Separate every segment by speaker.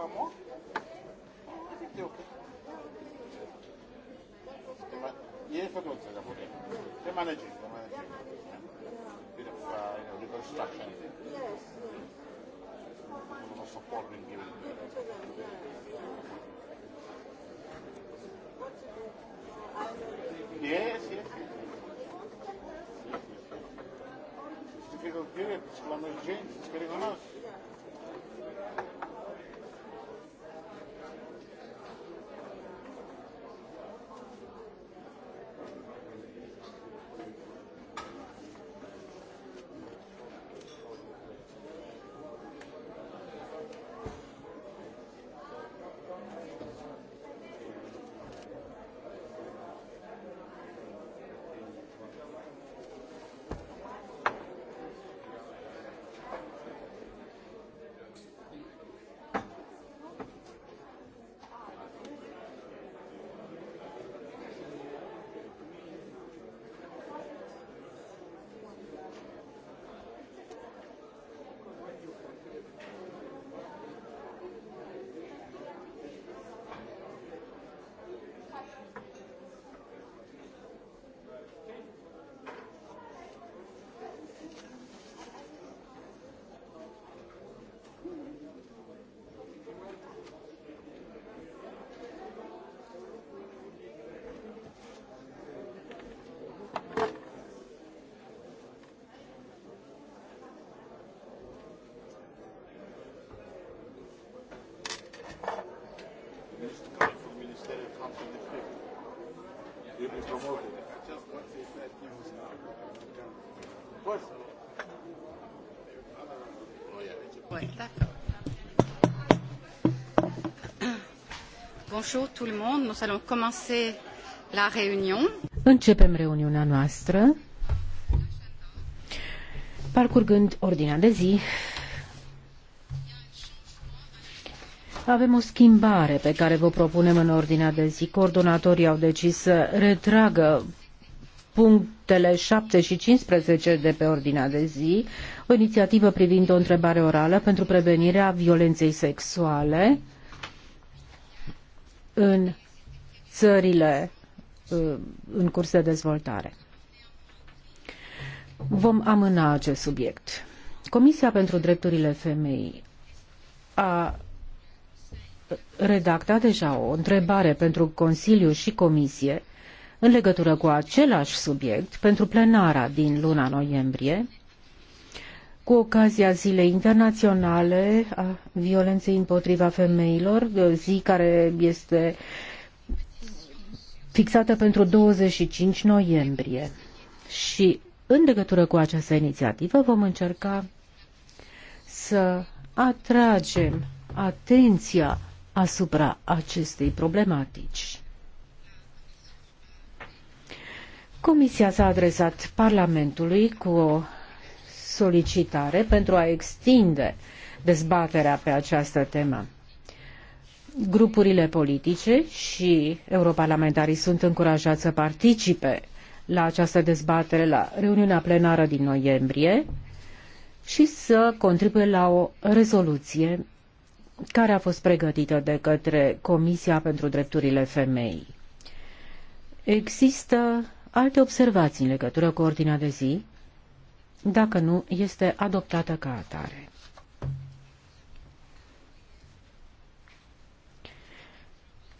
Speaker 1: pas moi ok. E făcut să rămâne.
Speaker 2: Te managezi, te managezi. Bit of uh, you know, reconstruction. Yes. A lot of support being given.
Speaker 1: Yes, yes, yes. It's difficult period, it's one of the changes, it's getting on us. Yeah.
Speaker 3: Bonjour tout le monde, nous allons commencer la réunion.
Speaker 2: Începem reuniunea noastră. Parcurgând ordinea de zi, Avem o schimbare pe care vă propunem în ordinea de zi. Coordonatorii au decis să retragă punctele 7 și 15 de pe ordinea de zi, o inițiativă privind o întrebare orală pentru prevenirea violenței sexuale în țările uh, în curs de dezvoltare. Vom amâna acest subiect. Comisia pentru Drepturile Femeii a redactat deja o întrebare pentru Consiliu și Comisie în legătură cu același subiect pentru plenara din luna noiembrie, cu ocazia Zilei Internaționale a Violenței împotriva femeilor, zi care este fixată pentru 25 noiembrie. Și în legătură cu această inițiativă vom încerca să atragem atenția asupra acestei problematici. Comisia s-a adresat Parlamentului cu o solicitare pentru a extinde dezbaterea pe această temă. Grupurile politice și europarlamentarii sunt încurajați să participe la această dezbatere la reuniunea plenară din noiembrie și să contribuie la o rezoluție care a fost pregătită de către Comisia pentru Drepturile Femeii. Există alte observații în legătură cu ordinea de zi? Dacă nu, este adoptată ca atare.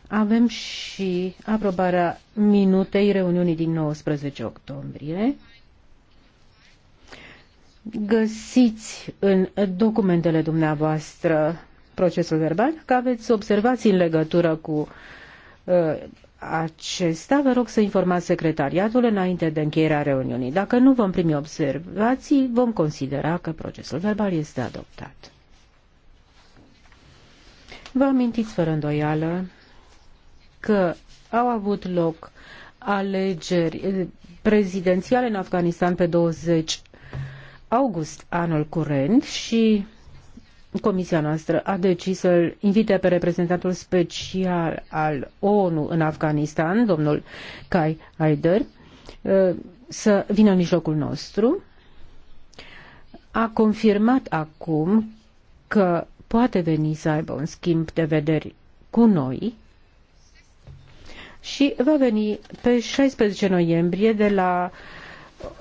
Speaker 2: Avem și aprobarea minutei reuniunii din 19 octombrie. Găsiți în documentele dumneavoastră procesul verbal. Dacă aveți observații în legătură cu uh, acesta, vă rog să informați secretariatul înainte de încheierea reuniunii. Dacă nu vom primi observații, vom considera că procesul verbal este adoptat. Vă amintiți fără îndoială că au avut loc alegeri prezidențiale în Afganistan pe 20 august anul curent și Comisia noastră a decis să-l invite pe reprezentantul special al ONU în Afganistan, domnul Kai Haider, uh, să vină în mijlocul nostru. A confirmat acum că poate veni să aibă un schimb de vederi cu noi și va veni pe 16 noiembrie de la uh,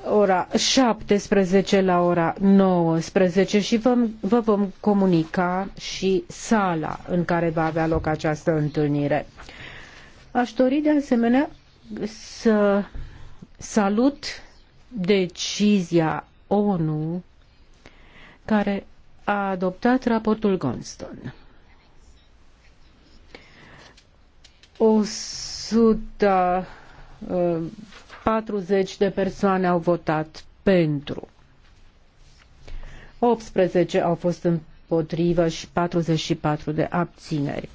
Speaker 2: ora 17 la ora 19 și vă, vă vom comunica și sala în care va avea loc această întâlnire. Aș dori de asemenea să salut decizia ONU care a adoptat raportul Gonston. 100 40 de persoane au votat pentru. 18 au fost împotrivă și 44 de abțineri.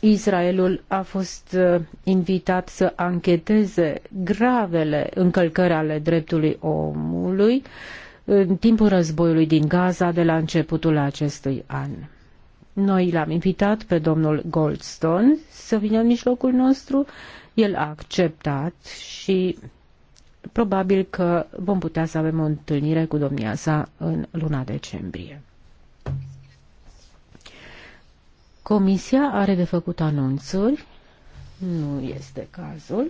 Speaker 2: Israelul a fost uh, invitat să ancheteze gravele încălcări ale dreptului omului în timpul războiului din Gaza de la începutul acestui an. Noi l-am invitat pe domnul Goldstone să vină în mijlocul nostru, el a acceptat și probabil că vom putea să avem o întâlnire cu domnia sa în luna decembrie. Comisia are de făcut anunțuri. Nu este cazul.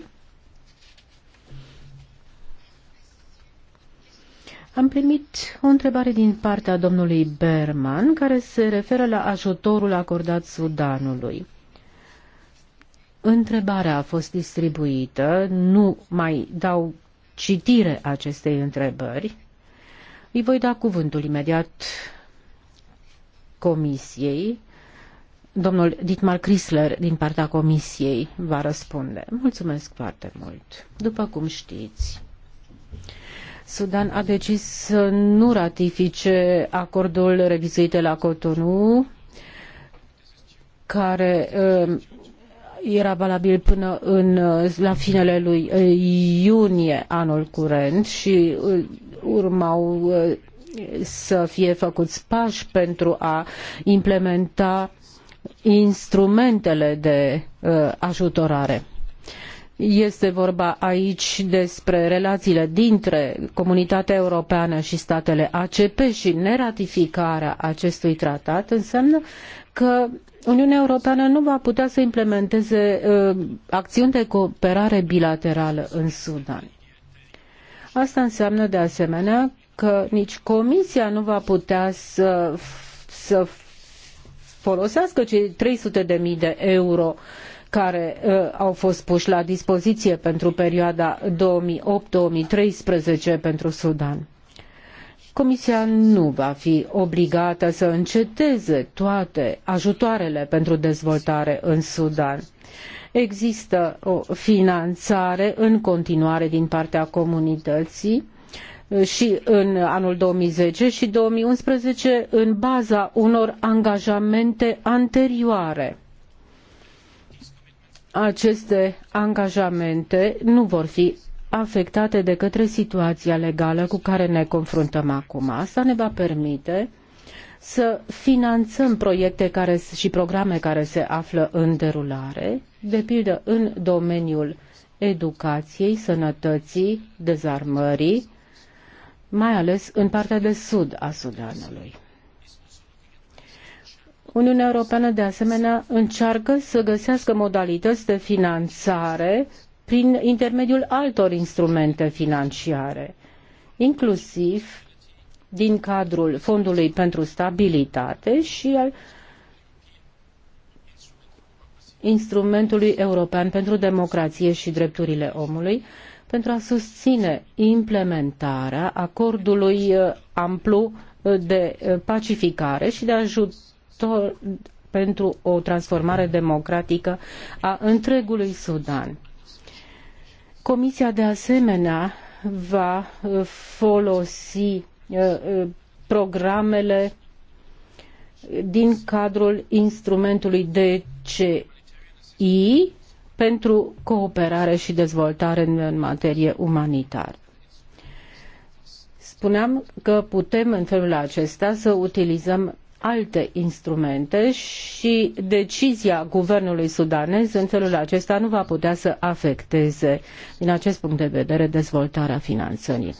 Speaker 2: Am primit o întrebare din partea domnului Berman care se referă la ajutorul acordat Sudanului. Întrebarea a fost distribuită, nu mai dau citire acestei întrebări. Îi voi da cuvântul imediat Comisiei. Domnul Dietmar Chrysler din partea Comisiei va răspunde. Mulțumesc foarte mult. După cum știți, Sudan a decis să nu ratifice acordul revizuit la Cotonou, care uh, era valabil până în, la finele lui eh, iunie anul curent și eh, urmau eh, să fie făcuți pași pentru a implementa instrumentele de ajutorare. Este vorba aici despre relațiile dintre comunitatea europeană și statele ACP și neratificarea acestui tratat înseamnă că Uniunea Europeană nu va putea să implementeze uh, acțiuni de cooperare bilaterală în Sudan. Asta înseamnă de asemenea că nici Comisia nu va putea să, să folosească cei 300 de mii de euro care uh, au fost puși la dispoziție pentru perioada 2008-2013 pentru Sudan. Comisia nu va fi obligată să înceteze toate ajutoarele pentru dezvoltare în Sudan. Există o finanțare în continuare din partea comunității și în anul 2010 și 2011 în baza unor angajamente anterioare. Aceste angajamente nu vor fi afectate de către situația legală cu care ne confruntăm acum. Asta ne va permite să finanțăm proiecte care, și programe care se află în derulare, de pildă în domeniul educației, sănătății, dezarmării, mai ales în partea de sud a Sudanului. Uniunea Europeană, de asemenea, încearcă să găsească modalități de finanțare prin intermediul altor instrumente financiare, inclusiv din cadrul Fondului pentru Stabilitate și al instrumentului european pentru democrație și drepturile omului pentru a susține implementarea acordului uh, amplu uh, de uh, pacificare și de ajutor pentru o transformare democratică a întregului Sudan. Comisia de asemenea va uh, folosi uh, uh, programele din cadrul instrumentului DCI pentru cooperare și dezvoltare în materie umanitară. Spuneam că putem în felul acesta să utilizăm alte instrumente și decizia guvernului sudanez în felul acesta nu va putea să afecteze, din acest punct de vedere, dezvoltarea finanțării.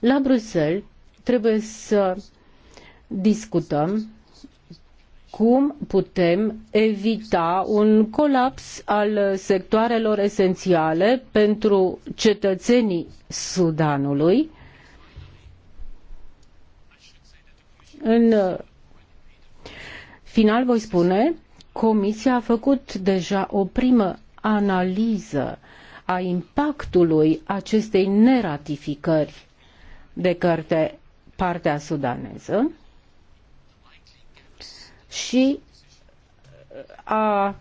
Speaker 2: La Bruxelles trebuie să discutăm cum putem evita un colaps al sectoarelor esențiale pentru cetățenii Sudanului, în Final voi spune, Comisia a făcut deja o primă analiză a impactului acestei neratificări de către partea sudaneză și a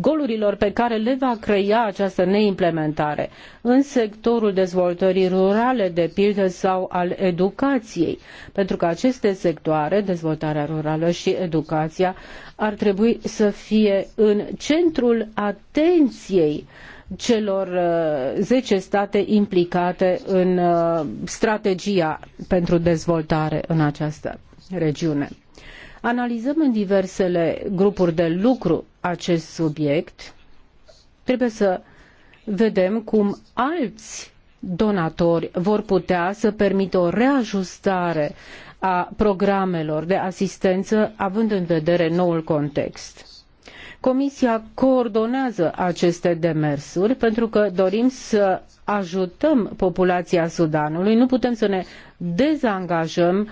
Speaker 2: golurilor pe care le va crea această neimplementare în sectorul dezvoltării rurale, de pildă, sau al educației, pentru că aceste sectoare, dezvoltarea rurală și educația, ar trebui să fie în centrul atenției celor uh, zece state implicate în uh, strategia pentru dezvoltare în această regiune. Analizăm în diversele grupuri de lucru acest subiect. Trebuie să vedem cum alți donatori vor putea să permită o reajustare a programelor de asistență având în vedere noul context. Comisia coordonează aceste demersuri pentru că dorim să ajutăm populația Sudanului, nu putem să ne dezangajăm uh,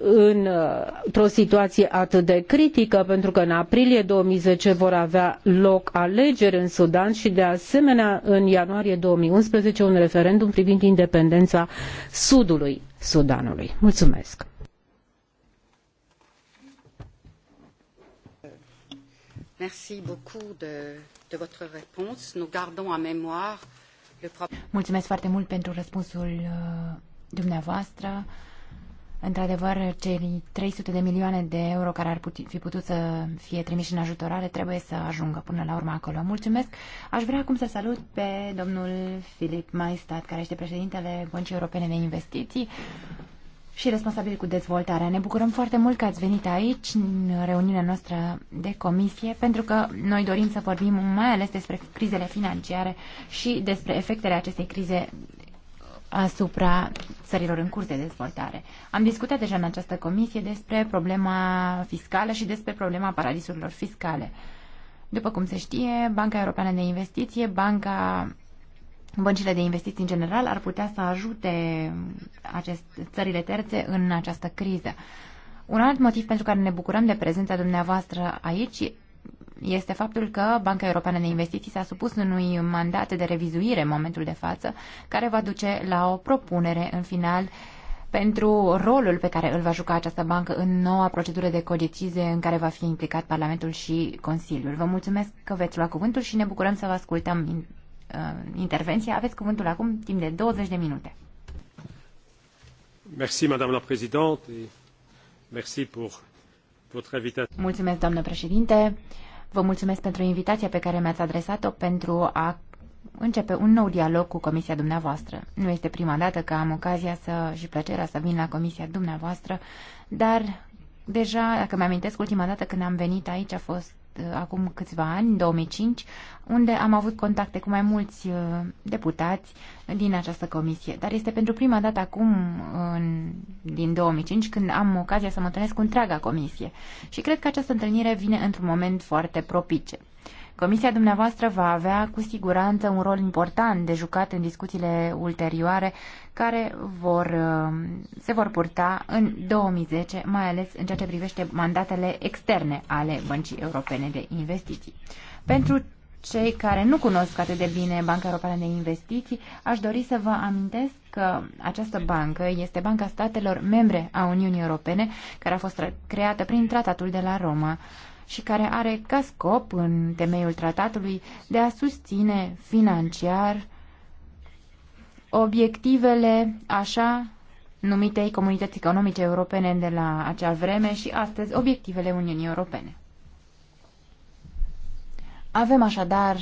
Speaker 2: în, uh, într-o situație atât de critică, pentru că în aprilie 2010 vor avea loc alegeri în Sudan și de asemenea în ianuarie 2011 un referendum privind independența sudului Sudanului. Mulțumesc! Merci beaucoup de, de votre réponse. Nous gardons en mémoire le
Speaker 3: Mulțumesc foarte mult pentru răspunsul uh, dumneavoastră. Într-adevăr, cei 300 de milioane de euro care ar puti, fi putut să fie trimiși în ajutorare trebuie să ajungă până la urmă acolo. Mulțumesc! Aș vrea acum să salut pe domnul Filip Maistat, care este președintele Băncii Europene de Investiții și responsabil cu dezvoltarea. Ne bucurăm foarte mult că ați venit aici, în reuniunea noastră de comisie, pentru că noi dorim să vorbim mai ales despre crizele financiare și despre efectele acestei crize asupra țărilor în curs de dezvoltare. Am discutat deja în această comisie despre problema fiscală și despre problema paradisurilor fiscale. După cum se știe, Banca Europeană de Investiție, Banca Băncile de investiții în general ar putea să ajute acest, țările terțe în această criză. Un alt motiv pentru care ne bucurăm de prezența dumneavoastră aici este faptul că Banca Europeană de Investiții s-a supus unui mandat de revizuire în momentul de față, care va duce la o propunere în final pentru rolul pe care îl va juca această bancă în noua procedură de codecizie în care va fi implicat Parlamentul și Consiliul. Vă mulțumesc că veți lua cuvântul și ne bucurăm să vă ascultăm uh, intervenția. Aveți cuvântul acum timp de 20 de minute.
Speaker 1: Merci, Madame la Présidente, et merci pour votre invitation.
Speaker 3: Mulțumesc, doamnă președinte. Vă mulțumesc pentru invitația pe care mi-ați adresat-o pentru a începe un nou dialog cu comisia dumneavoastră. Nu este prima dată că am ocazia să și plăcerea să vin la comisia dumneavoastră, dar deja, dacă mi-amintesc, ultima dată când am venit aici a fost Uh, acum câțiva ani, în 2005, unde am avut contacte cu mai mulți uh, deputați din această comisie. Dar este pentru prima dată acum, în, din 2005, când am ocazia să mă întâlnesc cu întreaga comisie. Și cred că această întâlnire vine într-un moment foarte propice. Comisia dumneavoastră va avea cu siguranță un rol important de jucat în discuțiile ulterioare care vor, uh, se vor purta în 2010, mai ales în ceea ce privește mandatele externe ale Băncii Europene de Investiții. Pentru cei care nu cunosc atât de bine Banca Europeană de Investiții, aș dori să vă amintesc că această bancă este Banca Statelor Membre a Uniunii Europene, care a fost creată prin Tratatul de la Roma și care are ca scop, în temeiul tratatului, de a susține financiar obiectivele așa numitei comunități economice europene de la acea vreme și astăzi obiectivele Uniunii Europene. Avem așadar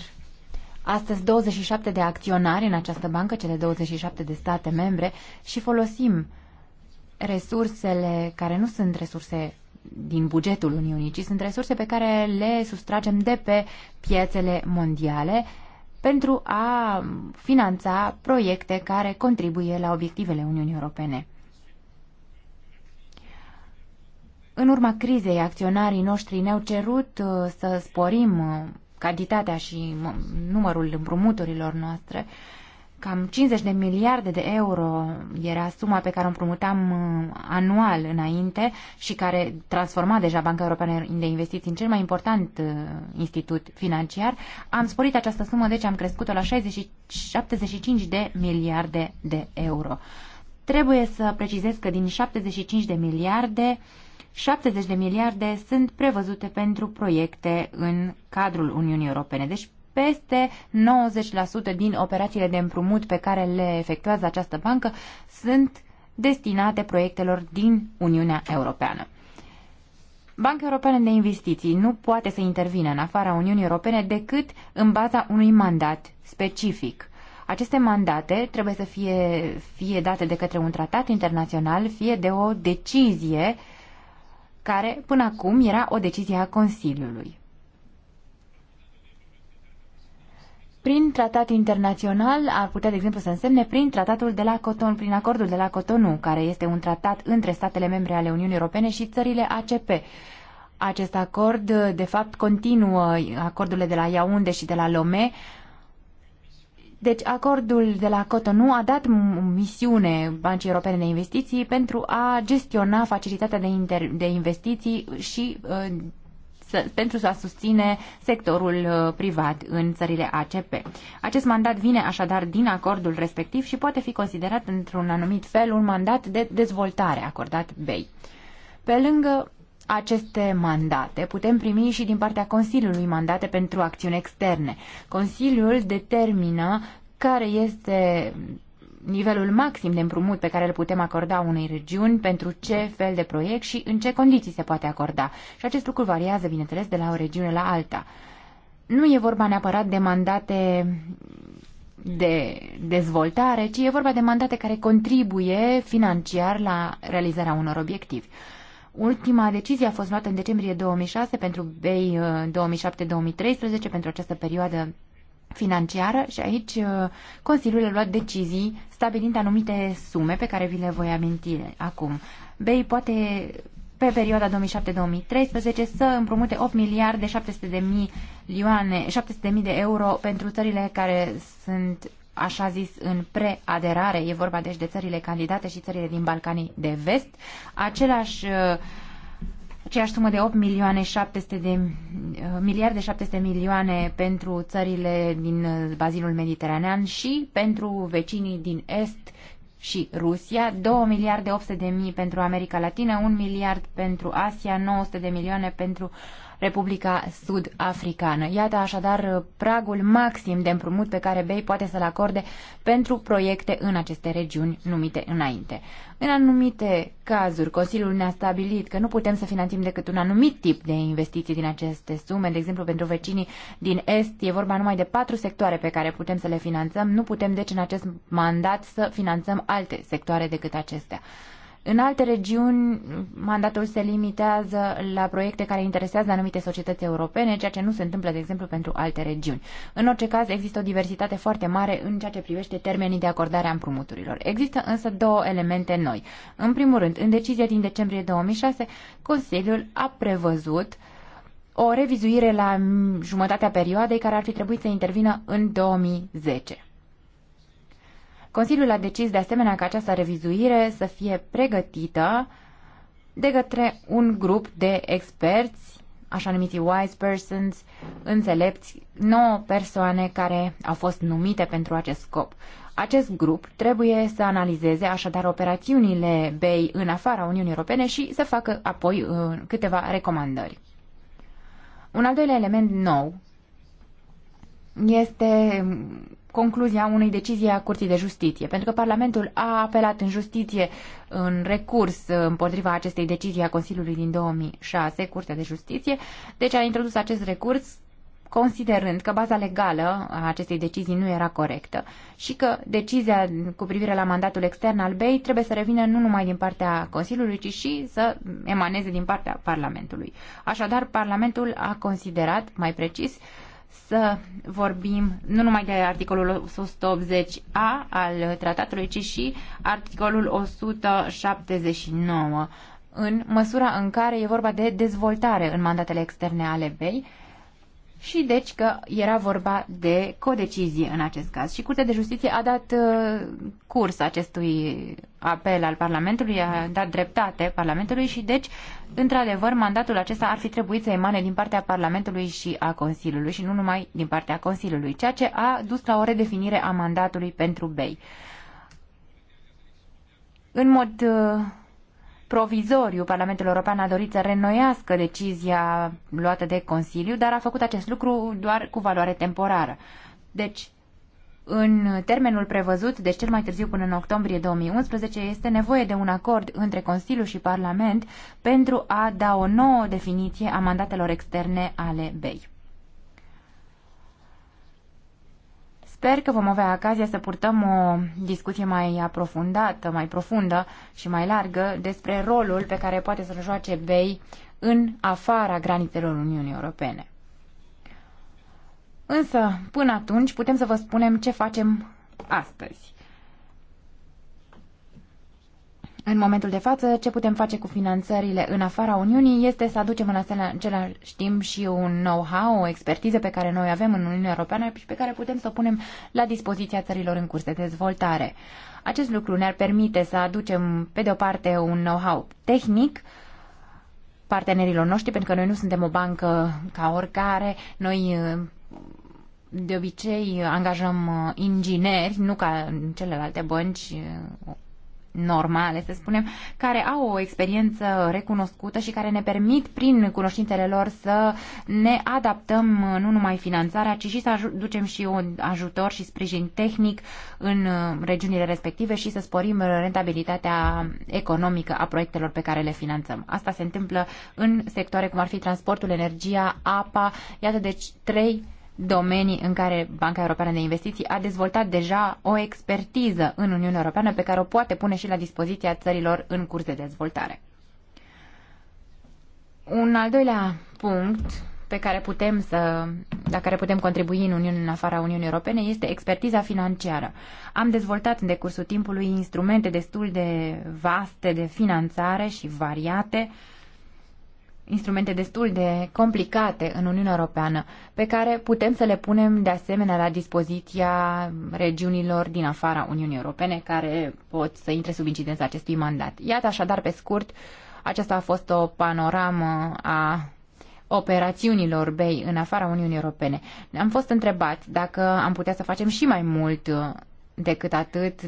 Speaker 3: astăzi 27 de acționari în această bancă, cele 27 de state membre și folosim resursele care nu sunt resurse din bugetul Uniunii, ci sunt resurse pe care le sustragem de pe piețele mondiale pentru a finanța proiecte care contribuie la obiectivele Uniunii Europene. În urma crizei, acționarii noștri ne-au cerut uh, să sporim uh, cantitatea și numărul împrumuturilor noastre Cam 50 de miliarde de euro era suma pe care o împrumutam uh, anual înainte și care transforma deja Banca Europeană de Investiții în cel mai important uh, institut financiar. Am sporit această sumă, deci am crescut-o la 60, 75 de miliarde de euro. Trebuie să precizez că din 75 de miliarde, 70 de miliarde sunt prevăzute pentru proiecte în cadrul Uniunii Europene. Deci peste 90% din operațiile de împrumut pe care le efectuează această bancă sunt destinate proiectelor din Uniunea Europeană. Banca Europeană de Investiții nu poate să intervină în afara Uniunii Europene decât în baza unui mandat specific. Aceste mandate trebuie să fie, fie date de către un tratat internațional, fie de o decizie care până acum era o decizie a Consiliului. prin tratat internațional ar putea, de exemplu, să însemne prin tratatul de la Coton, prin acordul de la Cotonou, care este un tratat între statele membre ale Uniunii Europene și țările ACP. Acest acord, de fapt, continuă acordurile de la Iaunde și de la Lome. Deci, acordul de la Cotonou a dat misiune Bancii Europene de Investiții pentru a gestiona facilitatea de, inter- de investiții și uh, să, pentru a susține sectorul uh, privat în țările ACP. Acest mandat vine așadar din acordul respectiv și poate fi considerat într-un anumit fel un mandat de dezvoltare acordat BEI. Pe lângă aceste mandate putem primi și din partea Consiliului mandate pentru acțiuni externe. Consiliul determină care este nivelul maxim de împrumut pe care îl putem acorda unei regiuni, pentru ce fel de proiect și în ce condiții se poate acorda. Și acest lucru variază, bineînțeles, de la o regiune la alta. Nu e vorba neapărat de mandate de dezvoltare, ci e vorba de mandate care contribuie financiar la realizarea unor obiectivi. Ultima decizie a fost luată în decembrie 2006 pentru BEI uh, 2007-2013, pentru această perioadă financiară și aici uh, Consiliul a luat decizii stabilind anumite sume pe care vi le voi aminti acum. BEI poate pe perioada 2007-2013 să împrumute 8 miliarde 700 de milioane, 700 de mii de euro pentru țările care sunt așa zis, în preaderare, e vorba deci de țările candidate și țările din Balcanii de vest. Același uh, aceeași sumă de 8 milioane 700 de, uh, miliarde 700 milioane pentru țările din uh, bazinul mediteranean și pentru vecinii din Est și Rusia, 2 miliarde 800 de mii pentru America Latină, 1 miliard pentru Asia, 900 de milioane pentru Republica Sud-Africană. Iată așadar pragul maxim de împrumut pe care BEI poate să-l acorde pentru proiecte în aceste regiuni numite înainte. În anumite cazuri, Consiliul ne-a stabilit că nu putem să finanțăm decât un anumit tip de investiții din aceste sume. De exemplu, pentru vecinii din Est e vorba numai de patru sectoare pe care putem să le finanțăm. Nu putem, deci, în acest mandat să finanțăm alte sectoare decât acestea. În alte regiuni, mandatul se limitează la proiecte care interesează anumite societăți europene, ceea ce nu se întâmplă, de exemplu, pentru alte regiuni. În orice caz, există o diversitate foarte mare în ceea ce privește termenii de acordare a împrumuturilor. Există însă două elemente noi. În primul rând, în decizia din decembrie 2006, Consiliul a prevăzut o revizuire la jumătatea perioadei care ar fi trebuit să intervină în 2010. Consiliul a decis de asemenea ca această revizuire să fie pregătită de către un grup de experți, așa numiți wise persons, înțelepți, 9 persoane care au fost numite pentru acest scop. Acest grup trebuie să analizeze așadar operațiunile BEI în afara Uniunii Europene și să facă apoi uh, câteva recomandări. Un al doilea element nou este concluzia unei decizii a Curții de Justiție, pentru că Parlamentul a apelat în justiție în recurs împotriva acestei decizii a Consiliului din 2006, Curtea de Justiție, deci a introdus acest recurs considerând că baza legală a acestei decizii nu era corectă și că decizia cu privire la mandatul extern al BEI trebuie să revină nu numai din partea Consiliului, ci și să emaneze din partea Parlamentului. Așadar, Parlamentul a considerat, mai precis, uh, să vorbim nu numai de articolul 180A al tratatului, ci și articolul 179, în măsura în care e vorba de dezvoltare în mandatele externe ale BEI și deci că era vorba de codecizie în acest caz. Și Curtea de Justiție a dat uh, curs acestui apel al Parlamentului, a dat dreptate Parlamentului și deci, într-adevăr, mandatul acesta ar fi trebuit să emane din partea Parlamentului și a Consiliului și nu numai din partea Consiliului, ceea ce a dus la o redefinire a mandatului pentru BEI. În mod uh, provizoriu, Parlamentul European a dorit să renoiască decizia luată de Consiliu, dar a făcut acest lucru doar cu valoare temporară. Deci, în termenul prevăzut, deci cel mai târziu până în octombrie 2011, este nevoie de un acord între Consiliu și Parlament pentru a da o nouă definiție a mandatelor externe ale BEI. Sper că vom avea ocazia să purtăm o discuție mai aprofundată, mai profundă și mai largă despre rolul pe care poate să-l joace BEI în afara granițelor Uniunii Europene. Însă, până atunci, putem să vă spunem ce facem astăzi. în momentul de față, ce putem face cu finanțările în afara Uniunii este să aducem în același timp și un know-how, o expertiză pe care noi avem în Uniunea Europeană și pe care putem să o punem la dispoziția țărilor în curs de dezvoltare. Acest lucru ne-ar permite să aducem, pe de o parte, un know-how tehnic, partenerilor noștri, pentru că noi nu suntem o bancă ca oricare, noi de obicei angajăm uh, ingineri, nu ca în celelalte bănci, uh, normale, să spunem, care au o experiență recunoscută și care ne permit, prin cunoștințele lor, să ne adaptăm nu numai finanțarea, ci și să ducem și un ajutor și sprijin tehnic în uh, regiunile respective și să sporim rentabilitatea economică a proiectelor pe care le finanțăm. Asta se întâmplă în sectoare cum ar fi transportul, energia, apa, iată deci trei domenii în care Banca Europeană de Investiții a dezvoltat deja o expertiză în Uniunea Europeană pe care o poate pune și la dispoziția țărilor în curs de dezvoltare. Un al doilea punct pe care putem să, la care putem contribui în Uniune, în afara Uniunii Europene, este expertiza financiară. Am dezvoltat în decursul timpului instrumente destul de vaste de finanțare și variate uh, instrumente destul de complicate în Uniunea Europeană, pe care putem să le punem de asemenea la dispoziția regiunilor din afara Uniunii Europene care pot să intre sub incidența acestui mandat. Iată așadar, pe scurt, aceasta a fost o panoramă a operațiunilor BEI în afara Uniunii Europene. Am fost întrebat dacă am putea să facem și mai mult uh, decât atât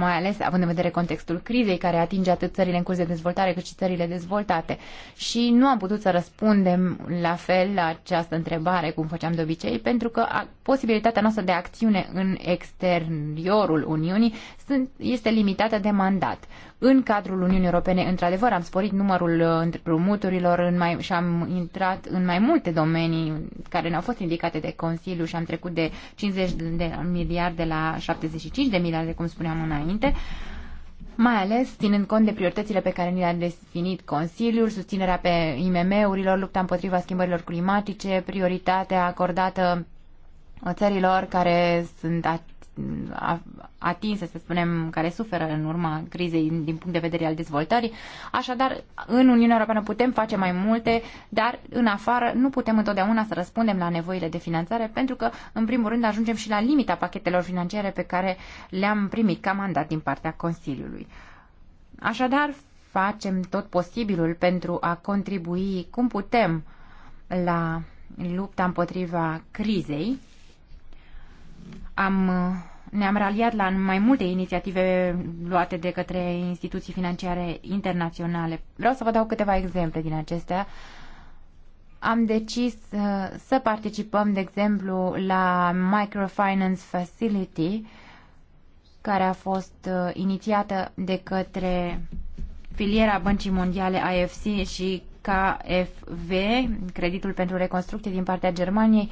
Speaker 3: mai ales având în vedere contextul crizei care atinge atât țările în curs de dezvoltare cât și țările dezvoltate. Și nu am putut să răspundem la fel la această întrebare, cum făceam de obicei, pentru că posibilitatea noastră de acțiune în exteriorul Uniunii sunt, este limitată de mandat în cadrul Uniunii Europene, într-adevăr, am sporit numărul uh, împrumuturilor în mai, și am intrat în mai multe domenii care ne-au fost indicate de Consiliu și am trecut de 50 de miliarde la 75 de miliarde, cum spuneam înainte mai ales ținând cont de prioritățile pe care ni le-a definit Consiliul, susținerea pe IMM-urilor, lupta împotriva schimbărilor climatice, prioritatea acordată țărilor care sunt atinse, să spunem, care suferă în urma crizei din punct de vedere al dezvoltării. Așadar, în Uniunea Europeană putem face mai multe, dar în afară nu putem întotdeauna să răspundem la nevoile de finanțare, pentru că, în primul rând, ajungem și la limita pachetelor financiare pe care le-am primit ca mandat din partea Consiliului. Așadar, facem tot posibilul pentru a contribui cum putem la lupta împotriva crizei am, ne-am raliat la mai multe inițiative luate de către instituții financiare internaționale. Vreau să vă dau câteva exemple din acestea. Am decis uh, să participăm, de exemplu, la Microfinance Facility, care a fost uh, inițiată de către filiera Băncii Mondiale (IFC) și KFV, creditul pentru reconstrucție din partea Germaniei,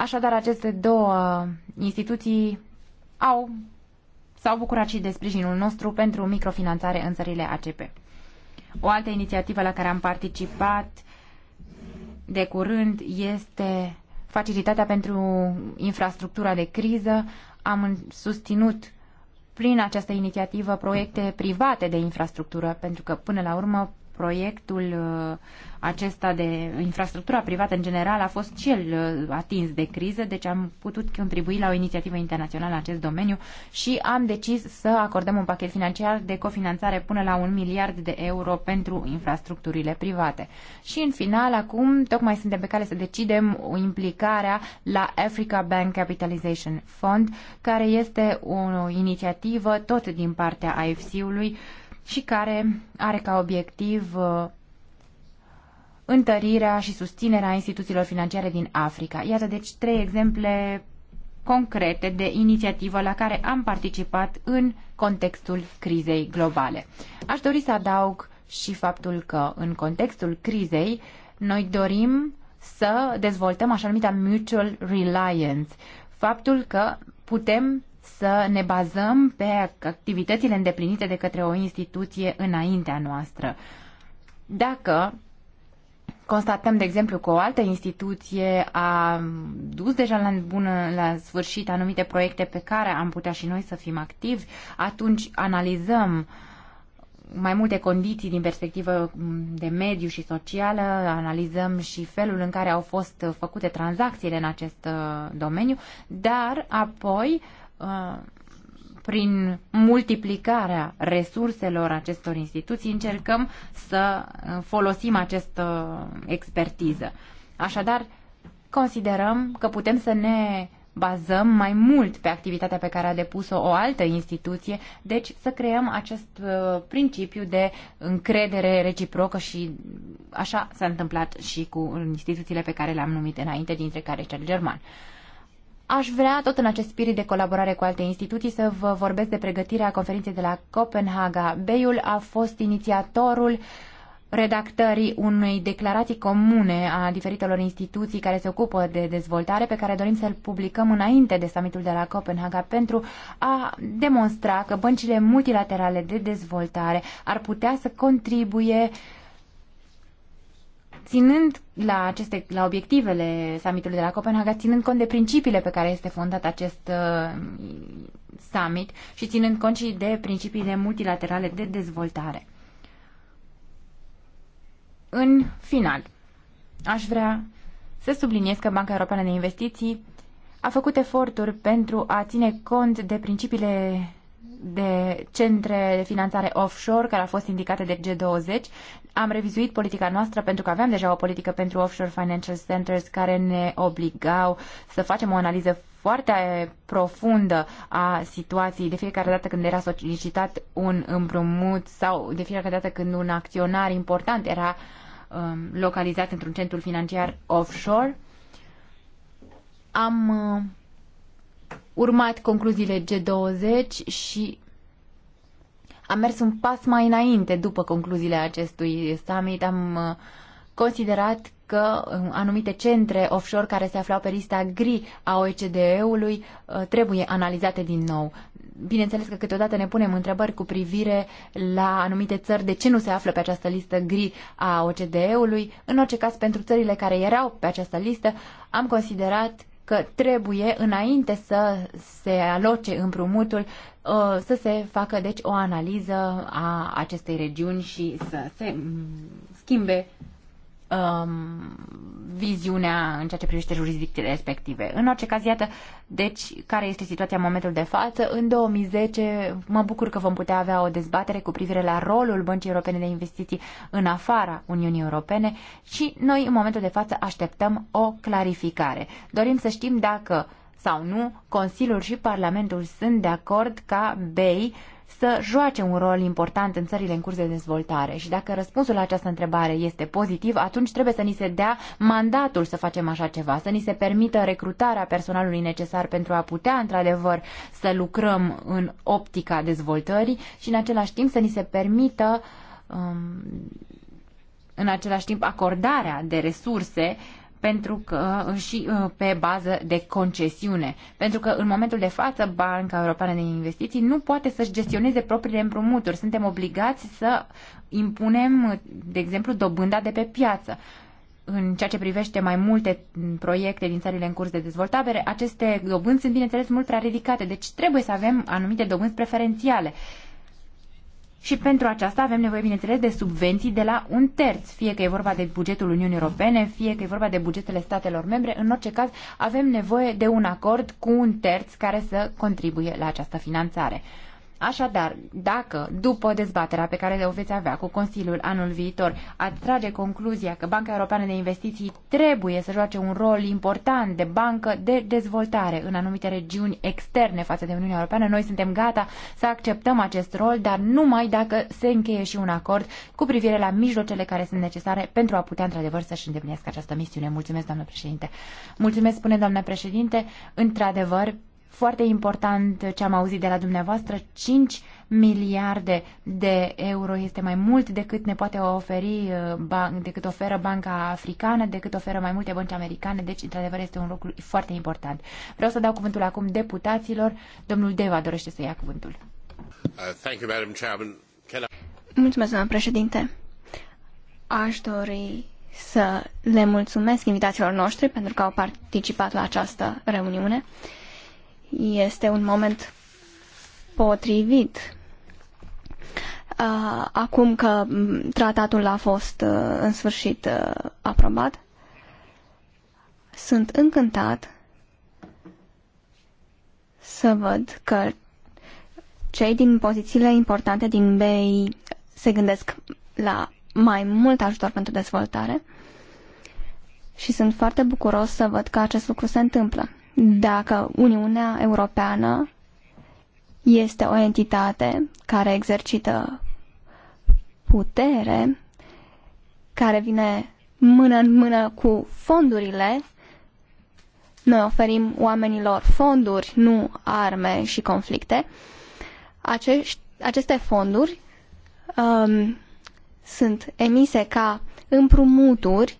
Speaker 3: Așadar, aceste două instituții au s-au bucurat și de sprijinul nostru pentru microfinanțare în țările ACP. O altă inițiativă la care am participat de curând este facilitatea pentru infrastructura de criză. Am susținut prin această inițiativă proiecte private de infrastructură, pentru că până la urmă proiectul uh, acesta de infrastructura privată în general a fost cel uh, atins de criză, deci am putut contribui la o inițiativă internațională în acest domeniu și am decis să acordăm un pachet financiar de cofinanțare până la un miliard de euro pentru infrastructurile private. Și în final, acum, tocmai suntem pe cale să decidem o implicarea la Africa Bank Capitalization Fund, care este o inițiativă tot din partea ifc ului uh, și care are ca obiectiv uh, întărirea și susținerea instituțiilor financiare din Africa. Iată deci trei exemple concrete de inițiativă la care am participat în contextul crizei globale. Aș dori să adaug și faptul că în contextul crizei noi dorim să dezvoltăm așa numita mutual reliance, faptul că putem să ne bazăm pe activitățile îndeplinite de către o instituție înaintea noastră. Dacă constatăm, de exemplu, că o altă instituție a dus deja la, bună, la sfârșit anumite proiecte pe care am putea și noi să fim activi, atunci analizăm mai multe condiții din perspectivă de mediu și socială, analizăm și felul în care au fost făcute tranzacțiile în acest uh, domeniu, dar apoi uh, Uh, prin multiplicarea resurselor acestor instituții încercăm să uh, folosim această expertiză. Așadar, considerăm că putem să ne bazăm mai mult pe activitatea pe care a depus-o o altă instituție, deci să creăm acest uh, principiu de încredere reciprocă și așa s-a întâmplat și cu instituțiile pe care le-am numit înainte, dintre care cel german. Uh, Aș vrea, tot în acest spirit de colaborare cu alte instituții, să vă vorbesc de pregătirea conferinței de la Copenhaga. Beiul a fost inițiatorul redactării unei declarații comune a diferitelor instituții care se ocupă de dezvoltare, pe care dorim să-l publicăm înainte de summitul de la Copenhaga pentru a demonstra că băncile multilaterale de dezvoltare ar putea să contribuie uh, ținând la, aceste, la obiectivele summitului de la Copenhaga, ținând cont de principiile pe care este fondat acest uh, summit și ținând cont și de principiile multilaterale de dezvoltare. În final, aș vrea să subliniez că Banca Europeană de Investiții a făcut eforturi pentru a ține cont de principiile de centre de finanțare offshore care a fost indicate de G20. Am revizuit politica noastră pentru că aveam deja o politică pentru offshore financial centers care ne obligau să facem o analiză foarte profundă a situației de fiecare dată când era solicitat un împrumut sau de fiecare dată când un acționar important era um, localizat într-un centru financiar offshore. Am uh, urmat concluziile G20 și a mers un pas mai înainte după concluziile acestui summit. Am uh, considerat că uh, anumite centre offshore care se aflau pe lista gri a OECD-ului uh, trebuie analizate din nou. Bineînțeles că câteodată ne punem întrebări cu privire la anumite țări de ce nu se află pe această listă gri a OCDE-ului. În orice caz, pentru țările care erau pe această listă, am considerat că trebuie, înainte să se aloce împrumutul, uh, să se facă deci o analiză a acestei regiuni și să se schimbe um, viziunea în ceea ce privește jurisdicțiile respective. În orice caz, iată, deci, care este situația în momentul de față. În 2010 mă bucur că vom putea avea o dezbatere cu privire la rolul Băncii Europene de Investiții în afara Uniunii Europene și noi, în momentul de față, așteptăm o clarificare. Dorim să știm dacă sau nu Consiliul și Parlamentul sunt de acord ca BEI să joace un rol important în țările în curs de dezvoltare. Și dacă răspunsul la această întrebare este pozitiv, atunci trebuie să ni se dea mandatul să facem așa ceva, să ni se permită recrutarea personalului necesar pentru a putea, într-adevăr, să lucrăm în optica dezvoltării și, în același timp, să ni se permită um, în același timp acordarea de resurse uh, pentru că uh, și uh, pe bază de concesiune. Pentru că în momentul de față Banca Europeană de Investiții nu poate să-și gestioneze propriile împrumuturi. Suntem obligați să impunem, de exemplu, dobânda de pe piață în ceea ce privește mai multe proiecte din țările în curs de dezvoltare, aceste dobânzi sunt, bineînțeles, mult prea ridicate, deci trebuie să avem anumite dobânzi preferențiale și pentru aceasta avem nevoie, bineînțeles, de subvenții de la un terț, fie că e vorba de bugetul Uniunii Europene, fie că e vorba de bugetele statelor membre. În orice caz, avem nevoie de un acord cu un terț care să contribuie la această finanțare. Așadar, dacă după dezbaterea pe care o veți avea cu Consiliul anul viitor ați trage concluzia că Banca Europeană de Investiții trebuie să joace un rol important de bancă de dezvoltare în anumite regiuni externe față de Uniunea Europeană, noi suntem gata să acceptăm acest rol, dar numai dacă se încheie și un acord cu privire la mijlocele care sunt necesare pentru a putea într-adevăr să-și îndeplinească această misiune. Mulțumesc, doamnă președinte. Mulțumesc, spune doamnă președinte. Într-adevăr, foarte important ce am auzit de la dumneavoastră, 5 miliarde de euro este mai mult decât ne poate oferi, uh, decât oferă Banca Africană, decât oferă mai multe bănci americane, deci, într-adevăr, este un lucru foarte important. Vreau să dau cuvântul acum deputaților. Domnul
Speaker 1: Deva dorește să ia cuvântul.
Speaker 2: Uh, thank you, Madam Chairman. Can I...
Speaker 1: Mulțumesc, doamna președinte. Aș dori să le mulțumesc invitațiilor noștri pentru că au participat la această reuniune. Uh, este un moment potrivit. Uh, acum că tratatul a fost uh, în sfârșit uh, aprobat, sunt încântat să văd că cei din pozițiile importante din BEI se gândesc la mai mult ajutor pentru dezvoltare și sunt foarte bucuros să văd că acest lucru se întâmplă dacă Uniunea Europeană este o entitate care exercită putere, care vine mână în mână cu fondurile, noi oferim oamenilor fonduri, nu arme și conflicte, acești, aceste fonduri um, sunt emise ca împrumuturi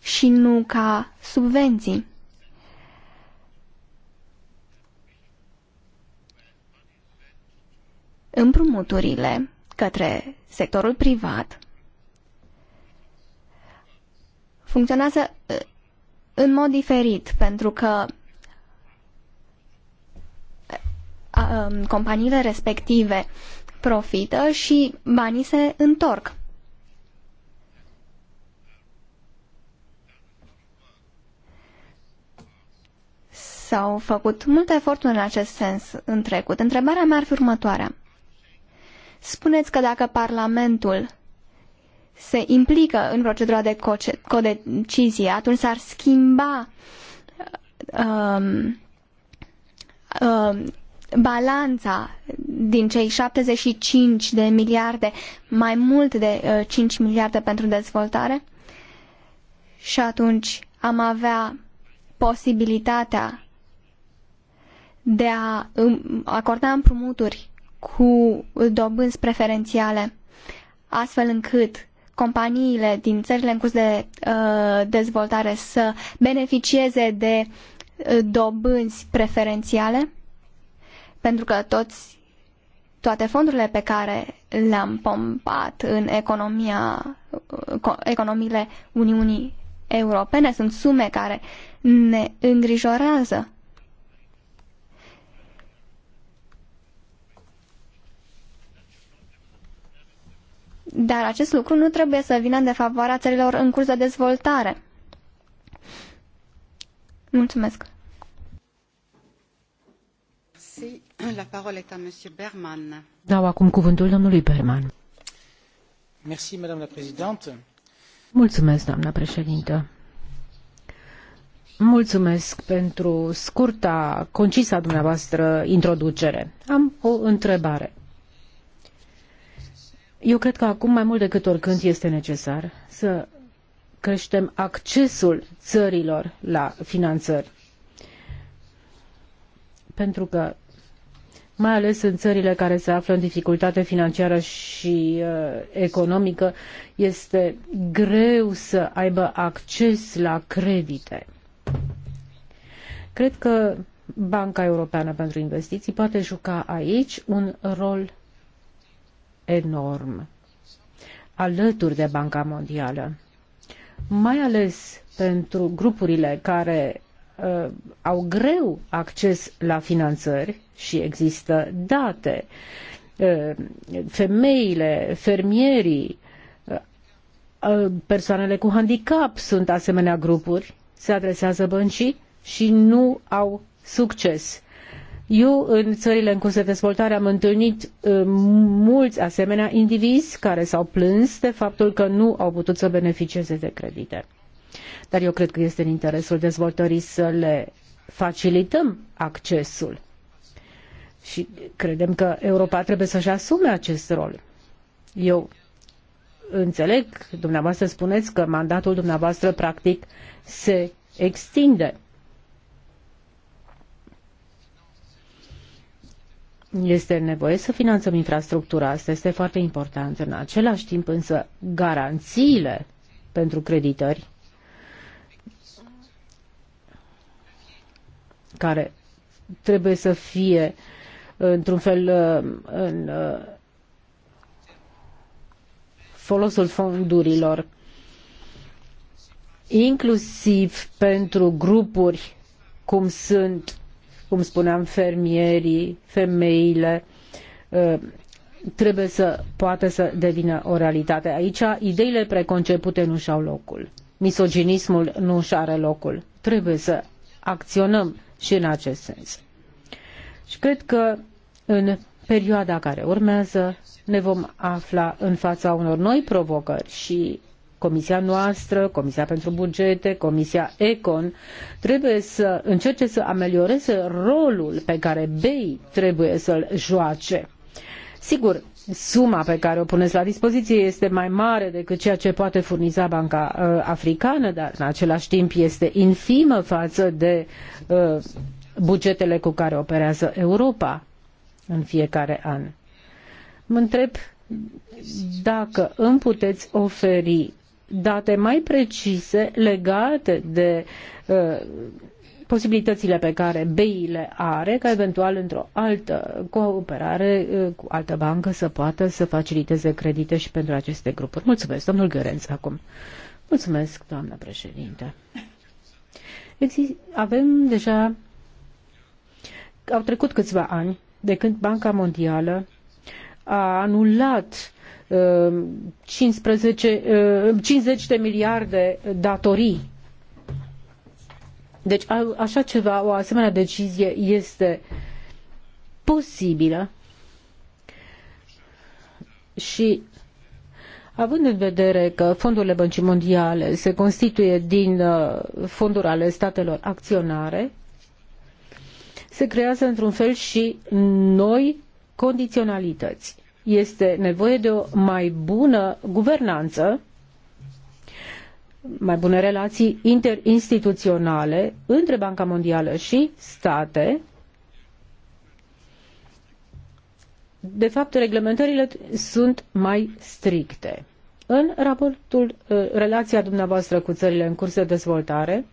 Speaker 1: și nu ca subvenții. împrumuturile către sectorul privat funcționează uh, în mod diferit, pentru că uh, um, companiile respective profită și banii se întorc. S-au făcut multe eforturi în acest sens în trecut. Întrebarea mea ar fi următoarea. Spuneți că dacă Parlamentul se implică în procedura de codecizie, atunci s-ar schimba um, um, balanța din cei 75 de miliarde, mai mult de uh, 5 miliarde pentru dezvoltare și atunci am avea posibilitatea de a um, acorda împrumuturi cu dobânzi preferențiale, astfel încât companiile din țările în curs de uh, dezvoltare să beneficieze de uh, dobânzi preferențiale, pentru că toți, toate fondurile pe care le-am pompat în economia, uh, economiile Uniunii Europene sunt sume care ne îngrijorează Dar acest lucru nu trebuie să vină de defavoarea țărilor în curs de dezvoltare. Mulțumesc.
Speaker 2: La parole est à monsieur Berman. Dau acum cuvântul domnului Berman. Merci, madame la présidente. Mulțumesc, doamna președintă. Mulțumesc pentru scurta, concisa dumneavoastră introducere. Am o întrebare. Eu cred că acum mai mult decât oricând este necesar să creștem accesul țărilor la finanțări. Pentru că mai ales în țările care se află în dificultate financiară și uh, economică, este greu să aibă acces la credite. Cred că Banca Europeană pentru Investiții poate juca aici un rol enorm alături de Banca Mondială, mai ales pentru grupurile care uh, au greu acces la finanțări și există date. Uh, femeile, fermierii, uh, uh persoanele cu handicap sunt asemenea grupuri, se adresează băncii și nu au succes. Eu, în țările în curs de dezvoltare, am întâlnit uh, mulți asemenea indivizi care s-au plâns de faptul că nu au putut să beneficieze de credite. Dar eu cred că este în interesul dezvoltării să le facilităm accesul. Și credem că Europa trebuie să-și asume acest rol. Eu înțeleg, dumneavoastră spuneți că mandatul dumneavoastră practic se extinde. Este nevoie să finanțăm infrastructura, asta este foarte important. În același timp însă garanțiile pentru creditări care trebuie să fie într-un fel în folosul fondurilor, inclusiv pentru grupuri cum sunt cum spuneam, fermierii, femeile, uh, trebuie să poată să devină o realitate. Aici ideile preconcepute nu și-au locul. Misoginismul nu și are locul. Trebuie să acționăm și în acest sens. Și cred că în perioada care urmează ne vom afla în fața unor noi provocări și Comisia noastră, Comisia pentru Bugete, Comisia Econ, trebuie să încerce să amelioreze rolul pe care BEI trebuie să-l joace. Sigur, suma pe care o puneți la dispoziție este mai mare decât ceea ce poate furniza Banca uh, Africană, dar în același timp este infimă față de uh, bugetele cu care operează Europa în fiecare an. Mă întreb dacă îmi puteți oferi date mai precise legate de uh, posibilitățile pe care BI le are, ca eventual într-o altă cooperare uh, cu altă bancă să poată să faciliteze credite și pentru aceste grupuri. Mulțumesc, domnul Gărenț, acum. Mulțumesc, doamna președinte. avem deja au trecut câțiva ani de când Banca Mondială a anulat 15, um, 50 um, de miliarde datorii. Deci așa ceva, o asemenea decizie este posibilă și Având în vedere că fondurile băncii mondiale se constituie din uh, fonduri ale statelor acționare, se creează într-un fel și noi condiționalități. Este nevoie de o mai bună guvernanță, mai bune relații interinstituționale între Banca Mondială și state. De fapt, reglementările sunt mai stricte. În raportul, uh, relația dumneavoastră cu țările în curs de dezvoltare,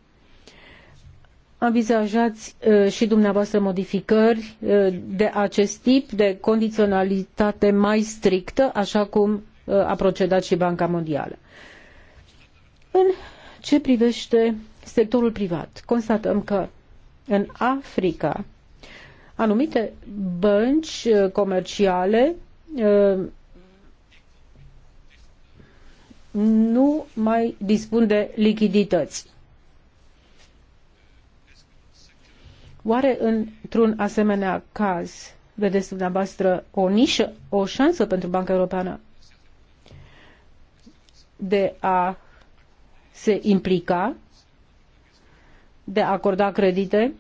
Speaker 2: Avizajați uh, și dumneavoastră modificări uh, de acest tip de condiționalitate mai strictă, așa cum uh, a procedat și Banca Mondială. În ce privește sectorul privat, constatăm că în Africa anumite bănci comerciale nu mai dispun de lichidități Oare într-un asemenea caz vedeți dumneavoastră o nișă, o șansă pentru Banca Europeană de a se implica, de a acorda credite?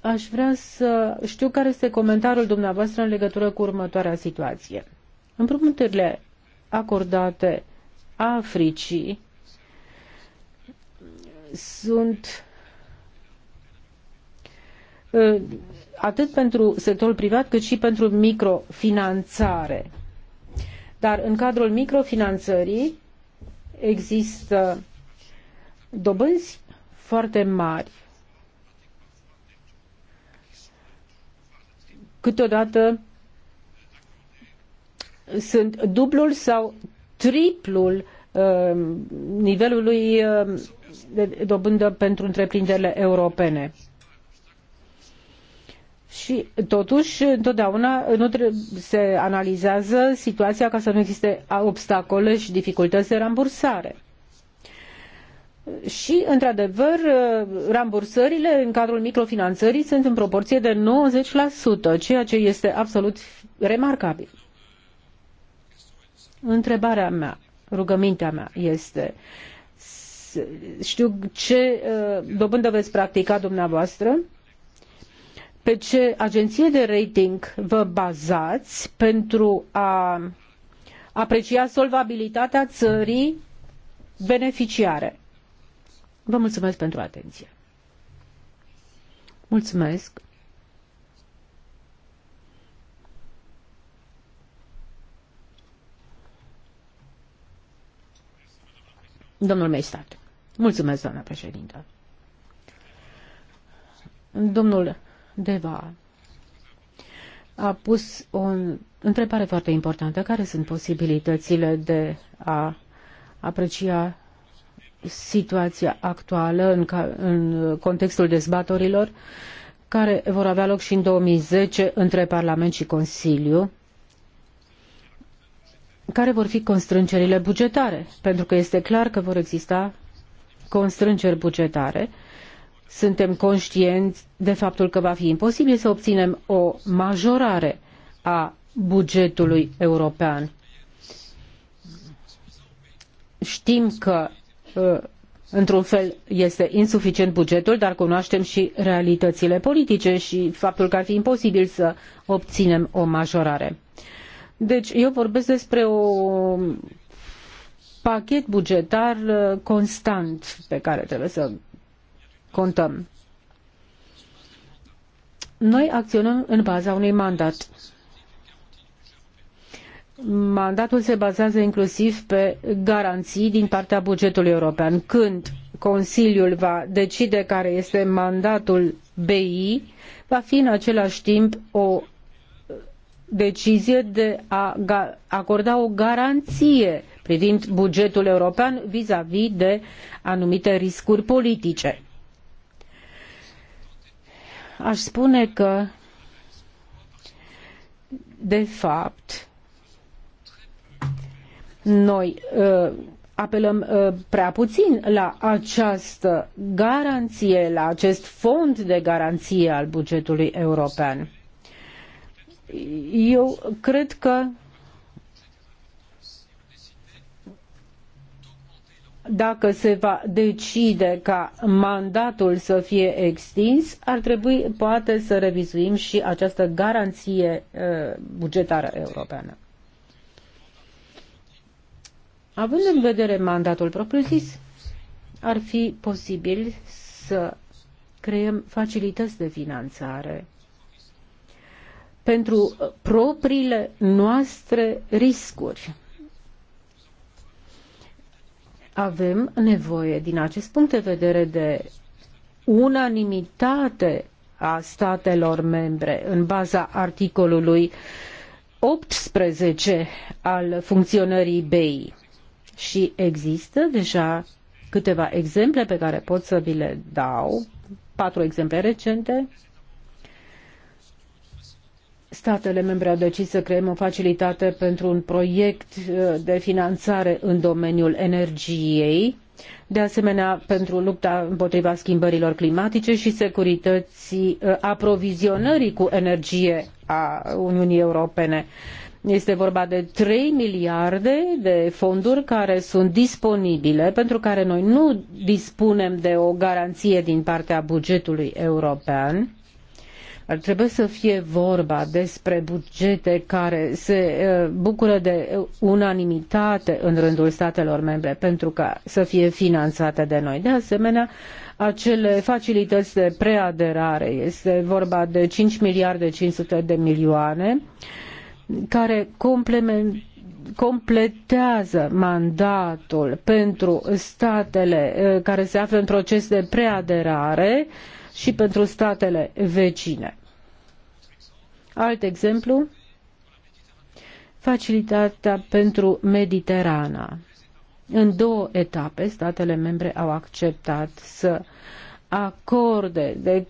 Speaker 2: Aș vrea să știu care este comentariul dumneavoastră în legătură cu următoarea situație. Împrumuturile acordate Africii sunt ă, atât pentru sectorul privat cât și pentru microfinanțare. Dar în cadrul microfinanțării există dobânzi foarte mari. Câteodată sunt dublul sau triplul um, nivelului um, de dobândă pentru întreprinderile europene. Și totuși, întotdeauna nu se analizează situația ca să nu existe obstacole și dificultăți de rambursare. Și, într-adevăr, rambursările în cadrul microfinanțării sunt în proporție de 90%, ceea ce este absolut remarcabil. Întrebarea mea, rugămintea mea este știu ce uh, dobândă veți practica dumneavoastră, pe ce agenție de rating vă bazați pentru a aprecia solvabilitatea țării beneficiare. Vă mulțumesc pentru atenție. Mulțumesc. Domnul Meistat. Mulțumesc, doamna președintă. Domnul Deva a pus o întrebare foarte importantă. Care sunt posibilitățile de a aprecia situația actuală în, ca, în contextul dezbatorilor care vor avea loc și în 2010 între Parlament și Consiliu care vor fi constrângerile bugetare, pentru că este clar că vor exista constrângeri bugetare. Suntem conștienți de faptul că va fi imposibil să obținem o majorare a bugetului european. Știm că uh, într-un fel este insuficient bugetul, dar cunoaștem și realitățile politice și faptul că ar fi imposibil să obținem o majorare. Deci eu vorbesc despre o pachet bugetar uh, constant pe care trebuie să contăm. Noi acționăm în baza unui mandat. Mandatul se bazează inclusiv pe garanții din partea bugetului european. Când Consiliul va decide care este mandatul BI, va fi în același timp o decizie de a acorda o garanție privind bugetul european vis-a-vis -vis de anumite riscuri politice. Aș spune că, de fapt, noi uh, apelăm uh, prea puțin la această garanție, la acest fond de garanție al bugetului european eu cred că dacă se va decide ca mandatul să fie extins, ar trebui poate să revizuim și această garanție uh, bugetară europeană. Având în vedere mandatul propriu-zis, ar fi posibil să creăm facilități de finanțare pentru uh, propriile noastre riscuri. Avem nevoie, din acest punct de vedere, de unanimitate a statelor membre în baza articolului 18 al funcționării BEI. Și există deja câteva exemple pe care pot să vi le dau, patru exemple recente, statele membre au decis să creăm o facilitate pentru un proiect uh, de finanțare în domeniul energiei, de asemenea pentru lupta împotriva schimbărilor climatice și securității uh, aprovizionării cu energie a Uniunii Europene. Este vorba de 3 miliarde de fonduri care sunt disponibile, pentru care noi nu dispunem de o garanție din partea bugetului european ar trebui să fie vorba despre bugete care se uh, bucură de unanimitate în rândul statelor membre pentru ca să fie finanțate de noi. De asemenea, acele facilități de preaderare, este vorba de 5 miliarde 500 de milioane, care complement completează mandatul pentru statele uh, care se află în proces de preaderare uh, și pentru statele vecine. Alt exemplu, facilitatea pentru Mediterana. În două etape, statele membre au acceptat să acorde de,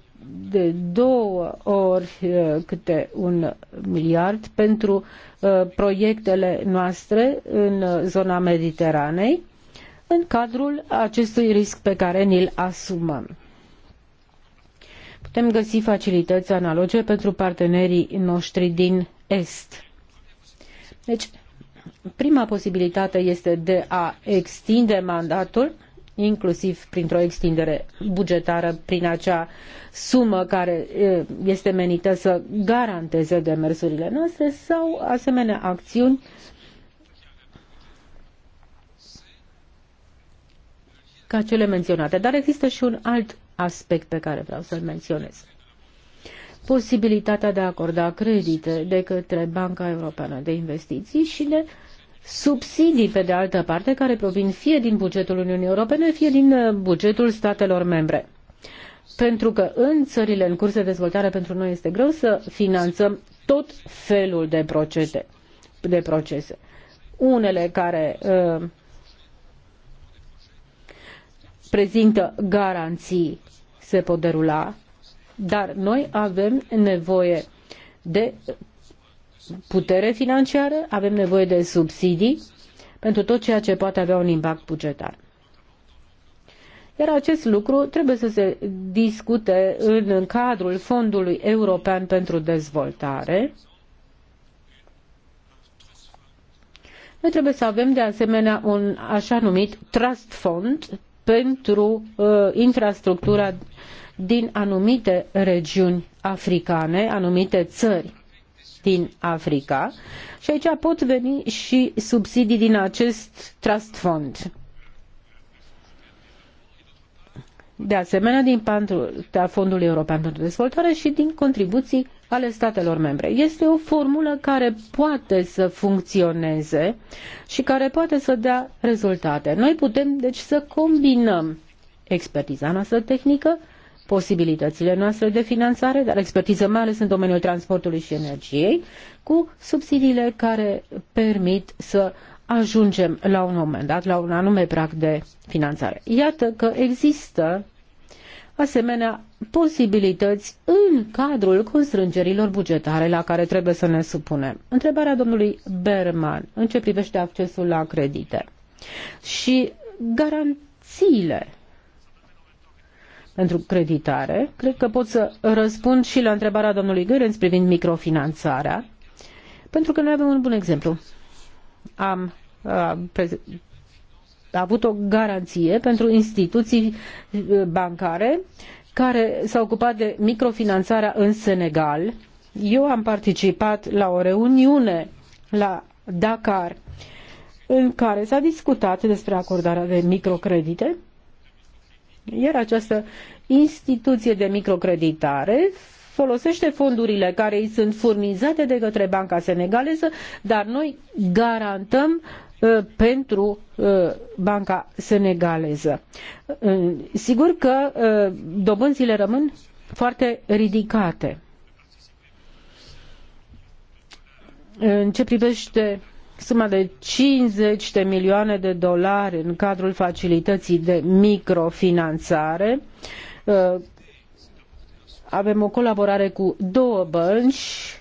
Speaker 2: de două ori uh, câte un miliard pentru uh, proiectele noastre în zona Mediteranei, în cadrul acestui risc pe care ni-l asumăm putem găsi facilități analoge pentru partenerii noștri din Est. Deci, prima posibilitate este de a extinde mandatul, inclusiv printr-o extindere bugetară, prin acea sumă care este menită să garanteze demersurile noastre sau asemenea acțiuni ca cele menționate. Dar există și un alt aspect pe care vreau să-l menționez. Posibilitatea de a acorda credite de către Banca Europeană de Investiții și de subsidii, pe de altă parte, care provin fie din bugetul Uniunii Europene, fie din uh, bugetul statelor membre. Pentru că în țările în curs de dezvoltare pentru noi este greu să finanțăm tot felul de, procede, de procese. Unele care uh, prezintă garanții se pot derula, dar noi avem nevoie de putere financiară, avem nevoie de subsidii pentru tot ceea ce poate avea un impact bugetar. Iar acest lucru trebuie să se discute în cadrul Fondului European pentru Dezvoltare. Noi trebuie să avem de asemenea un așa numit trust fund pentru uh, infrastructura din anumite regiuni africane, anumite țări din Africa și aici pot veni și subsidii din acest trust fund. De asemenea, din partea Fondului European pentru Dezvoltare și din contribuții ale statelor membre. Este o formulă care poate să funcționeze și care poate să dea rezultate. Noi putem, deci, să combinăm expertiza noastră tehnică posibilitățile noastre de finanțare, dar expertiză mai ales în domeniul transportului și energiei, cu subsidiile care permit să ajungem la un moment dat la un anume prag de finanțare. Iată că există asemenea posibilități în cadrul constrângerilor bugetare la care trebuie să ne supunem. Întrebarea domnului Berman în ce privește accesul la credite și garanțiile pentru creditare. Cred că pot să răspund și la întrebarea domnului Gărenț privind microfinanțarea, pentru că noi avem un bun exemplu. Am a, uh, a avut o garanție pentru instituții uh, bancare care s-au ocupat de microfinanțarea în Senegal. Eu am participat la o reuniune la Dakar în care s-a discutat despre acordarea de microcredite iar această instituție de microcreditare folosește fondurile care îi sunt furnizate de către Banca Senegaleză, dar noi garantăm uh, pentru uh, Banca Senegaleză. Uh, sigur că uh, dobânzile rămân foarte ridicate. În ce privește suma de 50 de milioane de dolari în cadrul facilității de microfinanțare. Uh, avem o colaborare cu două bănci,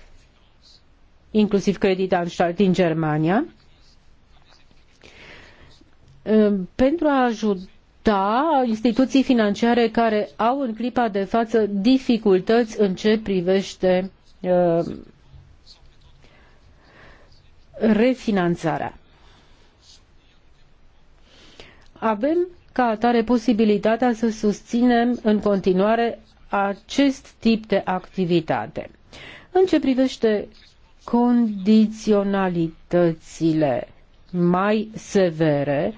Speaker 2: inclusiv Creditanstalt din Germania, uh, pentru a ajuta da instituții financiare care au în clipa de față dificultăți în ce privește uh, refinanțarea. Avem ca atare posibilitatea să susținem în continuare acest tip de activitate. În ce privește condiționalitățile mai severe,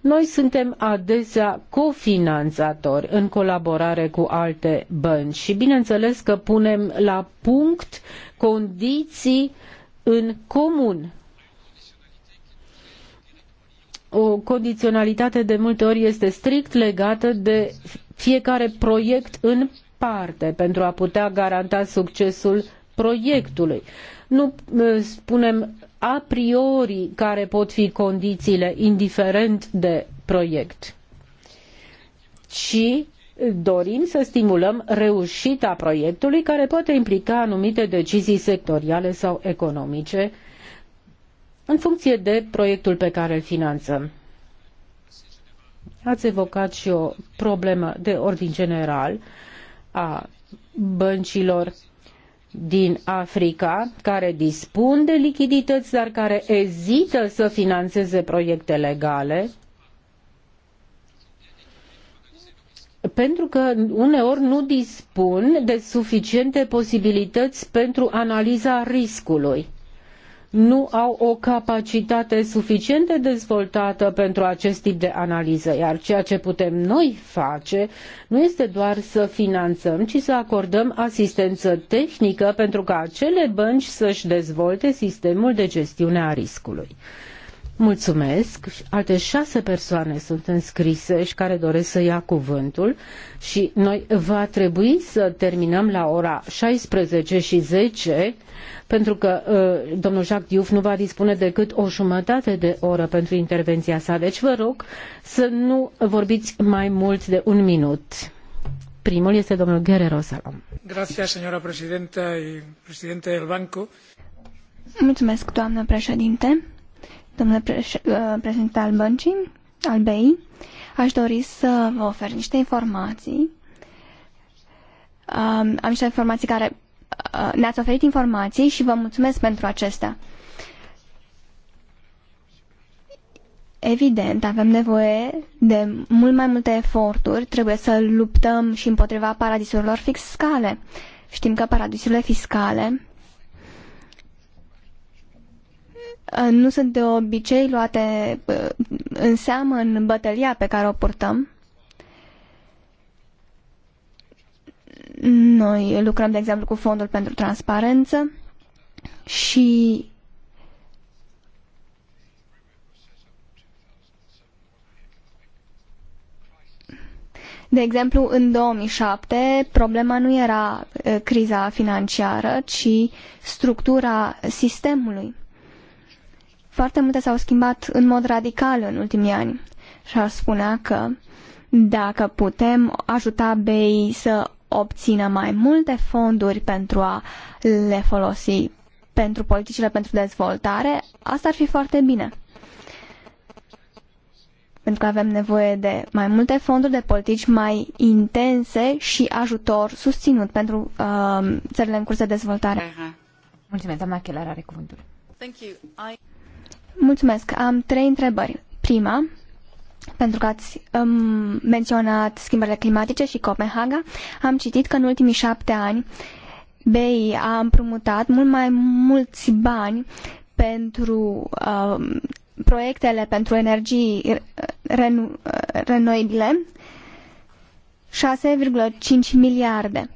Speaker 2: noi suntem adesea cofinanțatori în colaborare cu alte bănci și bineînțeles că punem la punct condiții în comun o condiționalitate de multe ori este strict legată de fiecare proiect în parte pentru a putea garanta succesul proiectului. Nu ă, spunem a priori care pot fi condițiile indiferent de proiect, ci dorim să stimulăm reușita proiectului care poate implica anumite decizii sectoriale sau economice în funcție de proiectul pe care îl finanțăm. Ați evocat și o problemă de ordin general a băncilor din Africa care dispun de lichidități, dar care ezită să financeze proiecte legale pentru că uneori nu dispun de suficiente posibilități pentru analiza riscului nu au o capacitate suficient de dezvoltată pentru acest tip de analiză, iar ceea ce putem noi face nu este doar să finanțăm, ci să acordăm asistență tehnică pentru ca acele bănci să-și dezvolte sistemul de gestiune a riscului. Mulțumesc. Alte șase persoane sunt înscrise și care doresc să ia cuvântul și noi va trebui să terminăm la ora 16 și 10 pentru că uh, domnul Jacques Diouf nu va dispune decât o jumătate de oră pentru intervenția sa. Deci vă rog să nu vorbiți mai mult de un minut. Primul este domnul Guerrero Salom.
Speaker 1: Gracias, señora presidenta y presidente del banco. Mulțumesc, doamnă președinte domnule preș- uh, președinte al băncii, al BEI, aș dori să vă ofer niște informații. Um, am niște informații care uh, ne-ați oferit informații și vă mulțumesc pentru acestea. Evident, avem nevoie de mult mai multe eforturi, trebuie să luptăm și împotriva paradisurilor fiscale. Știm că paradisurile fiscale Uh, nu sunt de obicei luate uh, în seamă în bătălia pe care o purtăm. Noi lucrăm, de exemplu, cu Fondul pentru Transparență și De exemplu, în 2007, problema nu era uh, criza financiară, ci structura sistemului. Foarte multe s-au schimbat în mod radical în ultimii ani și aș spunea că dacă putem ajuta BEI să obțină mai multe fonduri pentru a le folosi pentru politicile pentru dezvoltare, asta ar fi foarte bine. Pentru că avem nevoie de mai multe fonduri, de politici mai intense și ajutor susținut pentru uh, țările în curs de dezvoltare. Mulțumesc, doamna Chelar are cuvântul.
Speaker 2: Thank you. I...
Speaker 1: Mulțumesc. Am trei întrebări. Prima, pentru că ați um, menționat schimbările climatice și Copenhaga, am citit că în ultimii șapte ani BEI a împrumutat mult mai mulți bani pentru um, proiectele pentru energii reno, renoibile, 6,5 miliarde.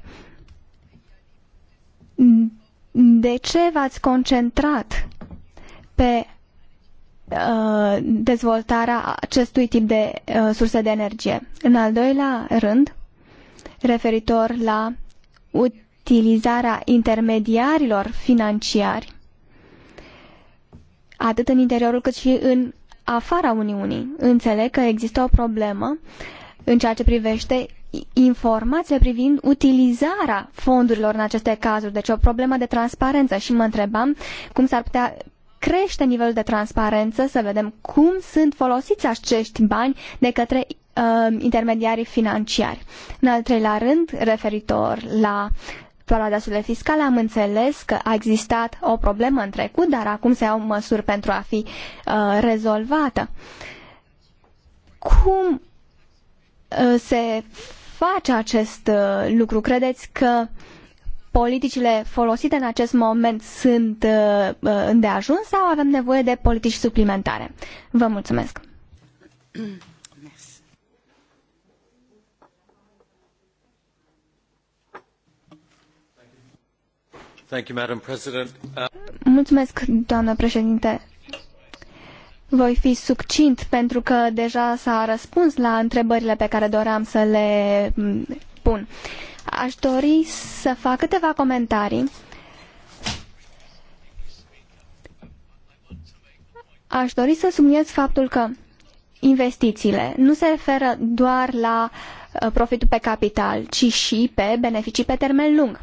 Speaker 1: De ce v-ați concentrat pe Uh, dezvoltarea acestui tip de uh, surse de energie. În al doilea rând, referitor la utilizarea intermediarilor financiari, atât în interiorul cât și în afara Uniunii. Înțeleg că există o problemă în ceea ce privește informațiile privind utilizarea fondurilor în aceste cazuri, deci o problemă de transparență și mă întrebam cum s-ar putea crește nivelul de transparență, să vedem cum sunt folosiți acești bani de către uh, intermediarii financiari. În al treilea rând, referitor la de fiscale, am înțeles că a existat o problemă în trecut, dar acum se iau măsuri pentru a fi uh, rezolvată. Cum uh, se face acest uh, lucru? Credeți că politicile folosite în acest moment sunt uh, uh, îndeajuns sau avem nevoie de politici suplimentare? Vă mulțumesc! Uh, mulțumesc, doamnă președinte. Voi fi succint pentru că deja s-a răspuns la întrebările pe care doream să le mm, pun. Aș dori să fac câteva comentarii. Aș dori să subliniez faptul că investițiile nu se referă doar la uh, profitul pe capital, ci și pe beneficii pe termen lung,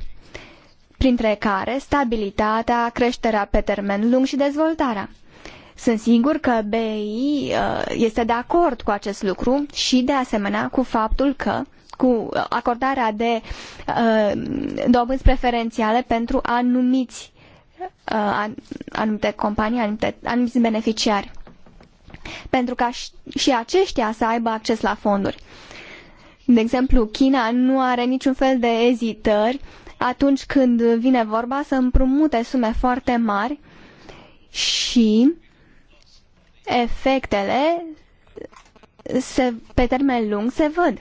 Speaker 1: printre care stabilitatea, creșterea pe termen lung și dezvoltarea. Sunt sigur că BI uh, este de acord cu acest lucru și, de asemenea, cu faptul că cu acordarea de uh, dobânzi preferențiale pentru anumiți, uh, anumite companii, anumite, anumiți beneficiari, pentru ca și, și aceștia să aibă acces la fonduri. De exemplu, China nu are niciun fel de ezitări atunci când vine vorba să împrumute sume foarte mari și efectele se, pe termen lung se văd.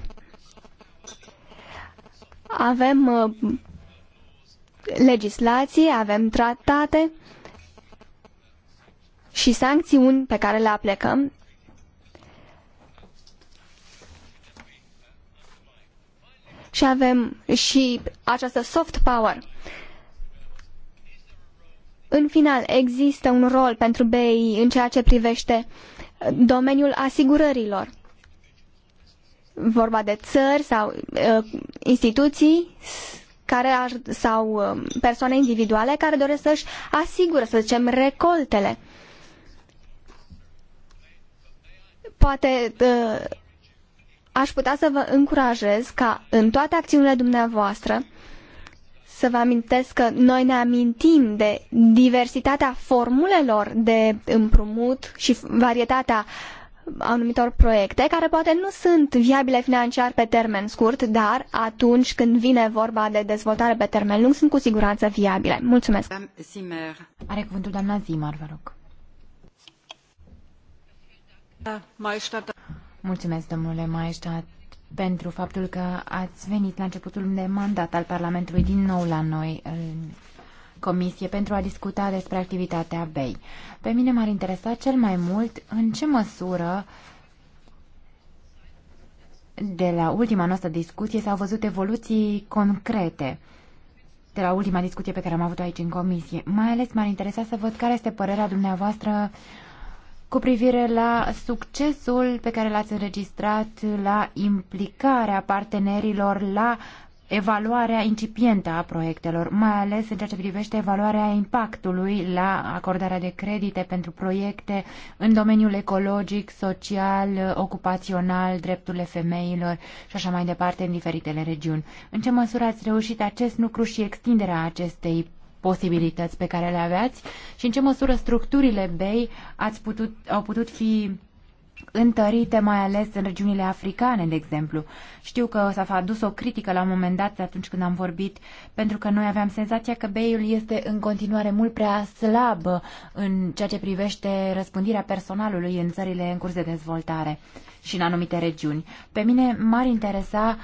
Speaker 1: Avem uh, legislație, avem tratate și sancțiuni pe care le aplicăm. Și avem și această soft power. În final, există un rol pentru BEI în ceea ce privește domeniul asigurărilor vorba de țări sau uh, instituții care ar, sau um, persoane individuale care doresc să-și asigură, să zicem, recoltele. Poate uh, aș putea să vă încurajez ca în toate acțiunile dumneavoastră să vă amintesc că noi ne amintim de diversitatea formulelor de împrumut și varietatea uh, anumitor proiecte care poate nu sunt viabile financiar pe termen scurt, dar atunci când vine vorba de dezvoltare pe termen lung sunt cu siguranță viabile. Mulțumesc.
Speaker 2: Zimmer.
Speaker 3: Are
Speaker 1: cuvântul doamna Zimar, vă rog.
Speaker 3: Mulțumesc, domnule Maestat, pentru faptul că ați venit la începutul de mandat al Parlamentului din nou la noi în comisie pentru a discuta despre activitatea BEI. Pe mine m-ar interesa cel mai mult în ce măsură de la ultima noastră discuție s-au văzut evoluții concrete de la ultima discuție pe care am avut-o aici în comisie. Mai ales m-ar interesa să văd care este părerea dumneavoastră cu privire la succesul pe care l-ați înregistrat, la implicarea partenerilor, la evaluarea incipientă a proiectelor, mai ales în ceea ce privește evaluarea impactului la acordarea de credite pentru proiecte în domeniul ecologic, social, ocupațional, drepturile femeilor și așa mai departe în diferitele regiuni. În ce măsură ați reușit acest lucru și extinderea acestei posibilități pe care le aveați și în ce măsură structurile BEI ați putut, au putut fi întărite mai ales în regiunile africane, de exemplu. Știu că s-a adus o critică la un moment dat atunci când am vorbit, pentru că noi aveam senzația că beiul este în continuare mult prea slab în ceea ce privește răspândirea personalului în țările în curs de dezvoltare și în anumite regiuni. Pe mine m-ar interesa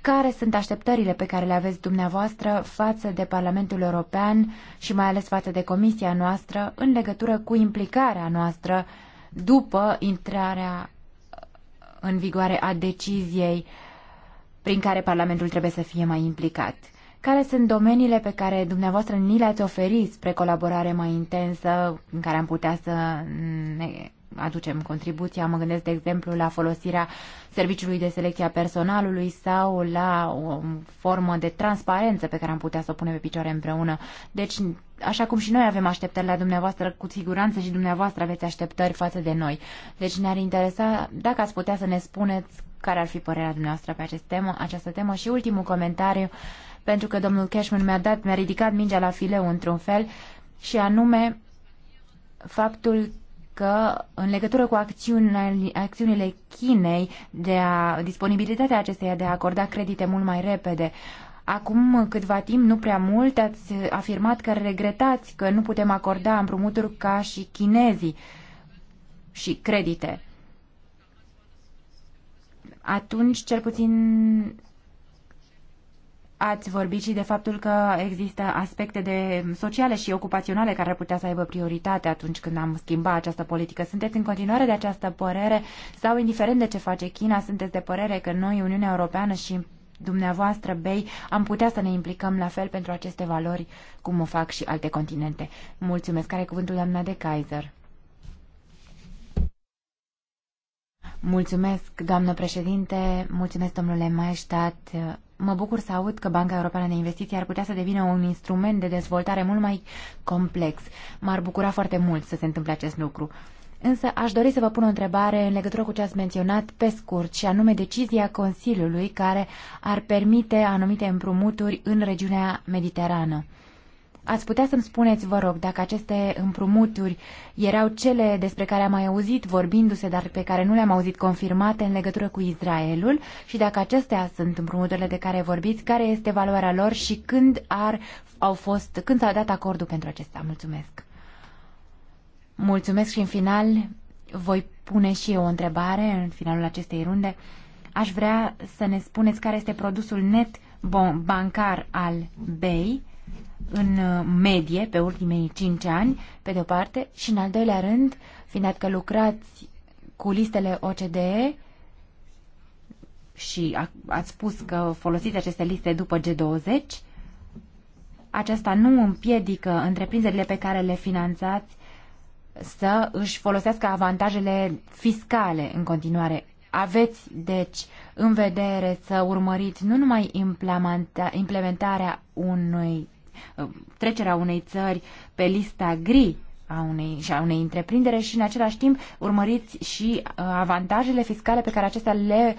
Speaker 3: care sunt așteptările pe care le aveți dumneavoastră față de Parlamentul European și mai ales față de Comisia noastră în legătură cu implicarea noastră după intrarea în vigoare a deciziei prin care Parlamentul trebuie să fie mai implicat. Care sunt domeniile pe care dumneavoastră ni le-ați oferit spre colaborare mai intensă, în care am putea să ne aducem contribuția? Mă gândesc, de exemplu, la folosirea serviciului de selecție a personalului sau la o formă de transparență pe care am putea să o punem pe picioare împreună. Deci, așa cum și noi avem așteptări la dumneavoastră, cu siguranță și dumneavoastră aveți așteptări față de noi. Deci ne-ar interesa dacă ați putea să ne spuneți care ar fi părerea dumneavoastră pe acest temă, această temă. Și ultimul comentariu, pentru că domnul Cashman mi-a dat, mi-a ridicat mingea la fileu într-un fel, și anume faptul că în legătură cu acțiunile, acțiunile Chinei, de a, disponibilitatea acesteia de a acorda credite mult mai repede, uh, Acum câtva timp, nu prea mult, ați afirmat că regretați că nu putem acorda împrumuturi ca și chinezii și credite. Atunci, cel puțin, ați vorbit și de faptul că există aspecte de sociale și ocupaționale care ar putea să aibă prioritate atunci când am schimbat această politică. Sunteți în continuare de această părere sau, indiferent de ce face China, sunteți de părere că noi, Uniunea Europeană și dumneavoastră, Bei, am putea să ne implicăm la fel pentru aceste valori, cum o fac și alte continente. Mulțumesc. Care cuvântul doamna de Kaiser? Mulțumesc, doamnă președinte, mulțumesc, domnule Maestat. Mă bucur să aud că Banca Europeană de Investiții ar putea să devină un instrument de dezvoltare mult mai complex. M-ar bucura foarte mult să se întâmple acest lucru. Însă aș dori să vă pun o întrebare în legătură cu ce ați menționat pe scurt, și anume decizia Consiliului care ar permite anumite împrumuturi în regiunea mediterană. Ați putea să-mi spuneți, vă rog, dacă aceste împrumuturi erau cele despre care am mai auzit vorbindu-se, dar pe care nu le-am auzit confirmate în legătură cu Israelul și dacă acestea sunt împrumuturile de care vorbiți, care este valoarea lor și când ar, au fost, când s-a dat acordul pentru acesta. Mulțumesc! Mulțumesc și în final voi pune și eu o întrebare în finalul acestei runde. Aș vrea să ne spuneți care este produsul net bancar al BEI în uh, medie pe ultimii 5 ani, pe de-o parte, și în al doilea rând, fiind că lucrați cu listele OCDE și a, ați spus că folosiți aceste liste după G20, aceasta nu împiedică întreprinderile pe care le finanțați să își folosească avantajele fiscale în continuare. Aveți, deci, în vedere să urmăriți nu numai implementarea unui, uh, trecerea unei țări pe lista gri a unei, și a unei întreprindere și în același timp urmăriți și uh, avantajele fiscale pe care acestea le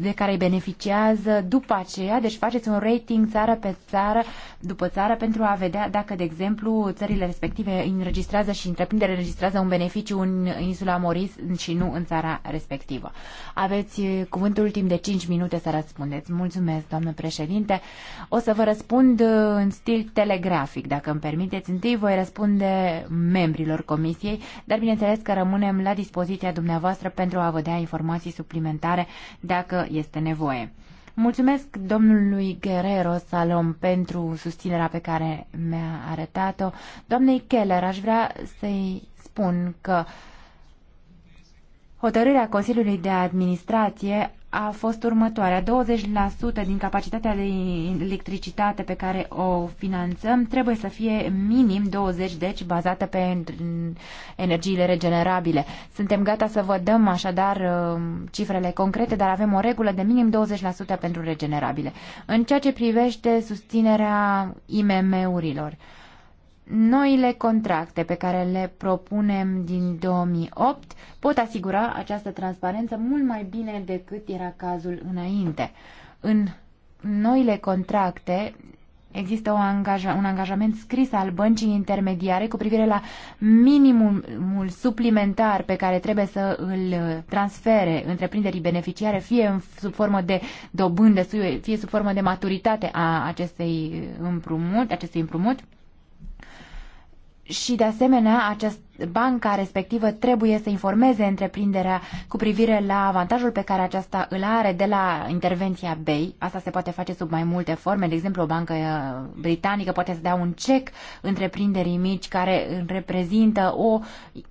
Speaker 3: de care îi beneficiază după aceea, deci faceți un rating țară pe țară, după țară, pentru a vedea dacă, de exemplu, țările respective înregistrează și întreprinderile înregistrează un beneficiu în insula Moris și nu în țara respectivă. Aveți eh, cuvântul timp de 5 minute să răspundeți. Mulțumesc, doamnă președinte. O să vă răspund eh, în stil telegrafic, dacă îmi permiteți. Întâi voi răspunde membrilor comisiei, dar bineînțeles că rămânem la dispoziția dumneavoastră pentru a vă dea informații suplimentare dacă este nevoie. Mulțumesc domnului Guerrero Salom pentru susținerea pe care mi-a arătat-o. Doamnei Keller, aș vrea să-i spun că hotărârea Consiliului de Administrație a fost următoarea. 20% din capacitatea de electricitate pe care o finanțăm trebuie să fie minim 20, deci bazată pe energiile regenerabile. Suntem gata să vă dăm așadar um, cifrele concrete, dar avem o regulă de minim 20% pentru regenerabile. În ceea ce privește susținerea IMM-urilor, uh, Noile contracte pe care le propunem din 2008 pot asigura această transparență mult mai bine decât era cazul înainte. În noile contracte există o angaja, un angajament scris al băncii intermediare cu privire la minimul suplimentar pe care trebuie să îl transfere întreprinderii beneficiare, fie în, sub formă de dobândă, fie sub formă de maturitate a acestei împrumut, acestui împrumut și, de asemenea, acest banca respectivă trebuie să informeze întreprinderea cu privire la avantajul pe care aceasta îl are de la intervenția BEI. Asta se poate face sub mai multe forme. De exemplu, o bancă uh, britanică poate să dea un cec întreprinderii mici care reprezintă o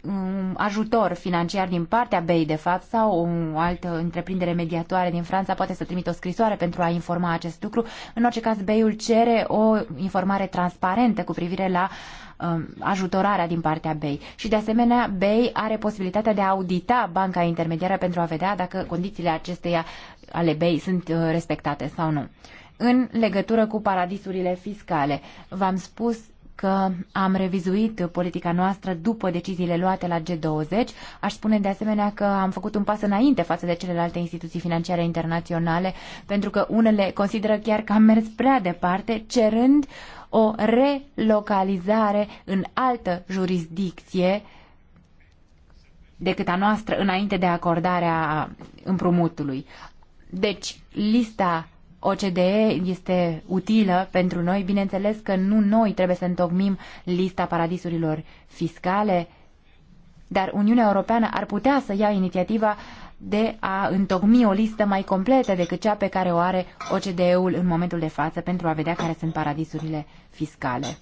Speaker 3: um, ajutor financiar din partea BEI, de fapt, sau o altă întreprindere mediatoare din Franța poate să trimită o scrisoare pentru a informa acest lucru. În orice caz, BEI-ul cere o informare transparentă cu privire la Um, ajutorarea din partea BEI. Și de asemenea, BEI are posibilitatea de a audita banca intermediară pentru a vedea dacă condițiile acesteia ale BEI sunt uh, respectate sau nu. În legătură cu paradisurile fiscale, v-am spus că am revizuit politica noastră după deciziile luate la G20. Aș spune de asemenea că am făcut un pas înainte față de celelalte instituții financiare internaționale, pentru că unele consideră chiar că am mers prea departe, cerând uh, o relocalizare în altă jurisdicție decât a noastră înainte de acordarea împrumutului. Deci, lista OCDE este utilă pentru noi. Bineînțeles că nu noi trebuie să întocmim lista paradisurilor fiscale, dar Uniunea Europeană ar putea să ia inițiativa uh, de a întocmi o listă mai completă decât cea pe care o are OCDE-ul în momentul de față pentru a vedea care sunt paradisurile fiscale.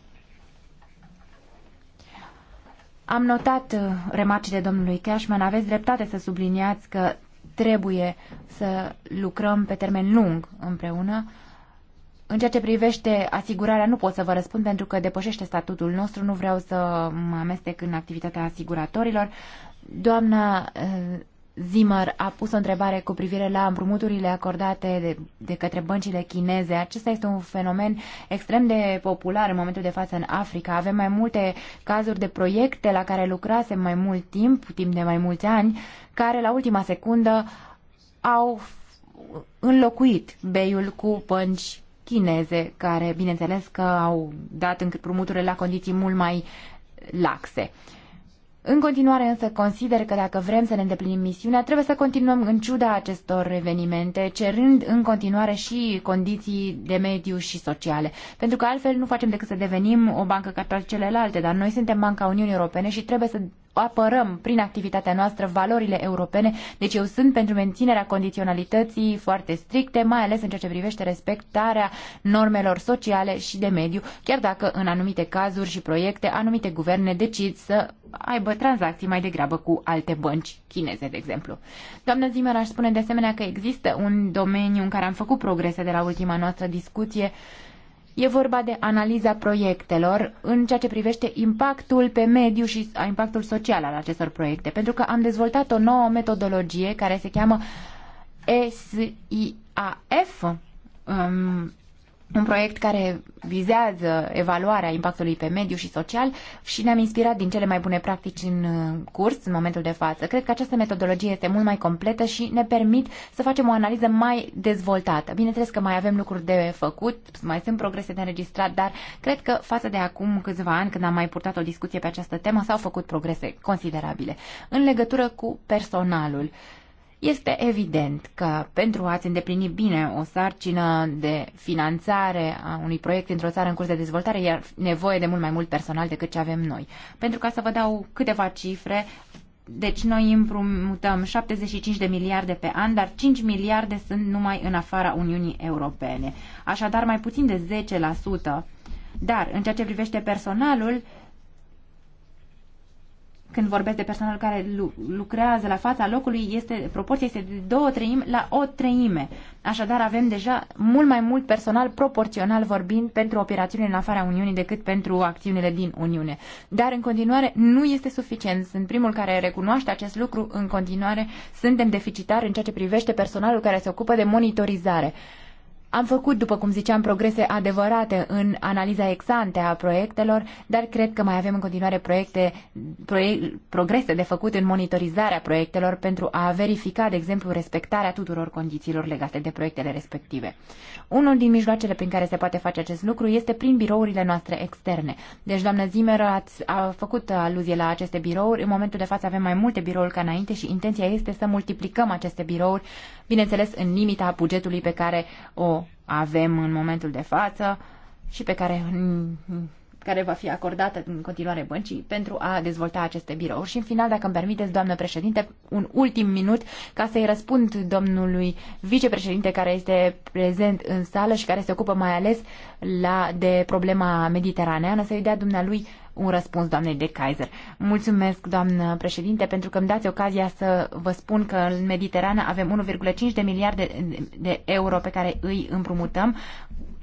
Speaker 3: Am notat uh, remarcile domnului Cashman. Aveți dreptate să subliniați că trebuie să lucrăm pe termen lung împreună. În ceea ce privește asigurarea, nu pot să vă răspund pentru că depășește statutul nostru. Nu vreau să mă amestec în activitatea asiguratorilor. Doamna uh, Zimmer a pus o întrebare cu privire la împrumuturile acordate de, de către băncile chineze. Acesta este un fenomen extrem de popular în momentul de față în Africa. Avem mai multe cazuri de proiecte la care lucrasem mai mult timp, timp de mai mulți ani, care la ultima secundă au înlocuit beiul cu bănci chineze, care bineînțeles că au dat împrumuturile la condiții mult mai laxe. În continuare însă consider că dacă vrem să ne îndeplinim misiunea, trebuie să continuăm în ciuda acestor evenimente, cerând în continuare și condiții de mediu și sociale. Pentru că altfel nu facem decât să devenim o bancă ca toate celelalte, dar noi suntem Banca Uniunii Europene și trebuie să apărăm prin activitatea noastră valorile europene, deci eu sunt pentru menținerea condiționalității foarte stricte, mai ales în ceea ce privește respectarea normelor sociale și de mediu, chiar dacă în anumite cazuri și proiecte anumite guverne decid să aibă tranzacții mai degrabă cu alte bănci chineze, de exemplu. Doamna Zimmer aș spune de asemenea că există un domeniu în care am făcut progrese de la ultima noastră discuție. E vorba de analiza proiectelor în ceea ce privește impactul pe mediu și impactul social al acestor proiecte, pentru că am dezvoltat o nouă metodologie care se cheamă SIAF, um, un proiect care vizează evaluarea impactului pe mediu și social și ne-am inspirat din cele mai bune practici în uh, curs în momentul de față. Cred că această metodologie este mult mai completă și ne permit să facem o analiză mai dezvoltată. Bineînțeles că mai avem lucruri de făcut, mai sunt progrese de înregistrat, dar cred că față de acum câțiva ani când am mai purtat o discuție pe această temă s-au făcut progrese considerabile în legătură cu personalul. Este evident că pentru a-ți îndeplini bine o sarcină de finanțare a unui proiect într-o țară în curs de dezvoltare, e nevoie de mult mai mult personal decât ce avem noi. Pentru ca să vă dau câteva cifre, deci noi împrumutăm 75 de miliarde pe an, dar 5 miliarde sunt numai în afara Uniunii Europene. Așadar, mai puțin de 10%. Dar, în ceea ce privește personalul, când vorbesc de personal care lucrează la fața locului, este, proporția este de două treimi la o treime. Așadar, avem deja mult mai mult personal proporțional vorbind pentru operațiunile în afara Uniunii decât pentru acțiunile din Uniune. Dar, în continuare, nu este suficient. Sunt primul care recunoaște acest lucru. În continuare, suntem deficitari în ceea ce privește personalul care se ocupă de monitorizare. Am făcut, după cum ziceam, progrese adevărate în analiza exante a proiectelor, dar cred că mai avem în continuare proiecte, proie, progrese de făcut în monitorizarea proiectelor pentru a verifica, de exemplu, respectarea tuturor condițiilor legate de proiectele respective. Unul din mijloacele prin care se poate face acest lucru este prin birourile noastre externe. Deci, doamnă Zimmer ați, a făcut aluzie la aceste birouri. În momentul de față avem mai multe birouri ca înainte și intenția este să multiplicăm aceste birouri, bineînțeles, în limita bugetului pe care o avem în momentul de față și pe care, care va fi acordată în continuare băncii pentru a dezvolta aceste birouri. Și în final, dacă îmi permiteți, doamnă președinte, un ultim minut ca să-i răspund domnului vicepreședinte care este prezent în sală și care se ocupă mai ales la, de problema mediteraneană, să-i dea dumnealui un răspuns doamnei de Kaiser. Mulțumesc, doamnă președinte, pentru că îmi dați ocazia să vă spun că în Mediterana avem 1,5 de miliarde de euro pe care îi împrumutăm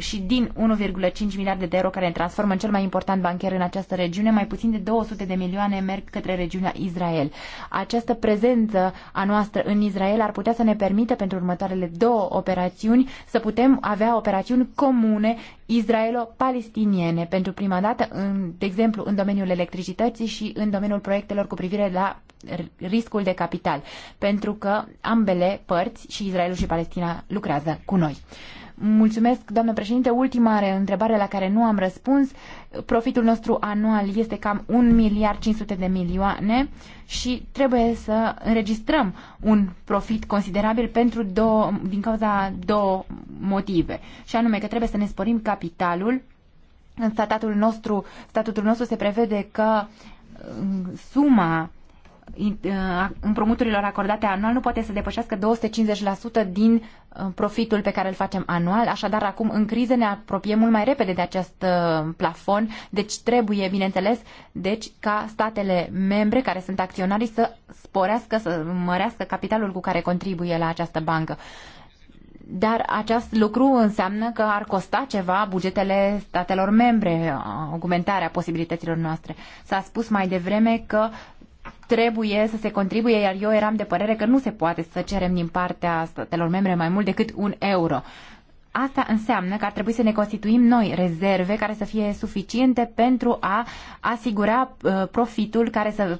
Speaker 3: și din 1,5 miliarde de euro care ne transformă în cel mai important bancher în această regiune, mai puțin de 200 de milioane merg către regiunea Israel. Această prezență a noastră în Israel ar putea să ne permită pentru următoarele două operațiuni să putem avea operațiuni comune israelo-palestiniene pentru prima dată, în, de exemplu, în domeniul electricității și în domeniul proiectelor cu privire la riscul de capital, pentru că ambele părți, și Israelul și Palestina, lucrează cu noi. Mulțumesc, doamnă președinte. Ultima întrebare la care nu am răspuns. Profitul nostru anual este cam 1 miliard 500 de milioane și trebuie să înregistrăm un profit considerabil pentru două, din cauza două motive. Și anume că trebuie să ne sporim capitalul. În statutul nostru, statutul nostru se prevede că uh, suma Uh, împrumuturilor acordate anual nu poate să depășească 250% din uh, profitul pe care îl facem anual. Așadar, acum în criză ne apropiem mult mai repede de acest uh, plafon, deci trebuie, bineînțeles, deci ca statele membre care sunt acționarii să sporească, să mărească capitalul cu care contribuie la această bancă dar acest lucru înseamnă că ar costa ceva bugetele statelor membre, augmentarea posibilităților noastre. S-a spus mai devreme că trebuie să se contribuie, iar eu eram de părere că nu se poate să cerem din partea statelor membre mai mult decât un euro. Asta înseamnă că ar trebui să ne constituim noi rezerve care să fie suficiente pentru a asigura uh, profitul care să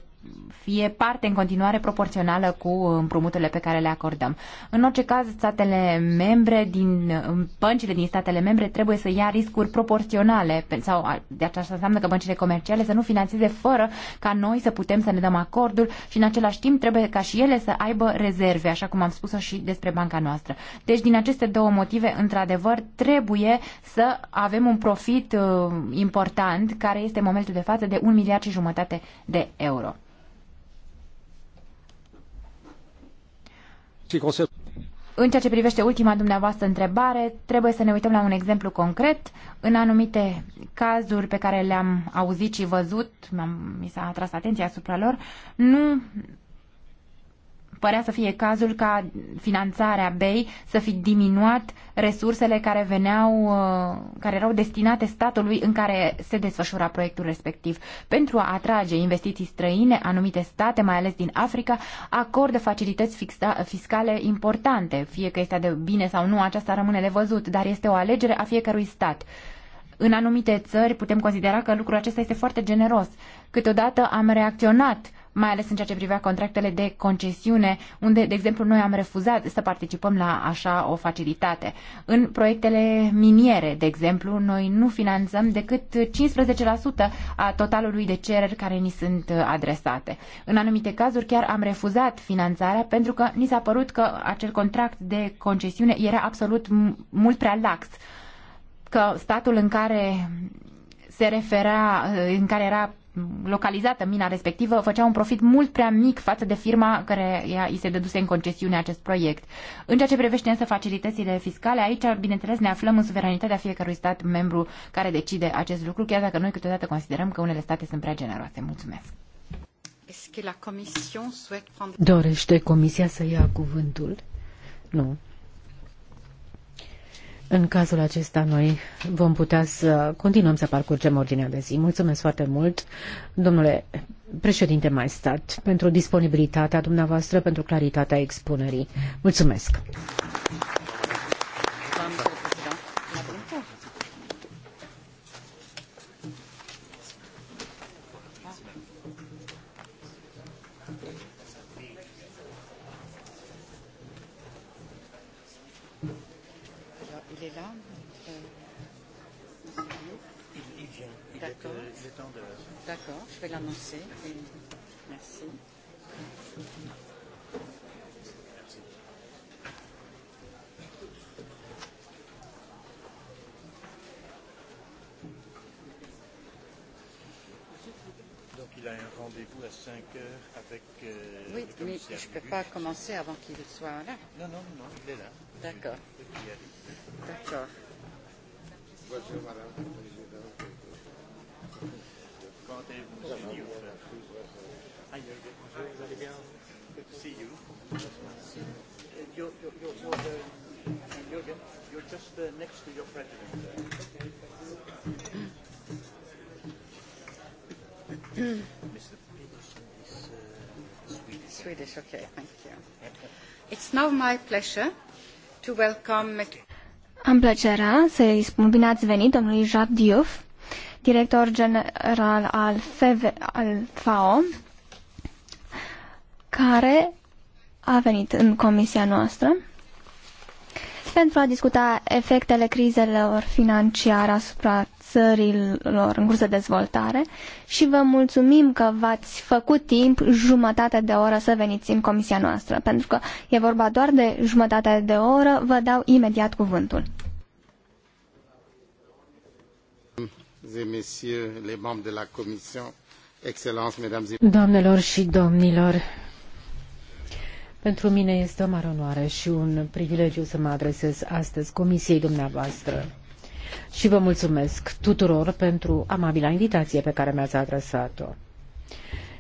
Speaker 3: fie parte în continuare proporțională cu împrumuturile pe care le acordăm. În orice caz, statele membre din băncile din statele membre trebuie să ia riscuri proporționale sau de aceasta înseamnă că băncile comerciale să nu finanțeze fără ca noi să putem să ne dăm acordul și în același timp trebuie ca și ele să aibă rezerve, așa cum am spus-o și despre banca noastră. Deci din aceste două motive, într-adevăr, trebuie să avem un profit uh, important care este în momentul de față de un miliard și jumătate de euro. În ceea ce privește ultima dumneavoastră întrebare, trebuie să ne uităm la un exemplu concret. În anumite cazuri pe care le-am auzit și văzut, mi, mi s-a atras atenția asupra lor, nu părea să fie cazul ca finanțarea BEI să fi diminuat resursele care veneau, uh, care erau destinate statului în care se desfășura proiectul respectiv. Pentru a atrage investiții străine, anumite state, mai ales din Africa, acordă facilități fiscale importante. Fie că este de bine sau nu, aceasta rămâne de văzut, dar este o alegere a fiecărui stat în anumite țări putem considera că lucrul acesta este foarte generos. Câteodată am reacționat mai ales în ceea ce privea contractele de concesiune, unde, de exemplu, noi am refuzat să participăm la așa o facilitate. În proiectele miniere, de exemplu, noi nu finanțăm decât 15% a totalului de cereri care ni sunt adresate. În anumite cazuri chiar am refuzat finanțarea pentru că ni s-a părut că acel contract de concesiune era absolut mult prea lax că statul în care se refera, în care era localizată mina respectivă făcea un profit mult prea mic față de firma care i se dăduse în concesiune acest proiect. În ceea ce privește însă facilitățile fiscale, aici, bineînțeles, ne aflăm în suveranitatea fiecărui stat membru care decide acest lucru, chiar dacă noi câteodată considerăm că unele state sunt prea generoase. Mulțumesc!
Speaker 2: Dorește Comisia să ia cuvântul? Nu. În cazul acesta, noi vom putea să continuăm să parcurgem ordinea de zi. Mulțumesc foarte mult, domnule președinte Maestat, pentru disponibilitatea dumneavoastră, pentru claritatea expunerii. Mulțumesc! vais l'annoncer. Et... Merci. Donc il a un rendez-vous à 5 heures avec euh, Oui, mais je ne peux pas commencer
Speaker 1: avant qu'il soit là.
Speaker 2: Non, non, non, il est là. D'accord. D'accord. Bonjour, madame.
Speaker 1: Hi, Good to see you.
Speaker 2: You're, just next to your president.
Speaker 1: Mr. Peterson is uh, Swedish. Swedish,
Speaker 2: okay, thank you. It's now my pleasure to welcome...
Speaker 1: Am plăcerea să-i spun bine ați venit domnului Jacques Diouf, director general al, FV, al FAO, care a venit în comisia noastră pentru a discuta efectele crizelor financiare asupra țărilor în curs de dezvoltare și vă mulțumim că v-ați făcut timp jumătate de oră să veniți în comisia noastră, pentru că e vorba doar de jumătate de oră, vă dau imediat cuvântul. Doamnelor
Speaker 2: și domnilor, pentru mine este o mare onoare și un privilegiu să mă adresez astăzi comisiei dumneavoastră. Și vă mulțumesc tuturor pentru amabila invitație pe care mi-ați adresat-o.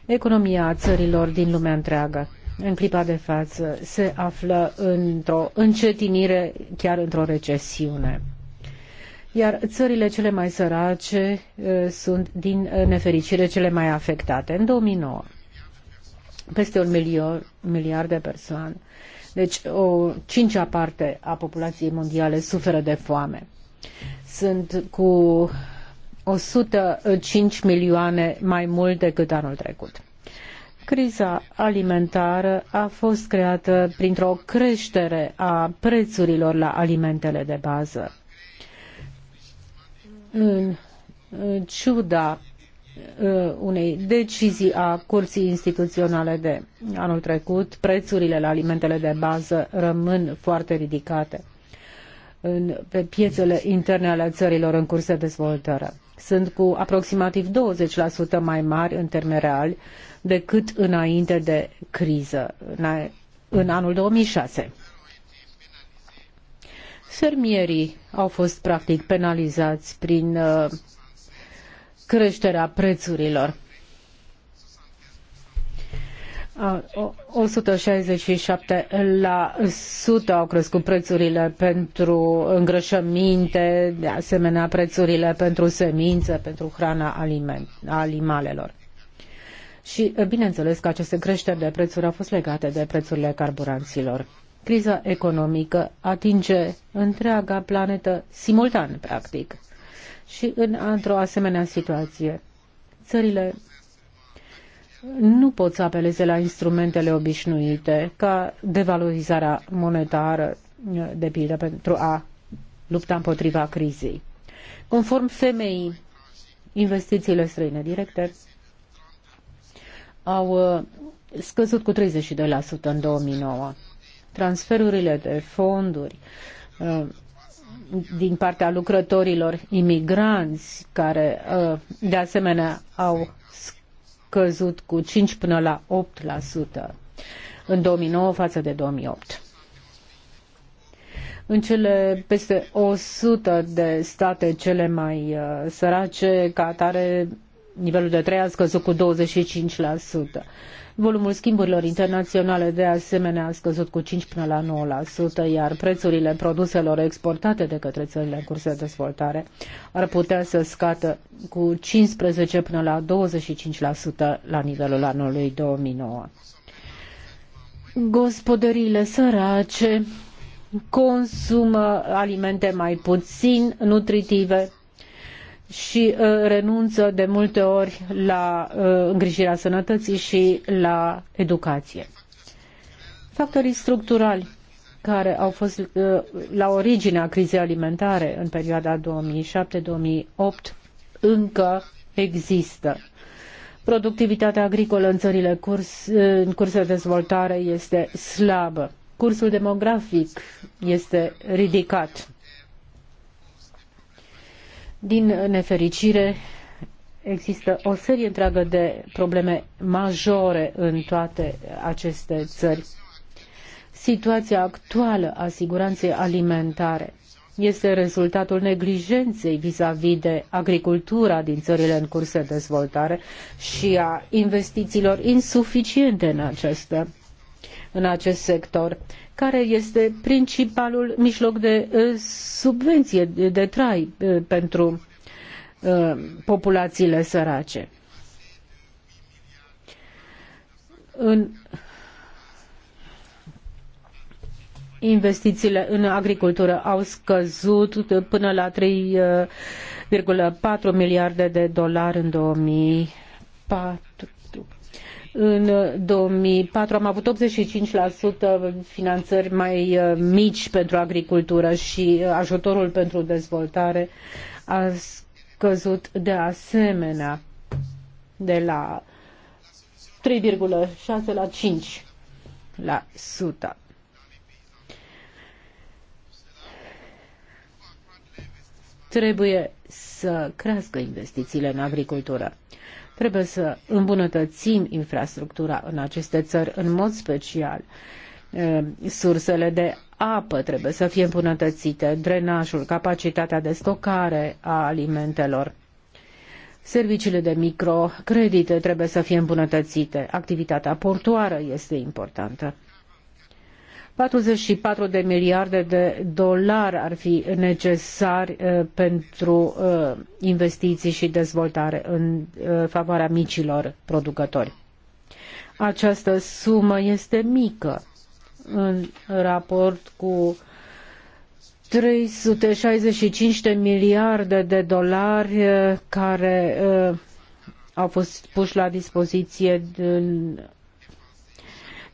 Speaker 2: Economia țărilor din lumea întreagă în clipa de față se află într-o încetinire, chiar într-o recesiune iar țările cele mai sărace uh, sunt din uh, nefericire cele mai afectate. În 2009, peste un milion, miliard de persoane, deci o cincea parte a populației mondiale suferă de foame. Sunt cu 105 milioane mai mult decât anul trecut. Criza alimentară a fost creată printr-o creștere a prețurilor la alimentele de bază în ciuda ă, unei decizii a Curții Instituționale de anul trecut, prețurile la alimentele de bază rămân foarte ridicate în, pe piețele interne ale țărilor în curs de dezvoltare. Sunt cu aproximativ 20% mai mari în termeni reali decât înainte de criză, în anul 2006 fermierii au fost practic penalizați prin uh, creșterea prețurilor. 167% uh, la au crescut prețurile pentru îngrășăminte, de asemenea prețurile pentru semințe, pentru hrana animalelor. Și uh, bineînțeles că aceste creșteri de prețuri au fost legate de prețurile carburanților. Criza economică atinge întreaga planetă simultan, practic. Și în, într-o asemenea situație, țările nu pot să apeleze la instrumentele obișnuite, ca devalorizarea monetară, de pildă, pentru a lupta împotriva crizei. Conform femeii, investițiile străine directe au uh, scăzut cu 32% în 2009 transferurile de fonduri uh, din partea lucrătorilor imigranți, care uh, de asemenea au scăzut cu 5 până la 8% în 2009 față de 2008. În cele peste 100 de state cele mai uh, sărace, ca atare, nivelul de trai a scăzut cu 25%. Volumul schimburilor internaționale de asemenea a scăzut cu 5 până la 9%, iar prețurile produselor exportate de către țările în curs de dezvoltare ar putea să scadă cu 15 până la 25% la nivelul anului 2009. Gospodăriile sărace consumă alimente mai puțin nutritive, și uh, renunță de multe ori la uh, îngrijirea sănătății și la educație. Factorii structurali care au fost uh, la originea crizei alimentare în perioada 2007-2008 încă există. Productivitatea agricolă în țările curs, în curs de dezvoltare este slabă. Cursul demografic este ridicat. Din nefericire, există o serie întreagă de probleme majore în toate aceste țări. Situația actuală a siguranței alimentare este rezultatul neglijenței vis-a-vis -vis de agricultura din țările în curs de dezvoltare și a investițiilor insuficiente în această în acest sector, care este principalul mijloc de uh, subvenție de trai uh, pentru uh, populațiile sărace. În investițiile în agricultură au scăzut până la 3,4 miliarde de dolari în 2004. În 2004 am avut 85% finanțări mai uh, mici pentru agricultură și uh, ajutorul pentru dezvoltare a scăzut de asemenea de la 3,6 la 5 la 100. Trebuie să crească investițiile în agricultură. Trebuie să îmbunătățim infrastructura în aceste țări, în mod special. Sursele de apă trebuie să fie îmbunătățite, drenajul, capacitatea de stocare a alimentelor. Serviciile de microcredite trebuie să fie îmbunătățite. Activitatea portoară este importantă. 44 de miliarde de dolari ar fi necesari uh, pentru uh, investiții și dezvoltare în uh, favoarea micilor producători. Această sumă este mică în raport cu 365 de miliarde de dolari care au fost puși la dispoziție în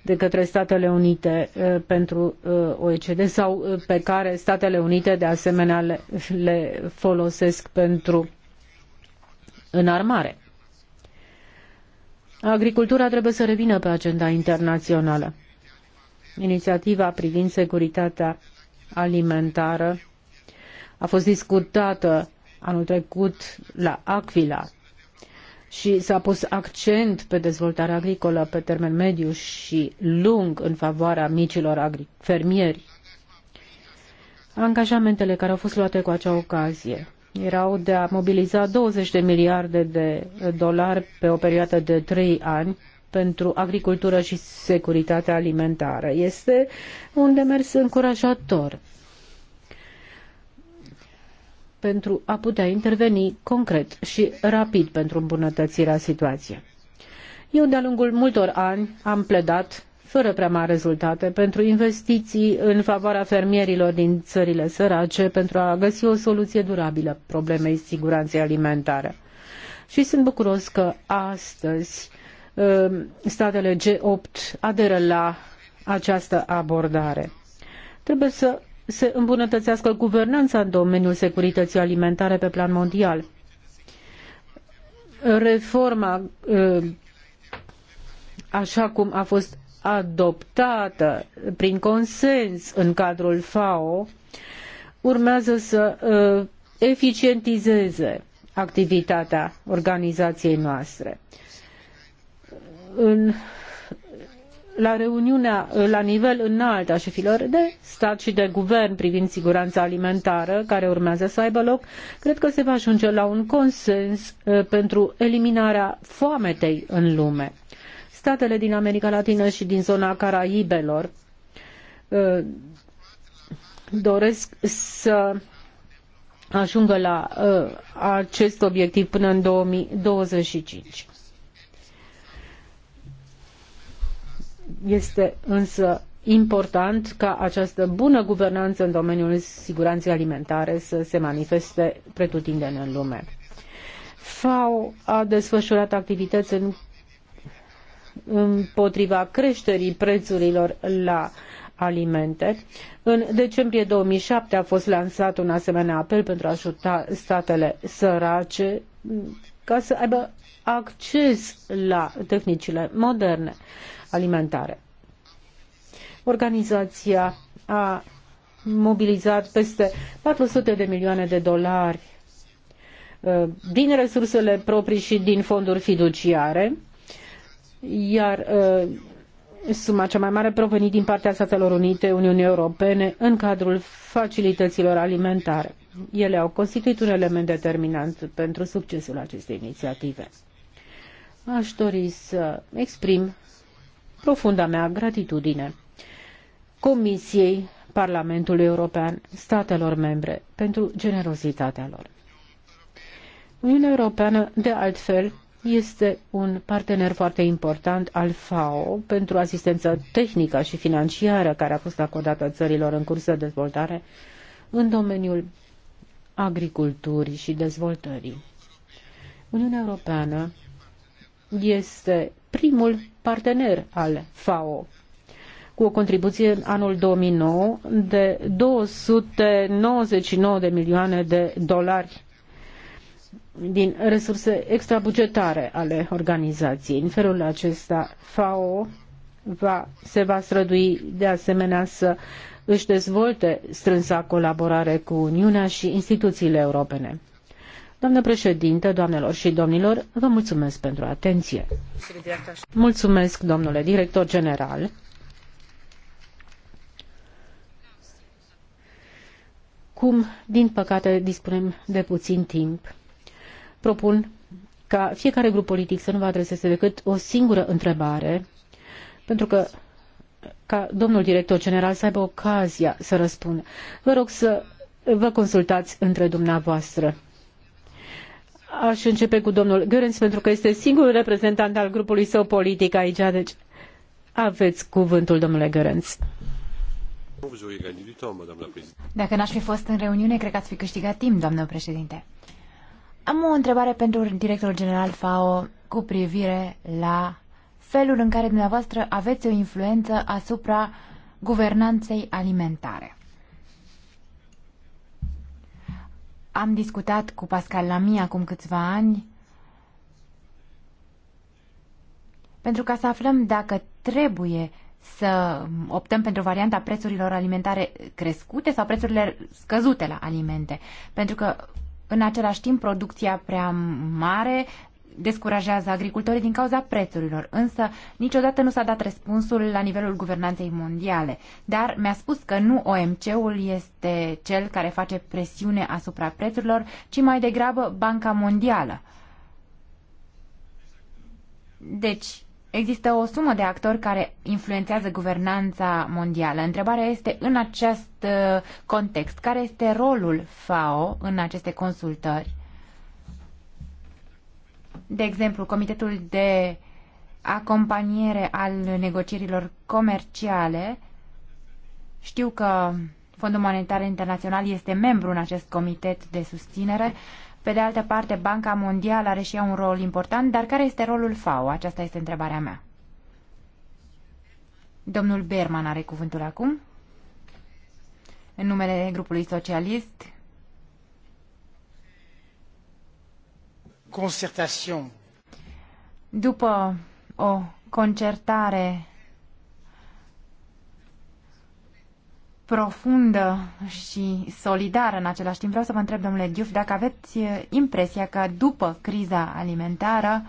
Speaker 2: de către Statele Unite uh, pentru uh, OECD sau uh, pe care Statele Unite de asemenea le, le folosesc pentru înarmare. Agricultura trebuie să revină pe agenda internațională. Inițiativa privind securitatea alimentară a fost discutată anul trecut la Aquila și s-a pus accent pe dezvoltarea agricolă pe termen mediu și lung în favoarea micilor fermieri. Angajamentele care au fost luate cu acea ocazie erau de a mobiliza 20 de miliarde de dolari pe o perioadă de 3 ani pentru agricultură și securitatea alimentară. Este un demers încurajator pentru a putea interveni concret și rapid pentru îmbunătățirea situației. Eu de-a lungul multor ani am pledat fără prea mari rezultate, pentru investiții în favoarea fermierilor din țările sărace, pentru a găsi o soluție durabilă problemei siguranței alimentare. Și sunt bucuros că astăzi um, statele G8 aderă la această abordare. Trebuie să se îmbunătățească guvernanța în domeniul securității alimentare pe plan mondial. Reforma, ă, așa cum a fost adoptată prin consens în cadrul FAO, urmează să ă, eficientizeze activitatea organizației noastre. În la reuniunea eh, la nivel înalt a șefilor de stat și de guvern privind siguranța alimentară, care urmează să aibă loc, cred că se va ajunge la un consens eh, pentru eliminarea foametei în lume. Statele din America Latină și din zona Caraibelor eh, doresc să ajungă la acest obiectiv până în 2025. Este însă important ca această bună guvernanță în domeniul siguranței alimentare să se manifeste pretutindeni în lume. FAO a desfășurat activități în, împotriva creșterii prețurilor la alimente. În decembrie 2007 a fost lansat un asemenea apel pentru a ajuta statele sărace ca să aibă acces la tehnicile moderne alimentare. Organizația a mobilizat peste 400 de milioane de dolari uh, din resursele proprii și din fonduri fiduciare, iar uh, suma cea mai mare provenit din partea Statelor Unite, Uniunii Europene, în cadrul facilităților alimentare. Ele au constituit un element determinant pentru succesul acestei inițiative. Aș dori să exprim profunda mea gratitudine Comisiei, Parlamentului European, statelor membre pentru generozitatea lor. Uniunea Europeană, de altfel, este un partener foarte important al FAO pentru asistență tehnică și financiară care a fost acordată țărilor în curs de dezvoltare în domeniul agriculturii și dezvoltării. Uniunea Europeană este primul partener al FAO cu o contribuție în anul 2009 de 299 de milioane de dolari din resurse extrabugetare ale organizației. În felul acesta, FAO va, se va strădui de asemenea să își dezvolte strânsa colaborare cu Uniunea și instituțiile europene. Doamnă președinte, doamnelor și domnilor, vă mulțumesc pentru atenție. Mulțumesc, domnule director general. Cum, din păcate, dispunem de puțin timp, propun ca fiecare grup politic să nu vă adreseze decât o singură întrebare, pentru că ca domnul director general să aibă ocazia să răspundă. Vă rog să vă consultați între dumneavoastră. Aș începe cu domnul Gărenț, pentru că este singurul reprezentant al grupului său politic aici. Deci aveți cuvântul, domnule Gărenț. Dacă n-aș fi fost în
Speaker 3: reuniune, cred că ați fi câștigat timp, doamnă președinte. Am o întrebare pentru directorul general FAO cu privire la felul în care dumneavoastră aveți o influență asupra guvernanței alimentare. Am discutat cu Pascal Lamy acum câțiva ani pentru ca să aflăm dacă trebuie să optăm pentru varianta prețurilor alimentare crescute sau prețurile scăzute la alimente. Pentru că în același timp producția prea mare descurajează agricultorii din cauza prețurilor, însă niciodată nu s-a dat răspunsul la nivelul guvernanței mondiale. Dar mi-a spus că nu OMC-ul este cel care face presiune asupra prețurilor, ci mai degrabă Banca Mondială. Deci, există o sumă de actori care influențează guvernanța mondială. Întrebarea este, în acest uh, context, care este rolul FAO în aceste consultări? de exemplu, Comitetul de Acompaniere al Negocierilor Comerciale. Știu că Fondul Monetar Internațional este membru în acest comitet de susținere. Pe de altă parte, Banca Mondială are și ea un rol important, dar care este rolul FAO? Aceasta este întrebarea mea. Domnul Berman are cuvântul acum. În numele grupului socialist,
Speaker 1: concertation.
Speaker 3: După o concertare profundă și solidară în același timp. Vreau să vă întreb, domnule Diuf, dacă aveți impresia că după criza alimentară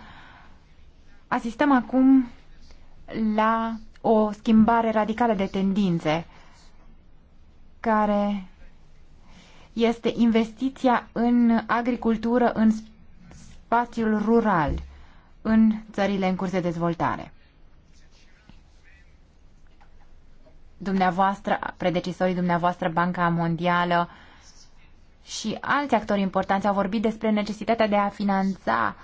Speaker 3: asistăm acum la o schimbare radicală de tendințe care este investiția în agricultură, în spațiul rural în țările în curs de dezvoltare. Dumneavoastră, predecesorii dumneavoastră, Banca Mondială și alți actori importanți au vorbit despre necesitatea de a finanța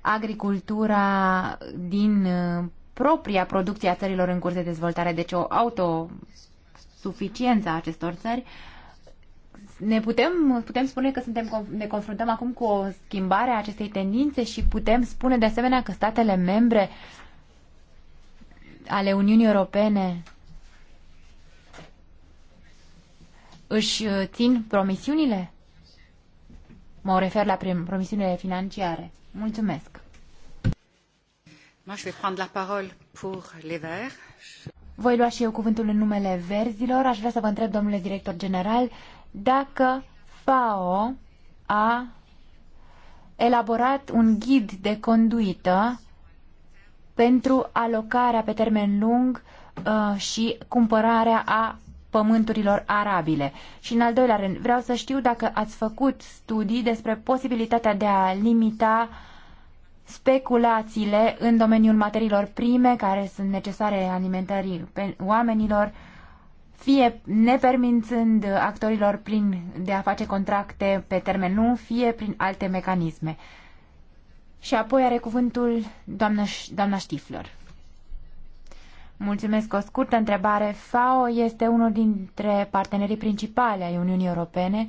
Speaker 3: agricultura din uh, propria producție a țărilor în curs de dezvoltare, deci o autosuficiență a acestor țări, uh, ne putem, putem spune că suntem, ne confruntăm acum cu o schimbare a acestei tendințe și putem spune de asemenea că statele membre ale Uniunii Europene își uh, țin promisiunile? Mă refer la promisiunile financiare. Mulțumesc. Voi lua și eu cuvântul în numele verzilor. Aș vrea să vă întreb, domnule director general, dacă FAO a elaborat un ghid de conduită pentru alocarea pe termen lung uh, și cumpărarea a pământurilor arabile. Și în al doilea rând, vreau să știu dacă ați făcut studii despre posibilitatea de a limita speculațiile în domeniul materiilor prime care sunt necesare alimentării oamenilor, fie nepermințând actorilor prin de a face contracte pe termen lung, fie prin alte mecanisme. Și apoi are cuvântul doamna, doamna Stifler. Mulțumesc. O scurtă întrebare. FAO este unul dintre partenerii principale ai Uniunii Europene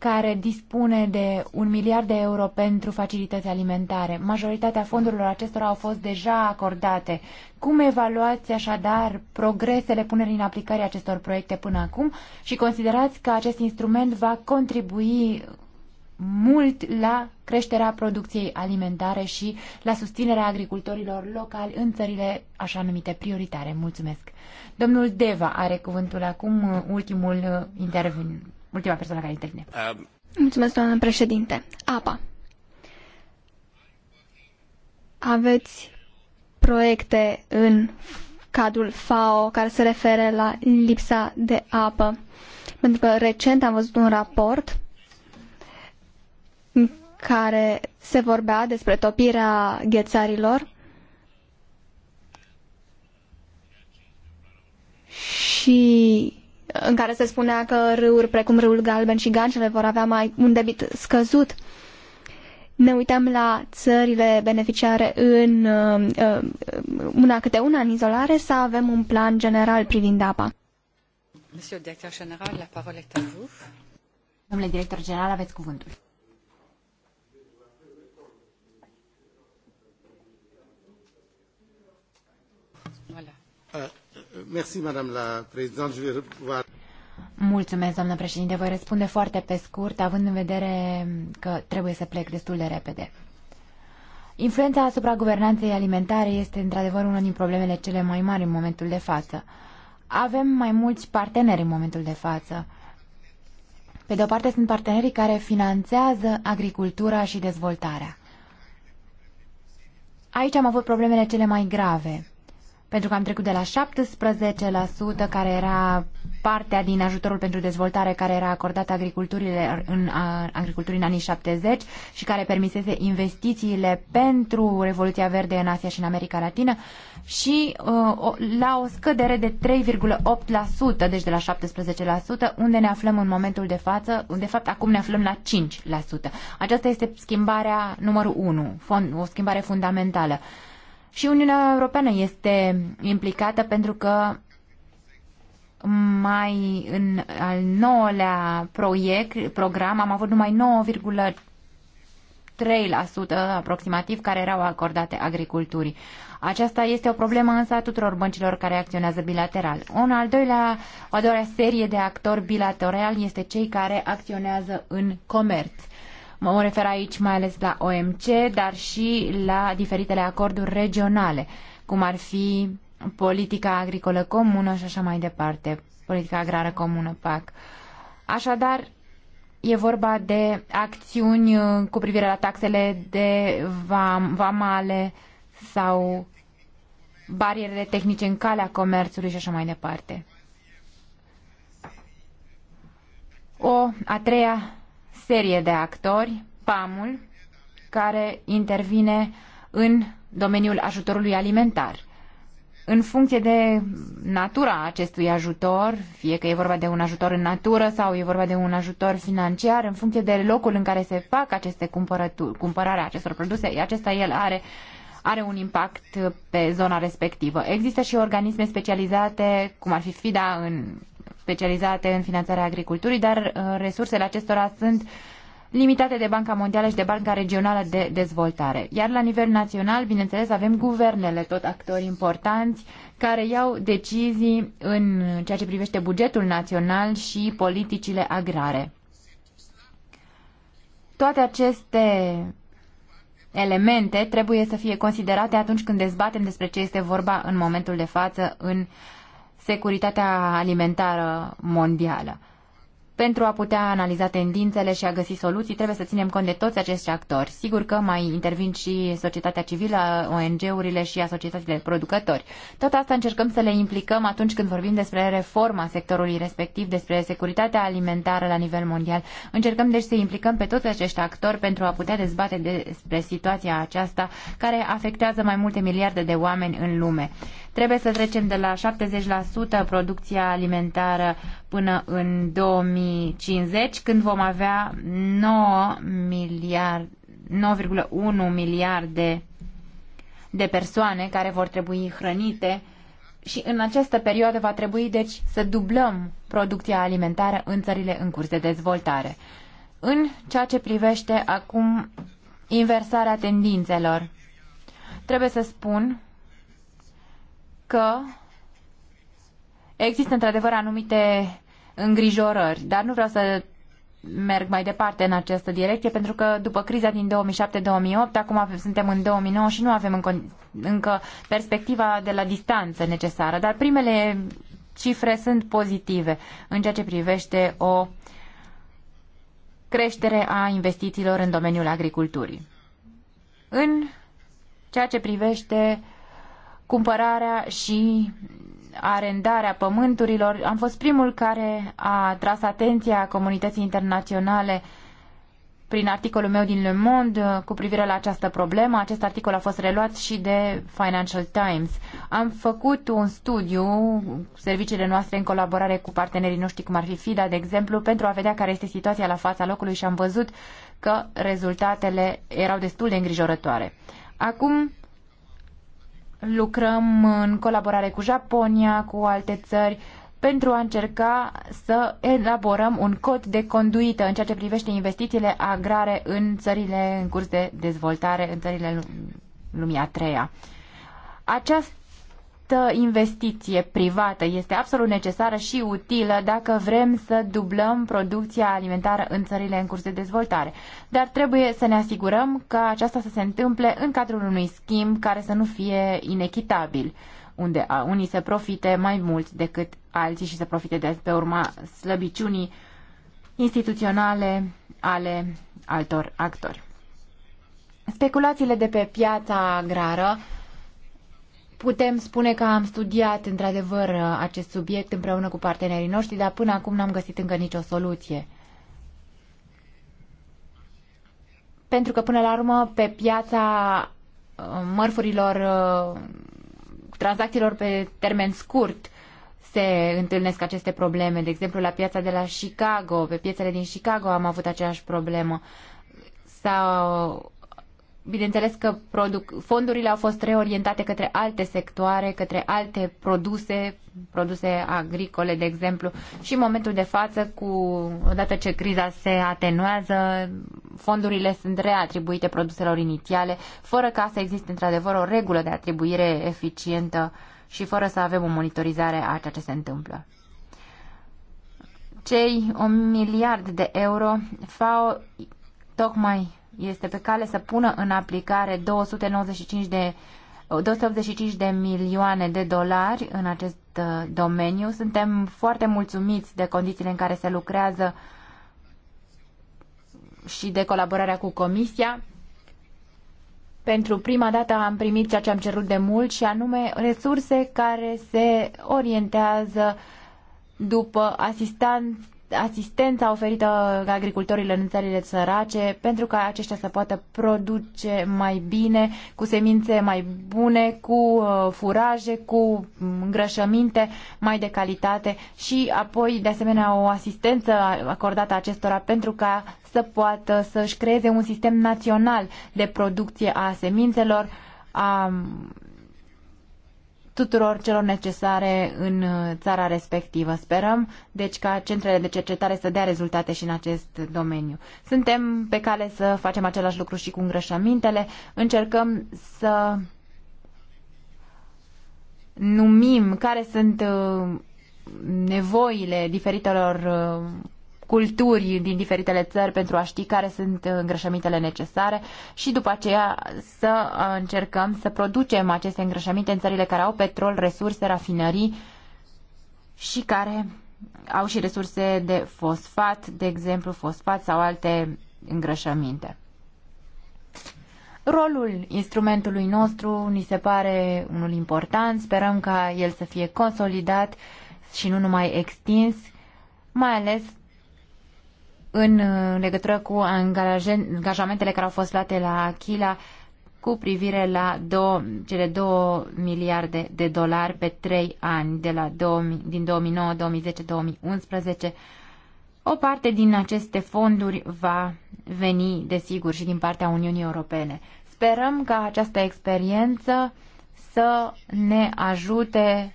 Speaker 3: care dispune de un miliard de euro pentru facilități alimentare. Majoritatea fondurilor acestora au fost deja acordate. Cum evaluați așadar progresele punerii în aplicare acestor proiecte până acum și considerați că acest instrument va contribui mult la creșterea producției alimentare și la susținerea agricultorilor locali în țările așa numite prioritare. Mulțumesc. Domnul Deva are cuvântul acum, uh, ultimul uh, intervenit ultima persoană care intervine.
Speaker 2: Um.
Speaker 1: Mulțumesc, doamnă președinte. APA. Aveți proiecte în cadrul FAO care se referă la lipsa de apă. Pentru că recent am văzut un raport în care se vorbea despre topirea ghețarilor și în care se spunea că râuri precum râul Galben și Gancele vor avea mai un debit scăzut. Ne uităm la țările beneficiare în uh, uh, una câte una în izolare sau avem un plan general privind apa?
Speaker 2: Monsieur director general, la parole est à vous.
Speaker 3: Domnule director general, aveți cuvântul. Mulțumesc, doamnă președinte. Voi răspunde foarte pe scurt, având în vedere că trebuie să plec destul de repede. Influența asupra guvernanței alimentare este într-adevăr una din problemele cele mai mari în momentul de față. Avem mai mulți parteneri în momentul de față. Pe de o parte sunt partenerii care finanțează agricultura și dezvoltarea. Aici am avut problemele cele mai grave pentru că am trecut de la 17%, care era partea din ajutorul pentru dezvoltare care era acordată agriculturile în, a, agriculturii în anii 70 și care permisese investițiile pentru Revoluția Verde în Asia și în America Latină și uh, o, la o scădere de 3,8%, deci de la 17%, unde ne aflăm în momentul de față, de fapt acum ne aflăm la 5%. Aceasta este schimbarea numărul 1, fond, o schimbare fundamentală. Uh, și Uniunea Europeană este implicată pentru că mai în al nouălea proiect, program, am avut numai 9,3% aproximativ care erau acordate agriculturii. Aceasta este o problemă însă a tuturor băncilor care acționează bilateral. Un al doilea, o a doua serie de actori bilateral este cei care acționează în comerț. Mă refer aici mai ales la OMC, dar și la diferitele acorduri regionale, cum ar fi politica agricolă comună și așa mai departe, politica agrară comună, PAC. Așadar, e vorba de acțiuni uh, cu privire la taxele de vam, vamale sau barierele tehnice în calea comerțului și așa mai departe. O a treia serie de actori, PAMul, care intervine în domeniul ajutorului alimentar. În funcție de natura acestui ajutor, fie că e vorba de un ajutor în natură sau e vorba de un ajutor financiar, în funcție de locul în care se fac aceste cumpărături, cumpărarea acestor produse, acesta el are are un impact pe zona respectivă. Există și organisme specializate, cum ar fi FIDA în specializate în finanțarea agriculturii, dar uh, resursele acestora sunt limitate de Banca Mondială și de Banca Regională de Dezvoltare. Iar la nivel național, bineînțeles, avem guvernele, tot actori importanți, care iau decizii în ceea ce privește bugetul național și politicile agrare. Toate aceste elemente trebuie să fie considerate atunci când dezbatem despre ce este vorba în momentul de față în uh, securitatea alimentară mondială. Pentru a putea analiza tendințele și a găsi soluții, trebuie să ținem cont de toți acești actori. Sigur că mai intervin și societatea civilă, ONG-urile și asociațiile producători. Tot asta încercăm să le implicăm atunci când vorbim despre reforma sectorului respectiv, despre securitatea alimentară la nivel mondial. Încercăm deci să implicăm pe toți acești actori pentru a putea dezbate despre situația aceasta care afectează mai multe miliarde de oameni în lume. Trebuie să trecem de la 70% producția alimentară până în 2050, când vom avea 9 miliard, 9,1 miliarde de persoane care vor trebui hrănite și în această perioadă va trebui deci să dublăm producția alimentară în țările în curs de dezvoltare. În ceea ce privește acum inversarea tendințelor, trebuie să spun că există într-adevăr anumite îngrijorări, dar nu vreau să merg mai departe în această direcție, pentru că după criza din 2007-2008, acum suntem în 2009 și nu avem încă perspectiva de la distanță necesară, dar primele cifre sunt pozitive în ceea ce privește o creștere a investițiilor în domeniul agriculturii. În ceea ce privește uh, cumpărarea și arendarea pământurilor. Am fost primul care a tras atenția comunității internaționale prin articolul meu din Le Monde cu privire la această problemă. Acest articol a fost reluat și de Financial Times. Am făcut un studiu, serviciile noastre în colaborare cu partenerii noștri, cum ar fi FIDA, de exemplu, pentru a vedea care este situația la fața locului și am văzut că rezultatele erau destul de îngrijorătoare. Acum lucrăm în colaborare cu Japonia, cu alte țări, pentru a încerca să elaborăm un cod de conduită în ceea ce privește investițiile agrare în țările în curs de dezvoltare, în țările lumii a treia. Această această investiție privată este absolut necesară și utilă dacă vrem să dublăm producția alimentară în țările în curs de dezvoltare. Dar trebuie să ne asigurăm că aceasta să se întâmple în cadrul unui schimb care să nu fie inechitabil, unde unii să profite mai mult decât alții și să profite de pe urma slăbiciunii instituționale ale altor actori. Speculațiile de pe piața agrară putem spune că am studiat într-adevăr acest subiect împreună cu partenerii noștri, dar până acum n-am găsit încă nicio soluție. Pentru că până la urmă pe piața uh, mărfurilor, uh, tranzacțiilor pe termen scurt se întâlnesc aceste probleme. De exemplu, la piața de la Chicago, pe piețele din Chicago am avut aceeași problemă. Sau Bineînțeles că produc, fondurile au fost reorientate către alte sectoare, către alte produse, produse agricole, de exemplu, și în momentul de față, cu, odată ce criza se atenuează, fondurile sunt reatribuite produselor inițiale, fără ca să existe într-adevăr o regulă de atribuire eficientă și fără să avem o monitorizare a ceea ce se întâmplă. Cei 1 miliard de euro, FAO tocmai este pe cale să pună în aplicare 295 de 285 de milioane de dolari în acest uh, domeniu. Suntem foarte mulțumiți de condițiile în care se lucrează și de colaborarea cu Comisia. Pentru prima dată am primit ceea ce am cerut de mult și anume resurse care se orientează după asistan asistența oferită agricultorilor în țările sărace pentru ca aceștia să poată produce mai bine, cu semințe mai bune, cu uh, furaje, cu îngrășăminte mai de calitate și apoi, de asemenea, o asistență acordată acestora pentru ca să poată să-și creeze un sistem național de producție a semințelor, a tuturor celor necesare în uh, țara respectivă. Sperăm, deci, ca centrele de cercetare să dea rezultate și în acest domeniu. Suntem pe cale să facem același lucru și cu îngrășămintele. Încercăm să numim care sunt uh, nevoile diferitelor uh, culturi din diferitele țări pentru a ști care sunt uh, îngrășămintele necesare și după aceea să uh, încercăm să producem aceste îngrășăminte în țările care au petrol, resurse, rafinării și care au și resurse de fosfat, de exemplu fosfat sau alte îngrășăminte. Rolul instrumentului nostru ni se pare unul important, sperăm ca el să fie consolidat și nu numai extins, mai ales în uh, legătură cu angajamentele care au fost luate la Achila cu privire la două, cele 2 miliarde de dolari pe 3 ani, de la 2000, din 2009, 2010, 2011. O parte din aceste fonduri va veni, desigur, și din partea Uniunii Europene. Sperăm ca această experiență să ne ajute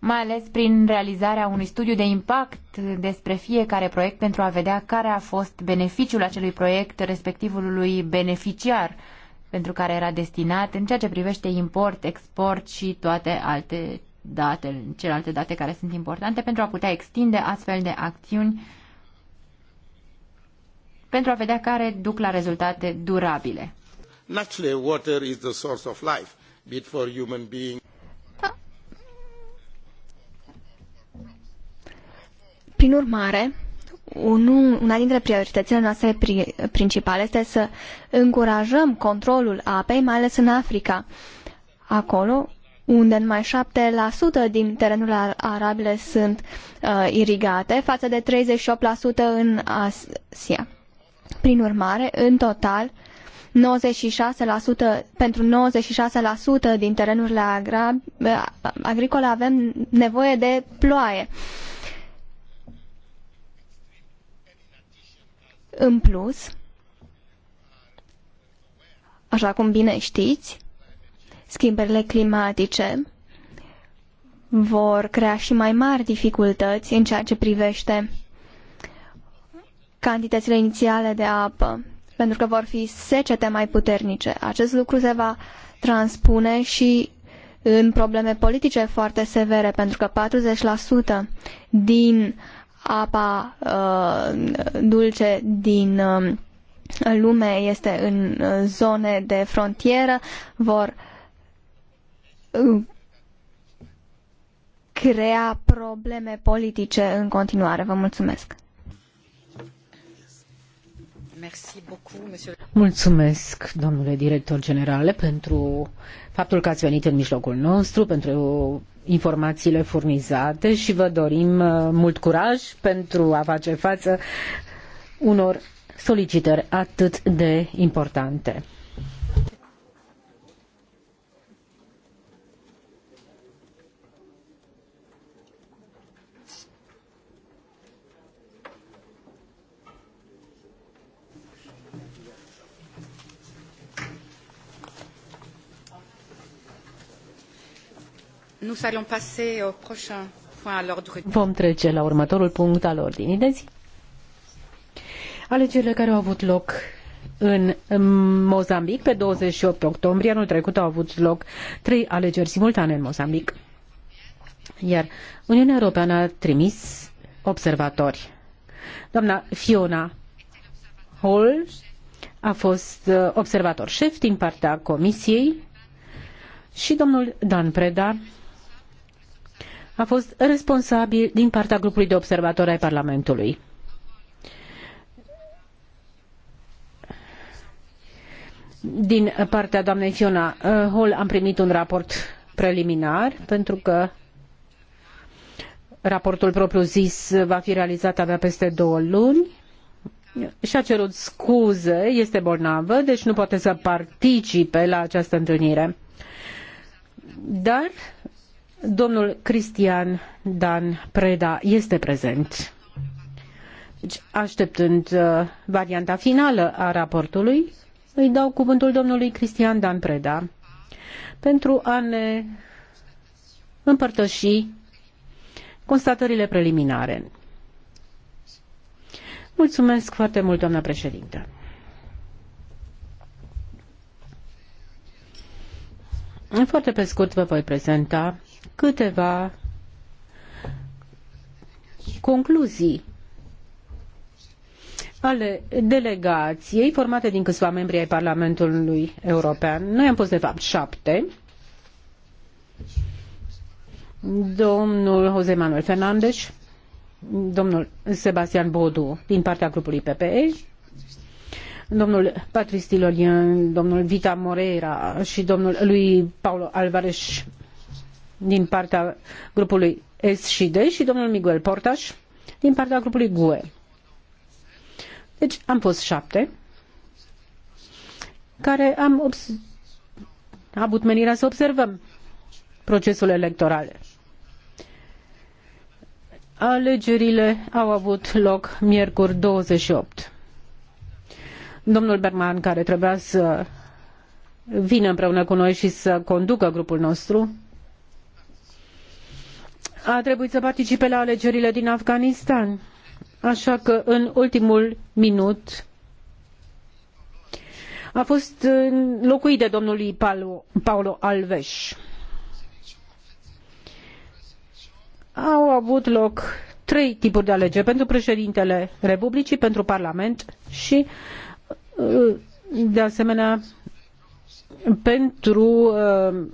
Speaker 3: mai ales prin realizarea unui studiu de impact despre fiecare proiect pentru a vedea care a fost beneficiul acelui proiect respectivului beneficiar pentru care era destinat în ceea ce privește import, export și toate alte date, celelalte date care sunt importante pentru a putea extinde astfel de acțiuni pentru a vedea care duc la rezultate durabile.
Speaker 1: Naturally, water is the source of life, be it for human being. Prin urmare, una dintre prioritățile noastre principale este să încurajăm controlul apei, mai ales în Africa, acolo unde numai 7% din terenurile arabile sunt uh, irigate, față de 38% în Asia. Prin urmare, în total, 96%, pentru 96% din terenurile uh, agricole avem nevoie de ploaie. Uh, În plus, așa cum bine știți, schimbările climatice vor crea și mai mari dificultăți în ceea ce privește cantitățile inițiale de apă, pentru că vor fi secete mai puternice. Acest lucru se va transpune și în probleme politice foarte severe, pentru că 40% din uh, apa uh, dulce din uh, lume este în uh, zone de frontieră, vor uh, crea probleme politice în continuare. Vă mulțumesc! Mulțumesc,
Speaker 2: domnule director general, pentru faptul că ați venit în mijlocul nostru, pentru informațiile furnizate și vă dorim uh, mult curaj pentru a face față unor solicitări atât de importante. Nous allons passer au prochain point à l'ordre. Vom trece la următorul punct al ordinii de zi. Alegerile care au avut loc în Mozambic pe 28 octombrie anul trecut au avut loc trei alegeri simultane în Mozambic. Iar Uniunea Europeană a trimis observatori. Doamna Fiona Hall a fost uh, observator șef din partea Comisiei și domnul Dan Preda a fost responsabil din partea grupului de observatori ai Parlamentului. Din partea doamnei Fiona uh, Hall am primit un raport preliminar pentru că raportul propriu zis va fi realizat avea peste două luni și-a cerut scuze, este bolnavă, deci nu poate să participe la această întâlnire. Dar Domnul Cristian Dan Preda este prezent. Deci, așteptând uh, varianta finală a raportului, îi dau cuvântul domnului Cristian Dan Preda pentru a ne împărtăși constatările preliminare. Mulțumesc foarte mult, doamna președintă. Foarte pe scurt vă voi prezenta câteva concluzii ale delegației formate din câțiva membri ai Parlamentului European. Noi am fost, de fapt, șapte. Domnul Jose Manuel Fernandes, domnul Sebastian Bodu din partea grupului PPE, domnul Patrice Tilorien, domnul Vita Moreira și domnul lui Paulo Alvarez din partea grupului S și D și domnul Miguel Portaș din partea grupului GUE. Deci am fost șapte care am obs- avut menirea să observăm procesul electoral. Alegerile au avut loc miercuri 28. Domnul Berman, care trebuia să vină împreună cu noi și să conducă grupul nostru, a trebuit să participe la alegerile din Afganistan. Așa că în ultimul minut a fost locuit de domnul Paulo, Paulo Alves. Au avut loc trei tipuri de alegeri pentru președintele Republicii, pentru Parlament și uh, de asemenea pentru uh,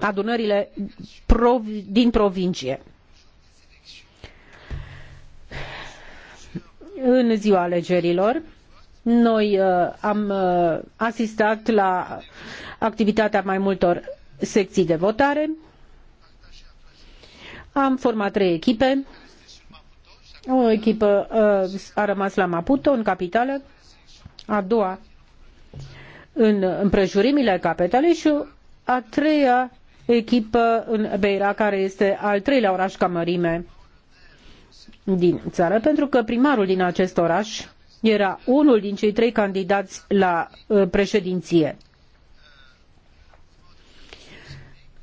Speaker 2: adunările din provincie. În ziua alegerilor, noi uh, am uh, asistat la activitatea mai multor secții de votare. Am format trei echipe. O echipă uh, a rămas la Maputo, în capitală, a doua în împrejurimile capitalei și a treia echipă în Beira, care este al treilea oraș ca mărime din țară, pentru că primarul din acest oraș era unul din cei trei candidați la uh, președinție.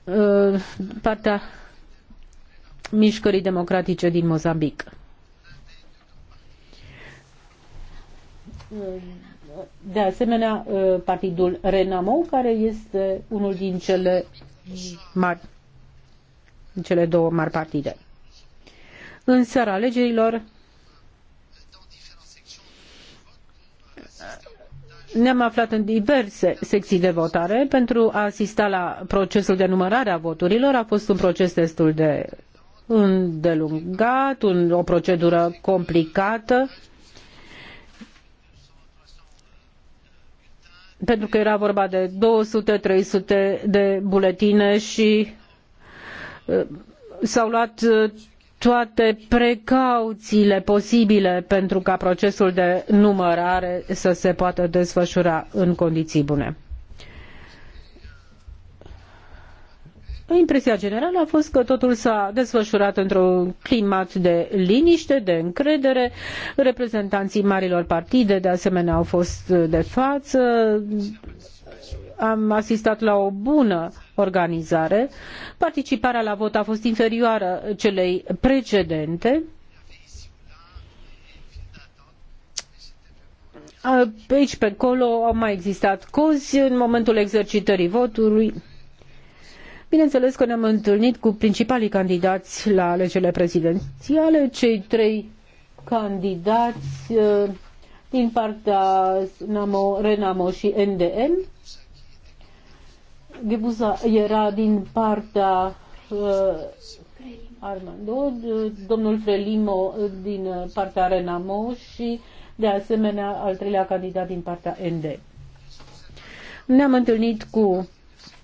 Speaker 2: Uh, partea mișcării democratice din Mozambic. Uh, de asemenea, partidul Renamo, care este unul din cele mari, cele două mari partide. În seara alegerilor ne-am aflat în diverse secții de votare pentru a asista la procesul de numărare a voturilor. A fost un proces destul de îndelungat, un, o procedură complicată. Uh, pentru că era vorba de 200-300 de buletine și uh, s-au luat uh, toate precauțiile posibile pentru ca procesul de numărare să se poată desfășura în condiții bune. Impresia generală a fost că totul s-a desfășurat într-un climat de liniște, de încredere. Reprezentanții marilor partide, de asemenea, au fost de față. Am asistat la o bună organizare. Participarea la vot a fost inferioară celei precedente. aici, pe acolo, au mai existat cozi în momentul exercitării votului Bineînțeles că ne-am întâlnit cu principalii candidați la alegerile prezidențiale, cei trei candidați uh, din partea Namo, Renamo și NDN. Gebuza era din partea uh, Armando, domnul Frelimo din partea Renamo și de asemenea al treilea candidat din partea ND. Ne-am întâlnit cu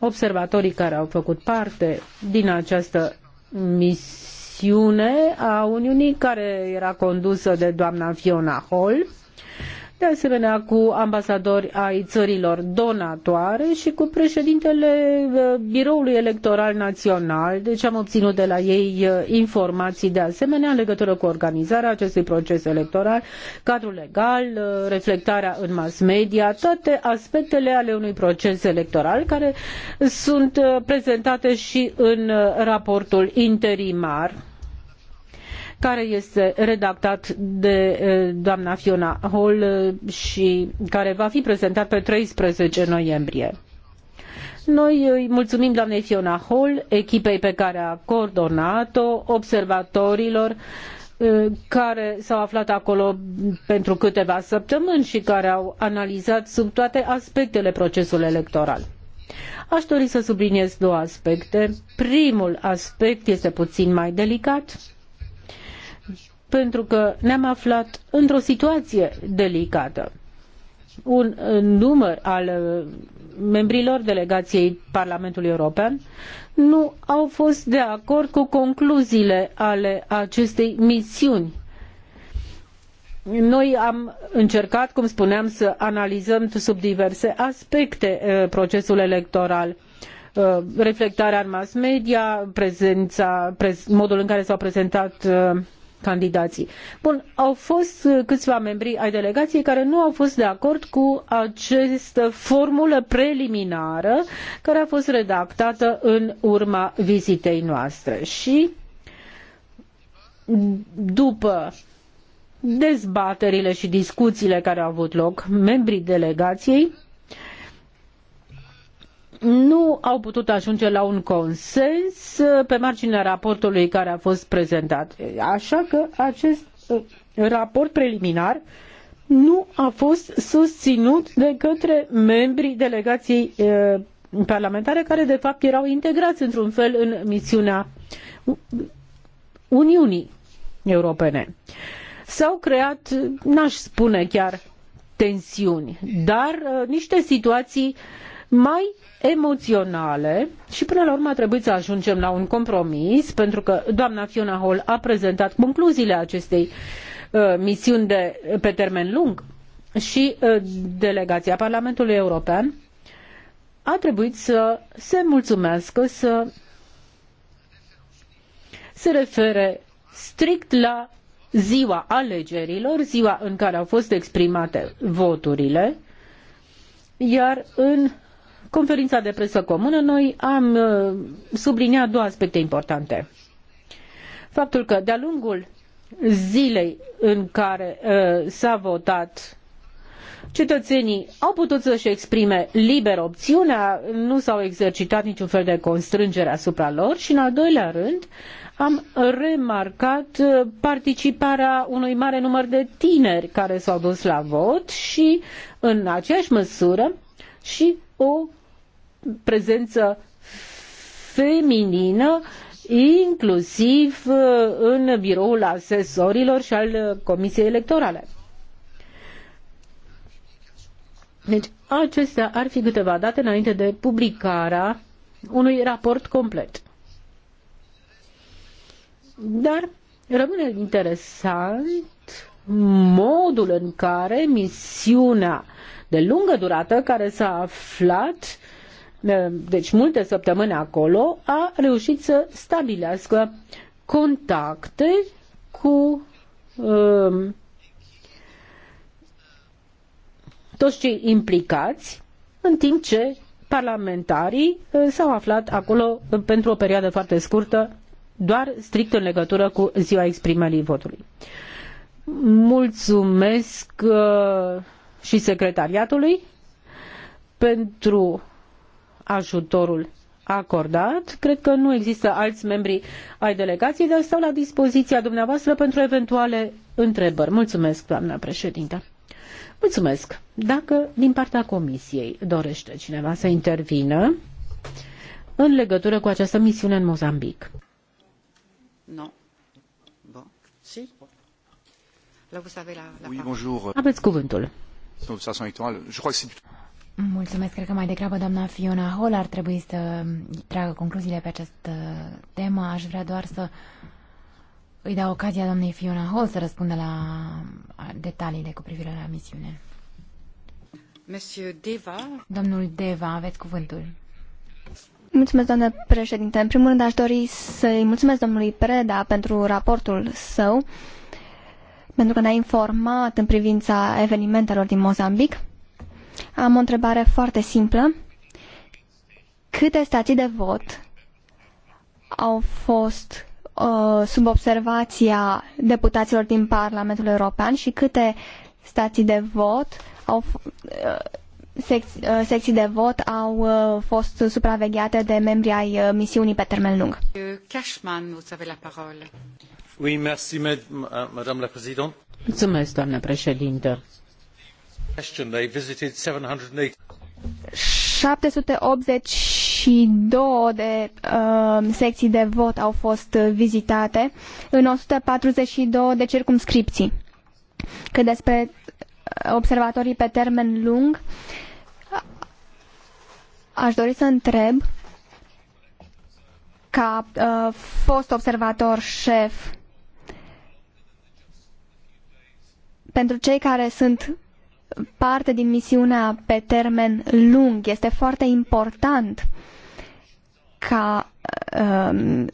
Speaker 2: Observatorii care au făcut parte din această misiune a Uniunii, care era condusă de doamna Fiona Hall, de asemenea cu ambasadori ai țărilor donatoare și cu președintele uh, Biroului Electoral Național. Deci am obținut de la ei uh, informații de asemenea în legătură cu organizarea acestui proces electoral, cadrul legal, uh, reflectarea în mass media, toate aspectele ale unui proces electoral care sunt prezentate și în raportul interimar care este redactat de eh, doamna Fiona Hall eh, și care va fi prezentat pe 13 noiembrie. Noi îi mulțumim doamnei Fiona Hall, echipei pe care a coordonat-o, observatorilor eh, care s-au aflat acolo pentru câteva săptămâni și care au analizat sub toate aspectele procesul electoral. Aș dori să subliniez două aspecte. Primul aspect este puțin mai delicat pentru că ne-am aflat într-o situație delicată. Un uh, număr al uh, membrilor delegației Parlamentului European nu au fost de acord cu concluziile ale acestei misiuni noi am încercat, cum spuneam, să analizăm sub diverse aspecte uh, procesul electoral reflectarea în mass media, prezența, modul în care s-au prezentat candidații. Bun, au fost uh, câțiva membri ai delegației care nu au fost de acord cu această formulă preliminară care a fost redactată în urma vizitei noastre și după dezbaterile și discuțiile care au avut loc, membrii delegației au putut ajunge la un consens uh, pe marginea raportului care a fost prezentat. Așa că acest uh, raport preliminar nu a fost susținut de către membrii delegației uh, parlamentare care de fapt erau integrați într-un fel în misiunea Uniunii Europene. S-au creat, n-aș spune chiar tensiuni, dar niște situații uh, mai emoționale și până la urmă a trebuit să ajungem la un compromis, pentru că doamna Fiona Hall a prezentat concluziile acestei uh, misiuni de, pe termen lung și uh, delegația Parlamentului European a trebuit să se mulțumească să se refere strict la ziua alegerilor, ziua în care au fost exprimate voturile, iar în conferința de presă comună, noi am uh, subliniat două aspecte importante. Faptul că de-a lungul zilei în care uh, s-a votat cetățenii au putut să-și exprime liber opțiunea, nu s-au exercitat niciun fel de constrângere asupra lor și, în al doilea rând, am remarcat uh, participarea unui mare număr de tineri care s-au dus la vot și, în aceeași măsură, și o prezență feminină inclusiv uh, în biroul asesorilor și al Comisiei Electorale. Deci, acestea ar fi câteva date înainte de publicarea unui raport complet. Dar rămâne interesant modul în care misiunea de lungă durată care s-a aflat deci multe săptămâni acolo, a reușit să stabilească contacte cu um, toți cei implicați, în timp ce parlamentarii uh, s-au aflat acolo uh, pentru o perioadă foarte scurtă, doar strict în legătură cu ziua exprimării votului. Mulțumesc uh, și secretariatului pentru ajutorul acordat. Cred că nu există alți membri ai delegației, dar stau la dispoziția dumneavoastră pentru eventuale întrebări. Mulțumesc, doamna președintă. Mulțumesc. Dacă din partea comisiei dorește cineva să intervină în legătură cu această misiune în Mozambic. Nu. Bun. Si. La vous avez la, la
Speaker 3: oui, bonjour. Aveți cuvântul. Mulțumesc, cred că mai degrabă doamna Fiona Hall ar trebui să tragă concluziile pe această uh, temă. Aș vrea doar să îi dau ocazia doamnei Fiona Hall să răspundă la detaliile cu privire la misiune.
Speaker 2: Monsieur Deva.
Speaker 1: Domnul
Speaker 3: Deva, aveți cuvântul.
Speaker 1: Mulțumesc, doamnă președinte. În primul rând, aș dori să-i mulțumesc domnului Preda pentru raportul său, pentru că ne-a informat în privința evenimentelor din Mozambic. Am o întrebare foarte simplă. Câte stații de vot au fost uh, sub observația deputaților din Parlamentul European și câte stații de vot au uh, sec, uh, secții de vot au uh, fost supravegheate de membri ai uh, misiunii pe termen lung.
Speaker 2: Cashman,
Speaker 3: vous avez la parole.
Speaker 2: Oui, merci, madame la
Speaker 1: Mulțumesc, doamnă
Speaker 2: președintă. 782
Speaker 1: de uh, secții de vot au fost uh, vizitate în 142 de circumscripții. Cât despre uh, observatorii pe termen lung, aș dori să întreb ca uh, fost observator șef pentru cei care sunt parte din misiunea pe termen lung. Este foarte important ca um,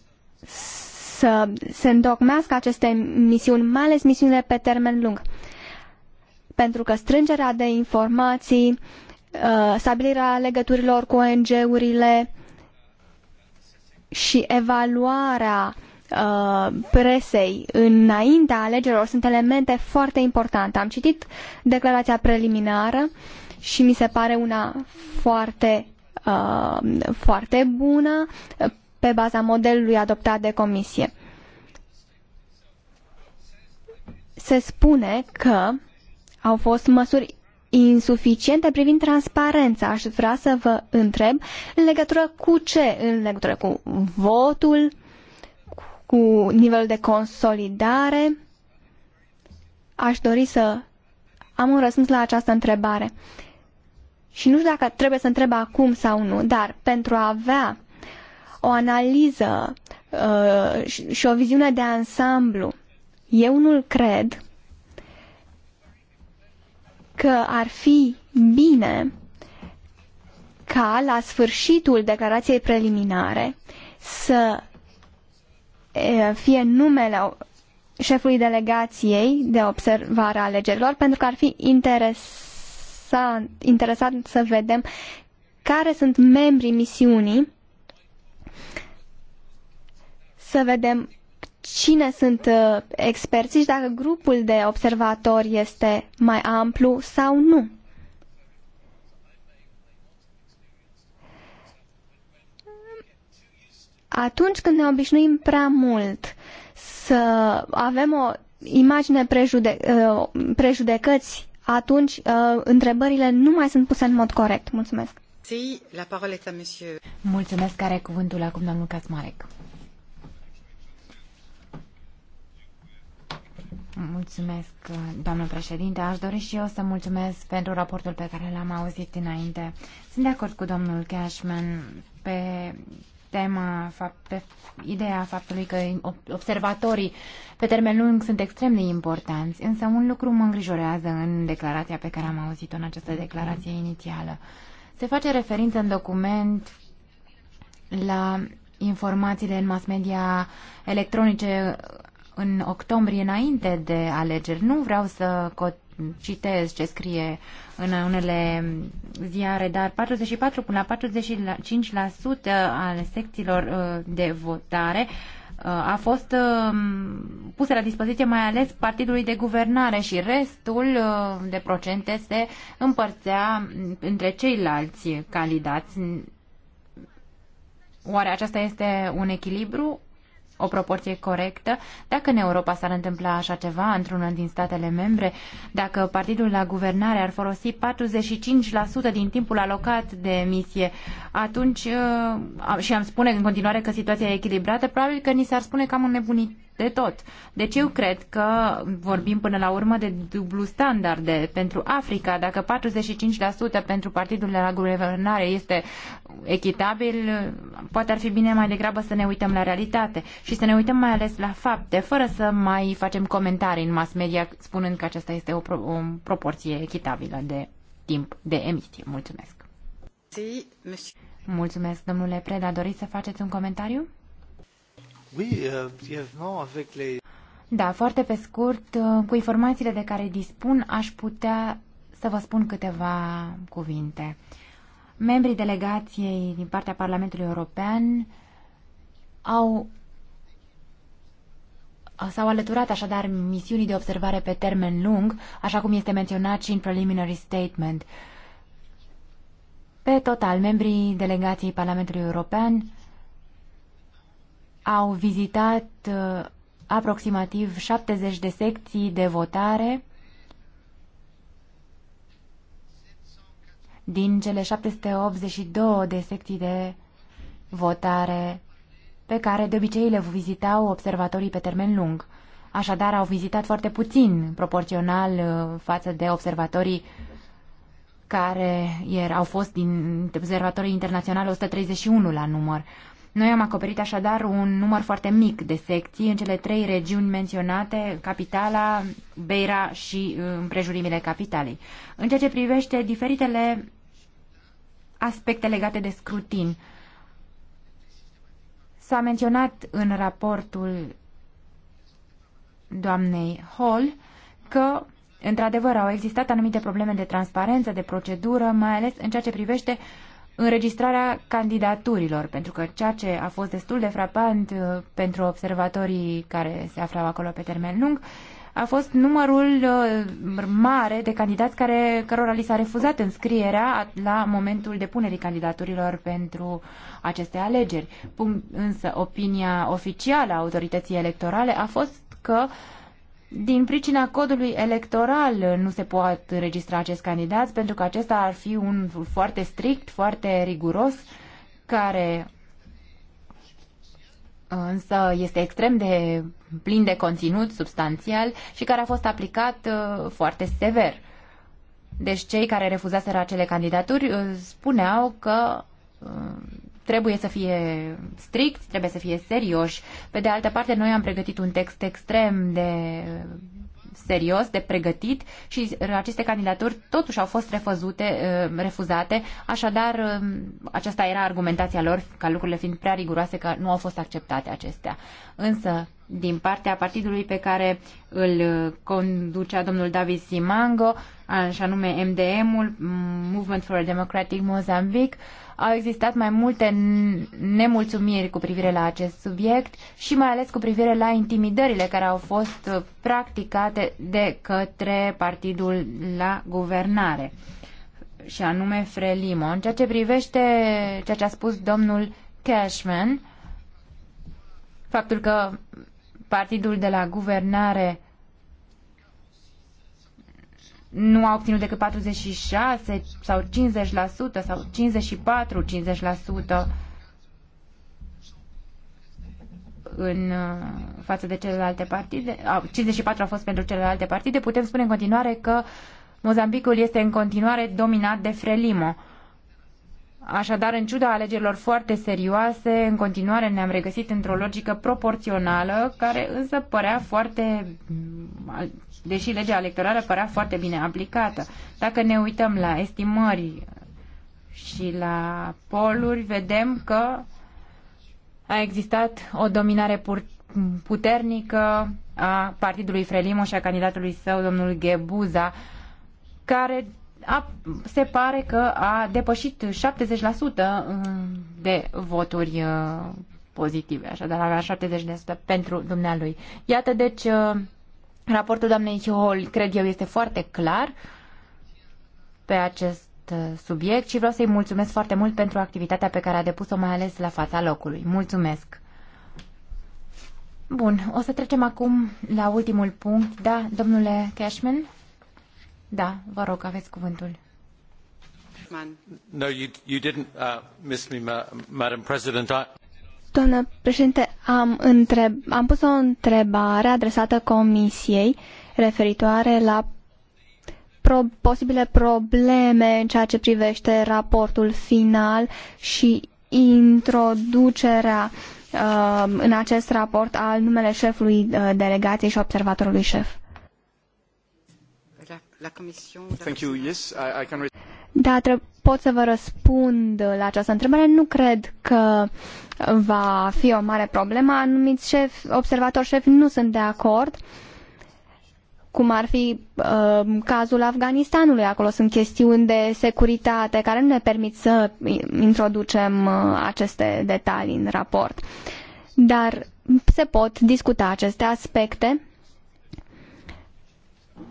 Speaker 1: să se îndocmească aceste misiuni, mai ales misiunile pe termen lung. Pentru că strângerea de informații, uh, stabilirea legăturilor cu ONG-urile și evaluarea Uh, presei înaintea alegerilor sunt elemente foarte importante. Am citit declarația preliminară și mi se pare una foarte, uh, foarte bună pe baza modelului adoptat de comisie. Se spune că au fost măsuri insuficiente privind transparența. Aș vrea să vă întreb în legătură cu ce? În legătură cu votul? cu nivelul de consolidare? Aș dori să am un răspuns la această întrebare. Și nu știu dacă trebuie să întreb acum sau nu, dar pentru a avea o analiză uh, și o viziune de ansamblu, eu nu cred că ar fi bine ca la sfârșitul declarației preliminare să fie numele șefului delegației de observare a alegerilor, pentru că ar fi interesant, interesant să vedem care sunt membrii misiunii, să vedem cine sunt uh, experții și dacă grupul de observatori este mai amplu sau nu. atunci când ne obișnuim prea mult să avem o imagine prejude- uh, prejudecăți, atunci uh, întrebările nu mai sunt puse în mod corect. Mulțumesc. Mulțumesc,
Speaker 3: are cuvântul acum domnul Casmarec. Mulțumesc, doamnă președinte. Aș dori și eu să mulțumesc pentru raportul pe care l-am auzit înainte. Sunt de acord cu domnul Cashman pe tema, uh, fapt, ideea faptului că observatorii pe termen lung sunt extrem de importanți, însă un lucru mă îngrijorează în declarația pe care am auzit-o în această declarație inițială. Se face referință în document la informațiile în mass media electronice în octombrie înainte de alegeri. Nu vreau să citez ce scrie în unele ziare, dar 44 până la 45% ale secțiilor uh, de votare uh, a fost um, pusă la dispoziție mai ales partidului de guvernare și restul uh, de procente se împărțea între ceilalți candidați. Oare aceasta este un echilibru o proporție corectă. Dacă în Europa s-ar întâmpla așa ceva într-unul din statele membre, dacă partidul la guvernare ar folosi 45% din timpul alocat de emisie, atunci uh, și am spune în continuare că situația e echilibrată, probabil că ni s-ar spune că am înnebunit de tot. Deci eu cred că vorbim până la urmă de dublu standarde. Pentru Africa, dacă 45% pentru partidul de la guvernare este echitabil, poate ar fi bine mai degrabă să ne uităm la realitate și să ne uităm mai ales la fapte, fără să mai facem comentarii în mass media spunând că aceasta este o, pro- o proporție echitabilă de timp de emisie. Mulțumesc! Mulțumesc, domnule Preda. Doriți să faceți un comentariu? Euh, da, foarte pe scurt, uh, cu informațiile de care dispun, aș putea să vă spun câteva cuvinte. Membrii delegației din partea Parlamentului European au s-au alăturat așadar misiunii de observare pe termen lung, așa cum este menționat și în preliminary statement. Pe total, membrii delegației Parlamentului European au vizitat uh, aproximativ 70 de secții de votare din cele 782 de secții de votare pe care de obicei le vizitau observatorii pe termen lung. Așadar, au vizitat foarte puțin proporțional uh, față de observatorii care ieri au fost din observatorii internaționali 131 la număr. Noi am acoperit așadar un număr foarte mic de secții în cele trei regiuni menționate, capitala, Beira și uh, împrejurimile capitalei. În ceea ce privește diferitele aspecte legate de scrutin, s-a menționat în raportul doamnei Hall că Într-adevăr, au existat anumite probleme de transparență, de procedură, mai ales în ceea ce privește uh, înregistrarea candidaturilor, pentru că ceea ce a fost destul de frapant uh, pentru observatorii care se aflau acolo pe termen lung a fost numărul uh, mare de candidați care, cărora li s-a refuzat înscrierea la momentul depunerii candidaturilor pentru aceste alegeri. Punct, însă opinia oficială a autorității electorale a fost că uh, din pricina codului electoral nu se poate registra acest candidat, pentru că acesta ar fi un foarte strict, foarte riguros, care însă este extrem de plin de conținut substanțial și care a fost aplicat uh, foarte sever. Deci cei care refuzaseră acele candidaturi uh, spuneau că uh, trebuie să fie strict, trebuie să fie serioși. Pe de altă parte, noi am pregătit un text extrem de serios, de pregătit și aceste candidaturi totuși au fost refăzute, eh, refuzate, așadar eh, aceasta era argumentația lor, ca lucrurile fiind prea riguroase, că nu au fost acceptate acestea. Însă, din partea partidului pe care îl eh, conducea domnul David Simango, și anume MDM-ul, mm, Movement for a Democratic Mozambique, au existat mai multe nemulțumiri cu privire la acest subiect și mai ales cu privire la intimidările care au fost uh, practicate de către partidul la guvernare și anume Frelimo. În ceea ce privește ceea ce a spus domnul Cashman, faptul că partidul de la guvernare nu a obținut decât 46 sau 50% sau 54-50% în uh, față de celelalte partide, 54 a fost pentru celelalte partide, putem spune în continuare că Mozambicul este în continuare dominat de Frelimo. Așadar, în ciuda alegerilor foarte serioase, în continuare ne-am regăsit într-o logică proporțională, care însă părea foarte, deși legea electorală părea foarte bine aplicată. Dacă ne uităm la estimări și la poluri, vedem că a existat o dominare puternică a partidului Frelimo și a candidatului său, domnul Ghebuza, care a, se pare că a depășit 70% uh, de voturi uh, pozitive, așadar avea 70% pentru dumnealui. Iată, deci, uh, raportul doamnei Hall, cred eu, este foarte clar pe acest subiect și vreau să-i mulțumesc foarte mult pentru activitatea pe care a depus-o, mai ales la fața locului. Mulțumesc! Bun, o să trecem acum la ultimul punct. Da, domnule Cashman?
Speaker 1: Da, vă rog, aveți cuvântul.
Speaker 2: No, you, you didn't uh, miss me, ma Madam President. I...
Speaker 1: Doamnă președinte, am, întreb, am pus o întrebare adresată Comisiei referitoare la pro, posibile probleme în ceea ce privește raportul final și introducerea uh, în acest raport al numele șefului uh, delegației și observatorului șef
Speaker 3: la Commission... Thank you. Yes, I, I can...
Speaker 1: Da, pot să vă răspund la această întrebare. Nu cred că va fi o mare problemă. Anumiți șefi, observatori șefi nu sunt de acord cum ar fi uh, cazul Afganistanului. Acolo sunt chestiuni de securitate care nu ne permit să introducem uh, aceste detalii în raport. Dar se pot discuta aceste aspecte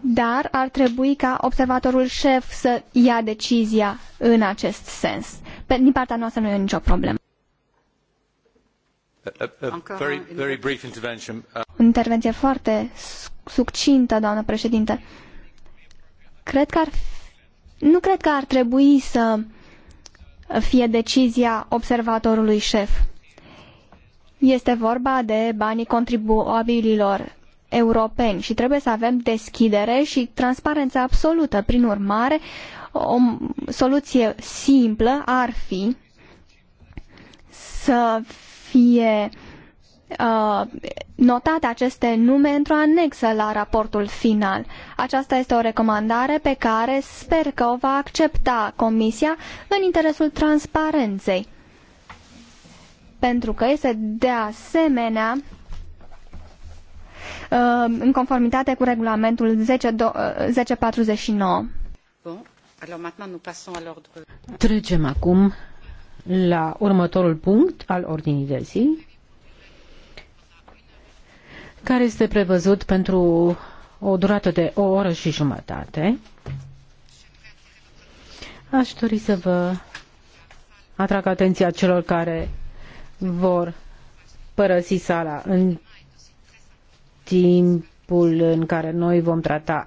Speaker 1: dar ar trebui ca observatorul șef să ia decizia în acest sens. Pe, din partea noastră nu e nicio problemă.
Speaker 2: Very, very brief intervention. Uh,
Speaker 1: intervenție foarte succintă, doamnă președinte. Cred că ar, nu cred că ar trebui să fie decizia observatorului șef. Este vorba de banii contribuabililor europeni și trebuie să avem deschidere și transparență absolută. Prin urmare, o soluție simplă ar fi să fie uh, notate aceste nume într-o anexă la raportul final. Aceasta este o recomandare pe care sper că o va accepta Comisia în interesul transparenței. Pentru că este de asemenea Uh, în conformitate cu regulamentul 1049. Uh, Bun. Trecem acum
Speaker 2: la următorul punct al ordinii de zi, care este prevăzut pentru o durată de o oră și jumătate. Aș dori să vă atrag atenția celor care vor părăsi sala în timpul în care noi vom trata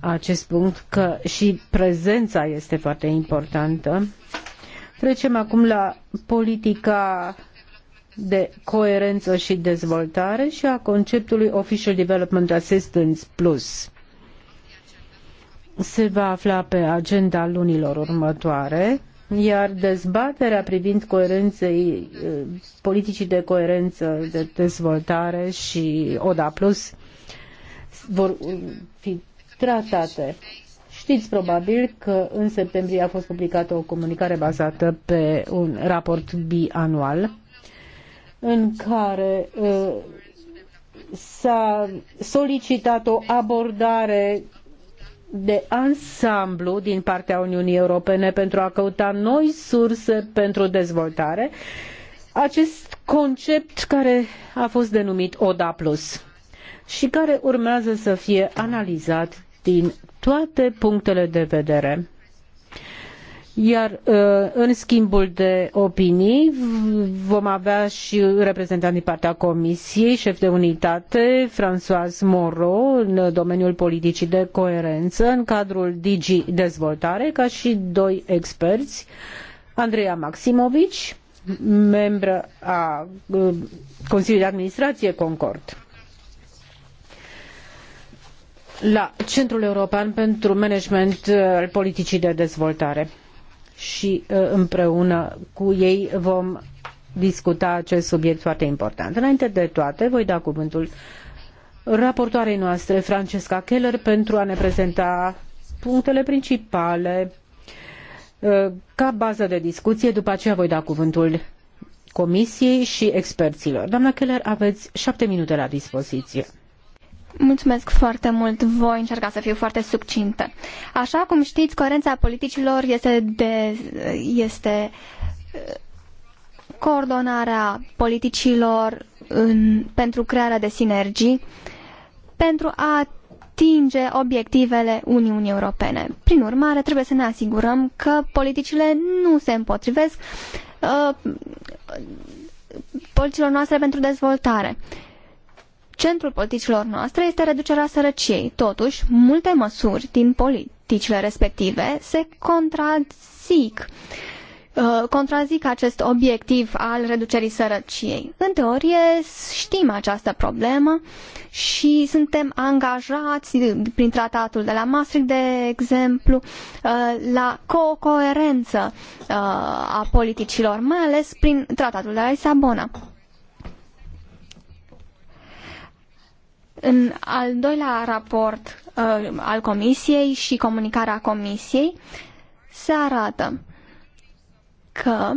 Speaker 2: acest punct, că și prezența este foarte importantă. Trecem acum la politica de coerență și dezvoltare și a conceptului Official Development Assistance Plus. Se va afla pe agenda lunilor următoare iar dezbaterea privind coerenței, eh, politicii de coerență, de dezvoltare și ODA Plus vor fi tratate. Știți probabil că în septembrie a fost publicată o comunicare bazată pe un raport bianual în care eh, s-a solicitat o abordare de ansamblu din partea Uniunii Europene pentru a căuta noi surse pentru dezvoltare, acest concept care a fost denumit ODA Plus și care urmează să fie analizat din toate punctele de vedere. Iar uh, în schimbul de opinii vom avea și reprezentant din partea Comisiei, șef de unitate, François Moro, în domeniul politicii de coerență, în cadrul Digi Dezvoltare, ca și doi experți, Andreea Maximovici, membră a uh, Consiliului de Administrație Concord. La Centrul European pentru Management uh, al Politicii de Dezvoltare și uh, împreună cu ei vom discuta acest subiect foarte important. Înainte de toate, voi da cuvântul raportoarei noastre, Francesca Keller, pentru a ne prezenta punctele principale uh, ca bază de discuție. După aceea voi da cuvântul Comisiei și experților. Doamna Keller, aveți șapte minute la dispoziție.
Speaker 1: Mulțumesc foarte mult. Voi încerca să fiu foarte subcintă. Așa cum știți, coerența politicilor este, de, este coordonarea politicilor în, pentru crearea de sinergii, pentru a atinge obiectivele Uniunii Europene. Prin urmare, trebuie să ne asigurăm că politicile nu se împotrivesc uh, politicilor noastre pentru dezvoltare. Uh, Centrul politicilor noastre este reducerea sărăciei. Totuși, multe măsuri din politicile respective se contrazic uh, contrazic acest obiectiv al reducerii sărăciei. În teorie știm această problemă și suntem angajați prin tratatul de la Maastricht, de exemplu, uh, la co coerență uh, a politicilor, mai ales prin tratatul de la Lisabona. În al doilea raport uh, al Comisiei și comunicarea Comisiei se arată că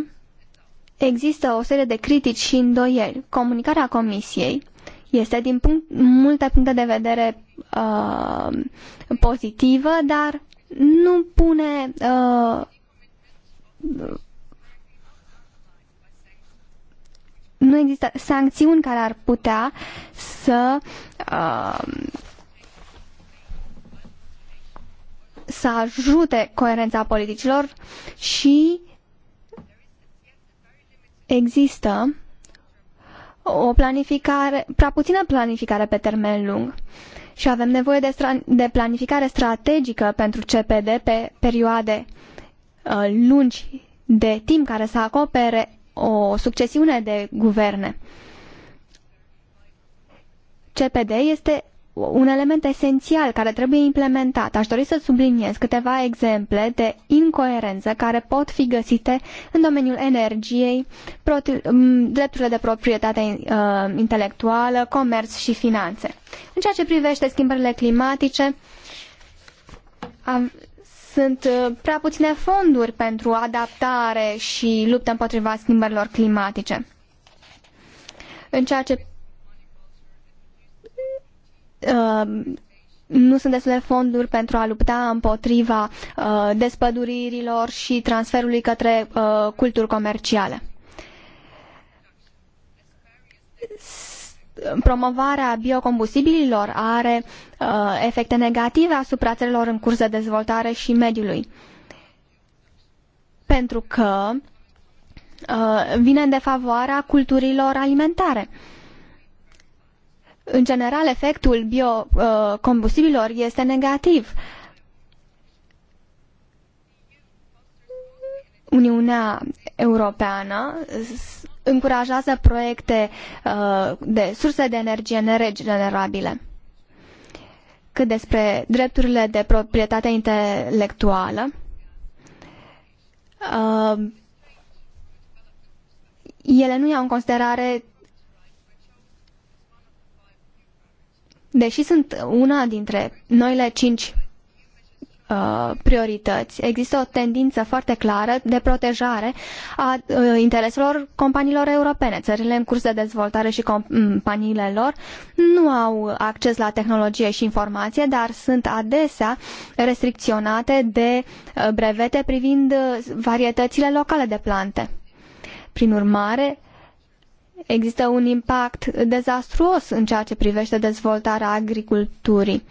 Speaker 1: există o serie de critici și îndoieli. Comunicarea Comisiei este din punct, multe puncte de vedere uh, pozitivă, dar nu pune uh, nu există sancțiuni care ar putea să uh, să ajute coerența politicilor și există o planificare, prea puțină planificare pe termen lung și avem nevoie de, de planificare strategică pentru CPD pe perioade uh, lungi de timp care să acopere o succesiune de guverne. CPD este un element esențial care trebuie implementat. Aș dori să subliniez câteva exemple de incoerență care pot fi găsite în domeniul energiei, drepturile de proprietate uh, intelectuală, comerț și finanțe. În ceea ce privește schimbările climatice, sunt uh, prea puține fonduri pentru adaptare și luptă împotriva schimbărilor climatice. În ceea ce uh, nu sunt destule fonduri pentru a lupta împotriva uh, despăduririlor și transferului către uh, culturi comerciale promovarea biocombustibililor are uh, efecte negative asupra țărilor în curs de dezvoltare și mediului. Pentru că uh, vine în defavoarea culturilor alimentare. În general, efectul biocombustibililor uh, este negativ. Uniunea Europeană încurajează proiecte uh, de surse de energie neregenerabile. Cât despre drepturile de proprietate intelectuală, uh, ele nu iau în considerare deși sunt una dintre noile cinci Uh, priorități. Există o tendință foarte clară de protejare a uh, intereselor companiilor europene. Țările în curs de dezvoltare și companiile lor nu au acces la tehnologie și informație, dar sunt adesea restricționate de uh, brevete privind varietățile locale de plante. Prin urmare, există un impact dezastruos în ceea ce privește dezvoltarea agriculturii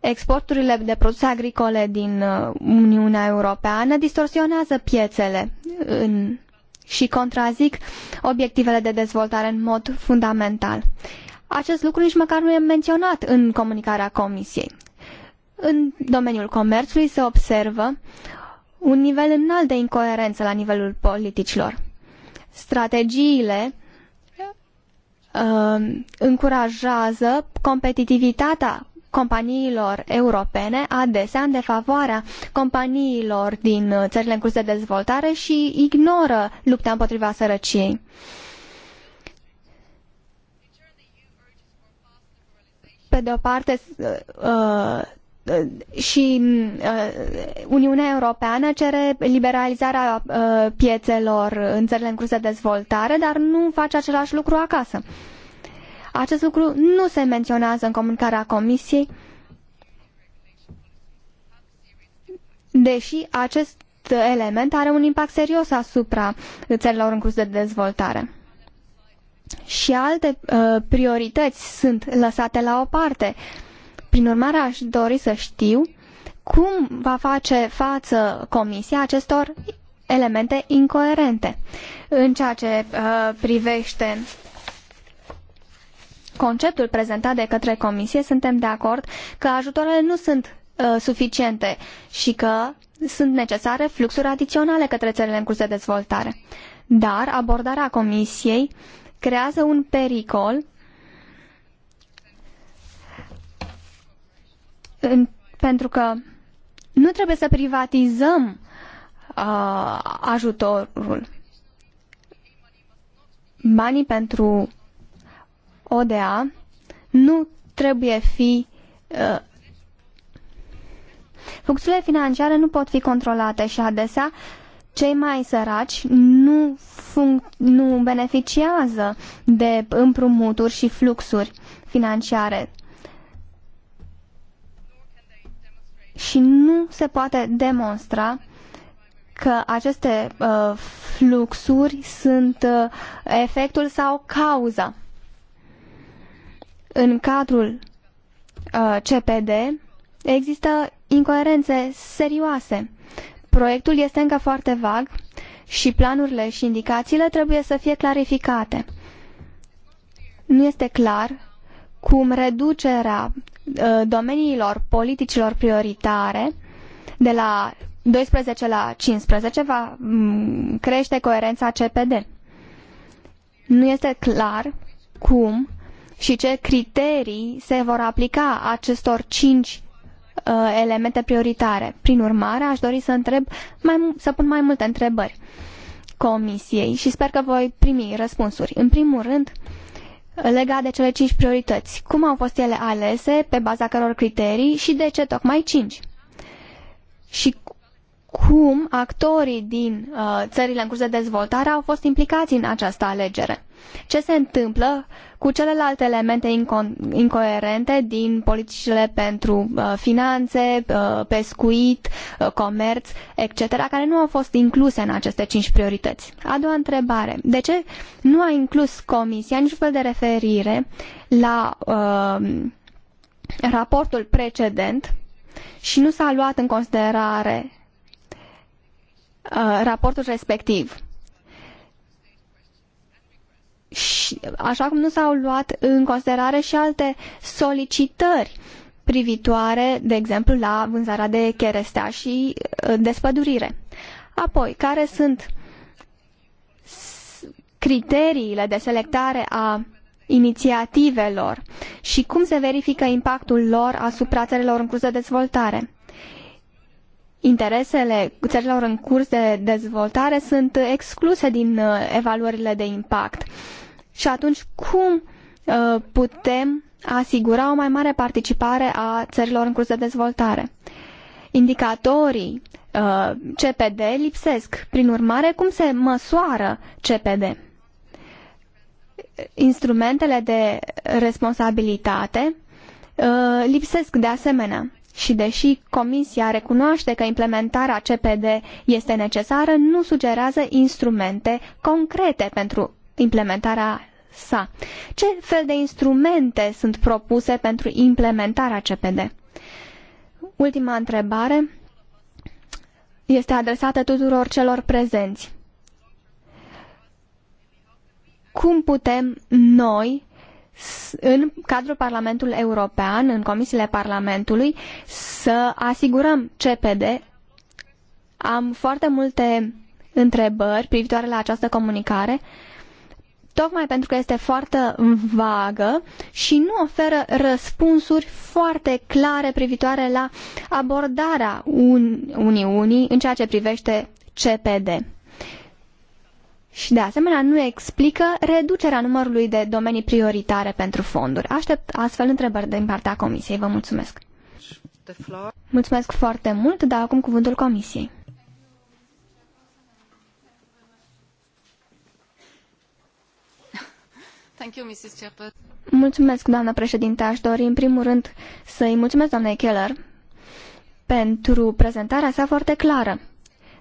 Speaker 1: exporturile de produse agricole din uh, Uniunea Europeană distorsionează piețele uh, în, și contrazic obiectivele de dezvoltare în mod fundamental. Acest lucru nici măcar nu e menționat în comunicarea Comisiei. În domeniul comerțului se observă un nivel înalt de incoerență la nivelul politicilor. Strategiile uh, încurajează competitivitatea companiilor europene, adesea în defavoarea companiilor din uh, țările în curs de dezvoltare și ignoră lupta împotriva sărăciei. Pe de o parte, uh, uh, și Uniunea Europeană cere liberalizarea piețelor în țările în curs de dezvoltare, dar nu face același lucru acasă. Uh, acest lucru nu se menționează în comunicarea Comisiei, deși acest element are un impact serios asupra țărilor în curs de dezvoltare. Și alte uh, priorități sunt lăsate la o parte. Prin urmare, aș dori să știu cum va face față Comisia acestor elemente incoerente în ceea ce uh, privește conceptul prezentat de către Comisie, suntem de acord că ajutoarele nu sunt uh, suficiente și că sunt necesare fluxuri adiționale către țările în curs de dezvoltare. Dar abordarea Comisiei creează un pericol în, pentru că nu trebuie să privatizăm uh, ajutorul. Banii pentru ODA nu trebuie fi uh, Fluxurile financiare nu pot fi controlate și adesea cei mai săraci nu, nu beneficiază de împrumuturi și fluxuri financiare. Și nu se poate demonstra că aceste uh, fluxuri sunt uh, efectul sau cauza în cadrul uh, CPD există incoerențe serioase. Proiectul este încă foarte vag și planurile și indicațiile trebuie să fie clarificate. Nu este clar cum reducerea uh, domeniilor politicilor prioritare de la 12 la 15 va mm, crește coerența CPD. Nu este clar cum și ce criterii se vor aplica acestor cinci uh, elemente prioritare. Prin urmare, aș dori să întreb, mai, să pun mai multe întrebări comisiei și sper că voi primi răspunsuri. În primul rând, legat de cele cinci priorități. Cum au fost ele alese, pe baza căror criterii și de ce tocmai cinci? Și cum actorii din uh, țările în curs de dezvoltare au fost implicați în această alegere? ce se întâmplă cu celelalte elemente inco- incoerente din politicile pentru uh, finanțe, uh, pescuit, uh, comerț, etc., care nu au fost incluse în aceste cinci priorități. A doua întrebare. De ce nu a inclus Comisia niciun fel de referire la uh, raportul precedent și nu s-a luat în considerare uh, raportul respectiv? și, așa cum nu s-au luat în considerare și alte solicitări privitoare, de exemplu, la vânzarea de cherestea și uh, despădurire. Apoi, care sunt criteriile de selectare a inițiativelor și cum se verifică impactul lor asupra țărilor în curs de dezvoltare. Interesele țărilor în curs de dezvoltare sunt excluse din uh, evaluările de impact. Uh, și atunci cum uh, putem asigura o mai mare participare a țărilor în curs de dezvoltare? Indicatorii uh, CPD lipsesc. Prin urmare, cum se măsoară CPD? Instrumentele de responsabilitate uh, lipsesc de asemenea. Și deși Comisia recunoaște că implementarea CPD este necesară, nu sugerează instrumente concrete pentru implementarea sa. Ce fel de instrumente sunt propuse pentru implementarea CPD? Ultima întrebare este adresată tuturor celor prezenți. Cum putem noi, în cadrul Parlamentului European, în comisiile Parlamentului, să asigurăm CPD? Am foarte multe întrebări privitoare la această comunicare tocmai pentru că este foarte vagă și nu oferă răspunsuri foarte clare privitoare la abordarea Uniunii în ceea ce privește CPD. Și de asemenea nu explică reducerea numărului de domenii prioritare pentru fonduri. Aștept astfel întrebări din partea Comisiei. Vă mulțumesc. Mulțumesc foarte mult, dar acum cuvântul Comisiei. Mulțumesc, doamnă președinte. Aș dori, în primul rând, să-i mulțumesc doamnei Keller pentru prezentarea sa foarte clară.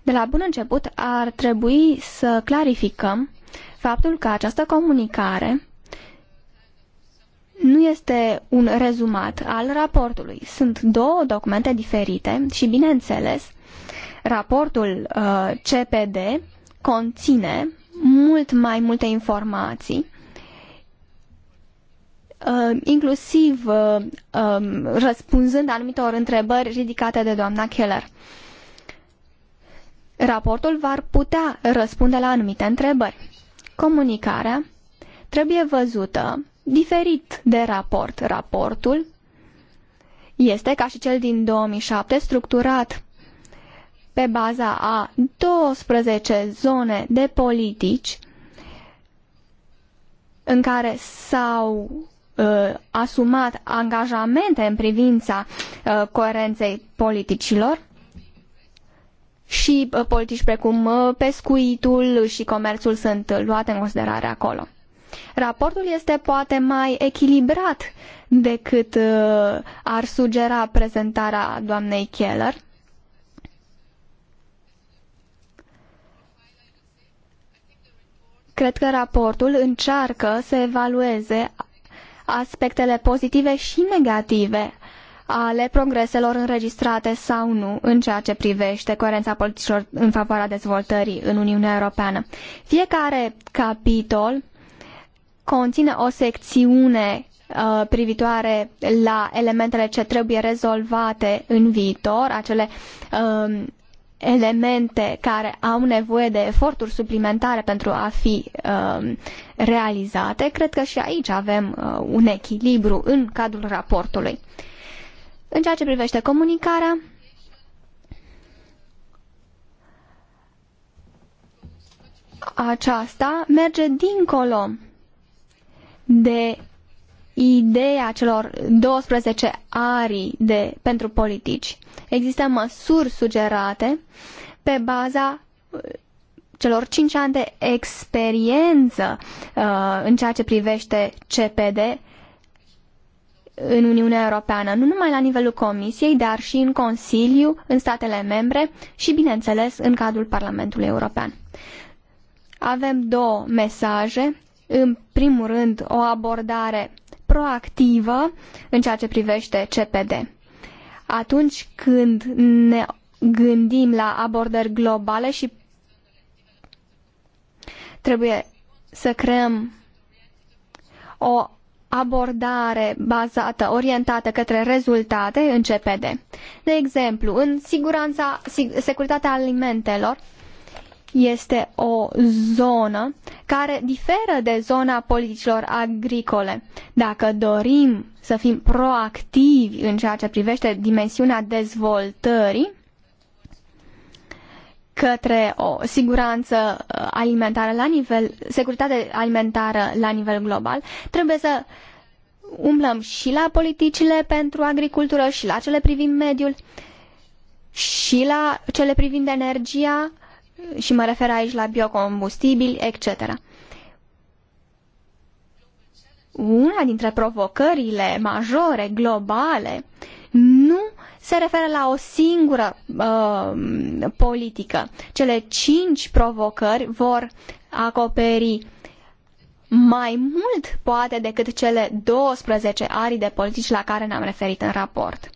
Speaker 1: De la bun început ar trebui să clarificăm faptul că această comunicare nu este un rezumat al raportului. Sunt două documente diferite și, bineînțeles, raportul uh, CPD conține mult mai multe informații Uh, inclusiv uh, um, răspunzând anumitor întrebări ridicate de doamna Keller. Raportul va putea răspunde la anumite întrebări. Comunicarea trebuie văzută diferit de raport. Raportul este, ca și cel din 2007, structurat pe baza a 12 zone de politici în care s-au uh, asumat angajamente în privința uh, coerenței politicilor și uh, politici precum uh, pescuitul și comerțul sunt uh, luate în considerare acolo. Raportul este poate mai echilibrat decât uh, ar sugera prezentarea doamnei Keller. Cred că raportul încearcă să evalueze aspectele pozitive și negative ale progreselor înregistrate sau nu în ceea ce privește coerența politicilor în favoarea dezvoltării în Uniunea Europeană. Fiecare capitol conține o secțiune uh, privitoare la elementele ce trebuie rezolvate în viitor, acele uh, elemente care au nevoie de eforturi suplimentare pentru a fi uh, realizate, cred că și aici avem uh, un echilibru în cadrul raportului. În ceea ce privește comunicarea, aceasta merge dincolo de ideea celor 12 arii de, pentru politici. Există măsuri sugerate pe baza uh, celor 5 ani de experiență uh, în ceea ce privește CPD în Uniunea Europeană, nu numai la nivelul Comisiei, dar și în Consiliu, în statele membre și, bineînțeles, în cadrul Parlamentului European. Avem două mesaje. În primul rând, o abordare proactivă în ceea ce privește CPD. Atunci când ne gândim la abordări globale și trebuie să creăm o abordare bazată, orientată către rezultate în CPD. De exemplu, în siguranța, securitatea alimentelor, este o zonă care diferă de zona politicilor agricole. Dacă dorim să fim proactivi în ceea ce privește dimensiunea dezvoltării către o siguranță uh, alimentară la nivel, securitate alimentară la nivel global, trebuie să umblăm și la politicile pentru agricultură și la cele privind mediul și la cele privind energia, și mă refer aici la biocombustibili, etc. Una dintre provocările majore, globale, nu se referă la o singură uh, politică. Cele cinci provocări vor acoperi mai mult, poate, decât cele 12 arii de politici la care ne-am referit în raport.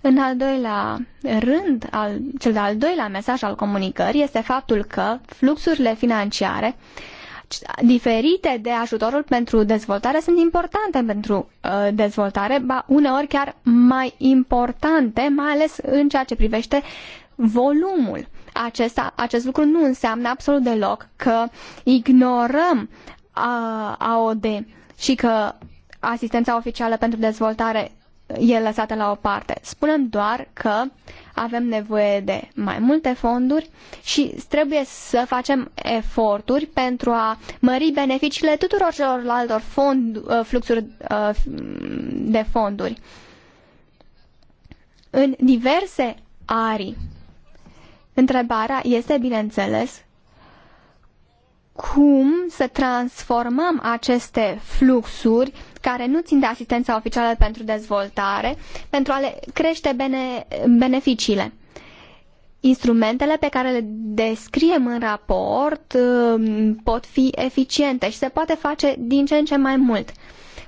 Speaker 1: În al doilea rând, al, cel de-al doilea mesaj al comunicării este faptul că fluxurile financiare diferite de ajutorul pentru dezvoltare sunt importante pentru uh, dezvoltare, ba uneori chiar mai importante, mai ales în ceea ce privește volumul. Acesta, acest lucru nu înseamnă absolut deloc că ignorăm uh, AOD și că asistența oficială pentru dezvoltare e lăsată la o parte. Spunem doar că avem nevoie de mai multe fonduri și trebuie să facem eforturi pentru a mări beneficiile tuturor celorlaltor fond, uh, fluxuri uh, de fonduri. În diverse arii. Întrebarea este, bineînțeles, cum să transformăm aceste fluxuri care nu țin de asistența oficială pentru dezvoltare, pentru a le crește bene, beneficiile. Instrumentele pe care le descriem în raport um, pot fi eficiente și se poate face din ce în ce mai mult.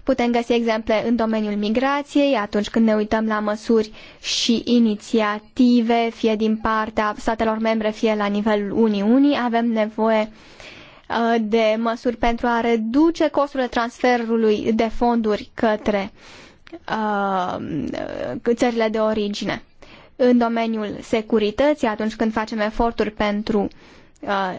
Speaker 1: Putem găsi exemple în domeniul migrației, atunci când ne uităm la măsuri și inițiative, fie din partea statelor membre, fie la nivelul Uniunii, avem nevoie uh, Uh, de măsuri pentru a reduce costurile transferului de fonduri către uh, țările de origine. În domeniul securității, atunci când facem eforturi pentru uh,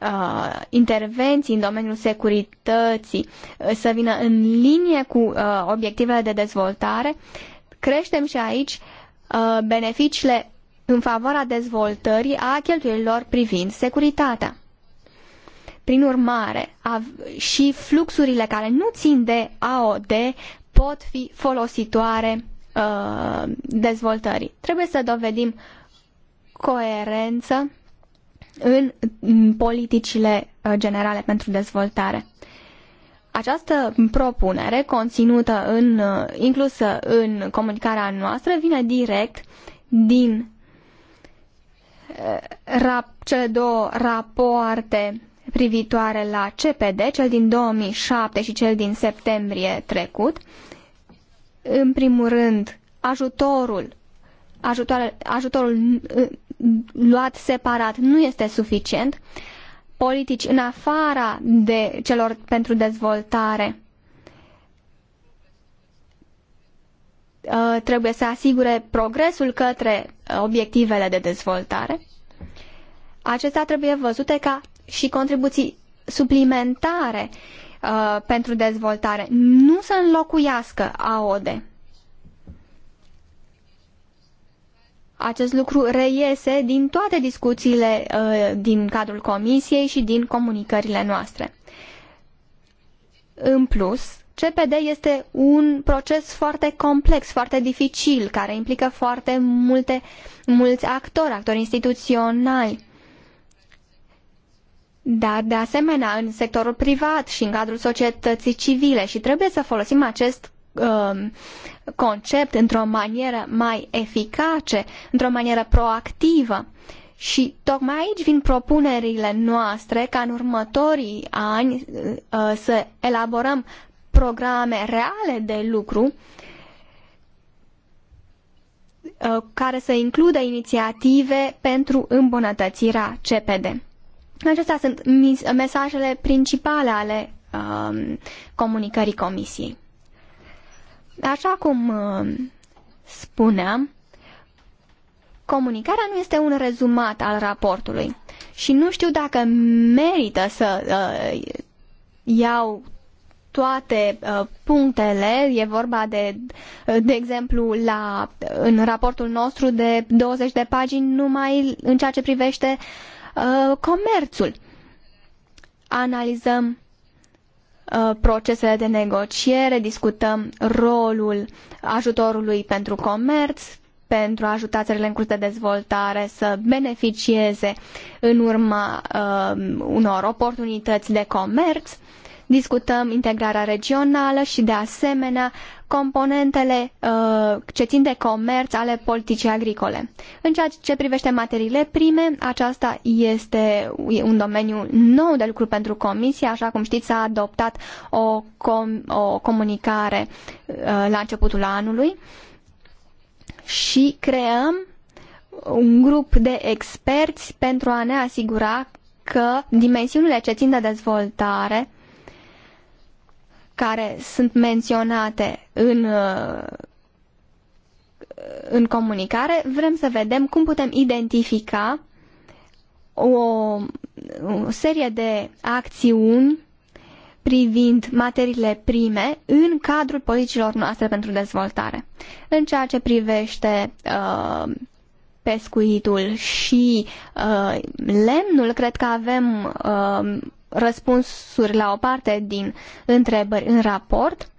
Speaker 1: uh intervenții în domeniul securității să vină în linie cu uh, obiectivele de dezvoltare, creștem și aici uh, beneficiile în favoarea dezvoltării a cheltuielilor privind securitatea. Prin urmare, și fluxurile care nu țin de AOD pot fi folositoare uh, dezvoltării. Trebuie să dovedim coerență în politicile uh, generale pentru dezvoltare. Această propunere conținută în, uh, inclusă în comunicarea noastră vine direct din rap, cele două rapoarte privitoare la CPD, cel din 2007 și cel din septembrie trecut. În primul rând, ajutorul, ajutorul, ajutorul uh, luat separat nu este suficient. Politici în afara de celor pentru dezvoltare uh, trebuie să asigure progresul către uh, obiectivele de dezvoltare. Acestea trebuie văzute ca și contribuții suplimentare uh, pentru dezvoltare, nu să înlocuiască AOD. Acest lucru reiese din toate discuțiile uh, din cadrul comisiei și din comunicările noastre. În plus, CPD este un proces foarte complex, foarte dificil, care implică foarte multe, mulți actori, actori instituționali dar de asemenea în sectorul privat și în cadrul societății civile și trebuie să folosim acest um, concept într-o manieră mai eficace, într-o manieră proactivă. Și tocmai aici vin propunerile noastre ca în următorii ani uh, uh, să elaborăm programe reale de lucru uh, care să includă inițiative pentru îmbunătățirea CPD. Acestea sunt mesajele principale ale um, comunicării comisiei. Așa cum um, spuneam, comunicarea nu este un rezumat al raportului și nu știu dacă merită să uh, iau toate uh, punctele, e vorba de, de exemplu, la, în raportul nostru de 20 de pagini numai în ceea ce privește uh, Uh, comerțul. Analizăm uh, procesele de negociere, discutăm rolul ajutorului pentru comerț, pentru a ajuta țările în curs de dezvoltare să beneficieze în urma uh, unor oportunități de comerț. Uh, discutăm integrarea regională și, de asemenea, componentele uh, ce țin de comerț ale politicii agricole. În ceea ce privește materiile prime, aceasta este un domeniu nou de lucru pentru Comisie. Așa cum știți, s-a adoptat o, com o comunicare uh, la începutul anului și creăm un grup de experți pentru a ne asigura că dimensiunile ce țin de dezvoltare care sunt menționate în, uh, în comunicare, vrem să vedem cum putem identifica o, o serie de acțiuni privind materiile prime în cadrul politicilor noastre pentru dezvoltare. În ceea ce privește uh, pescuitul și uh, lemnul, cred că avem uh, răspunsuri la o parte din întrebări în raport.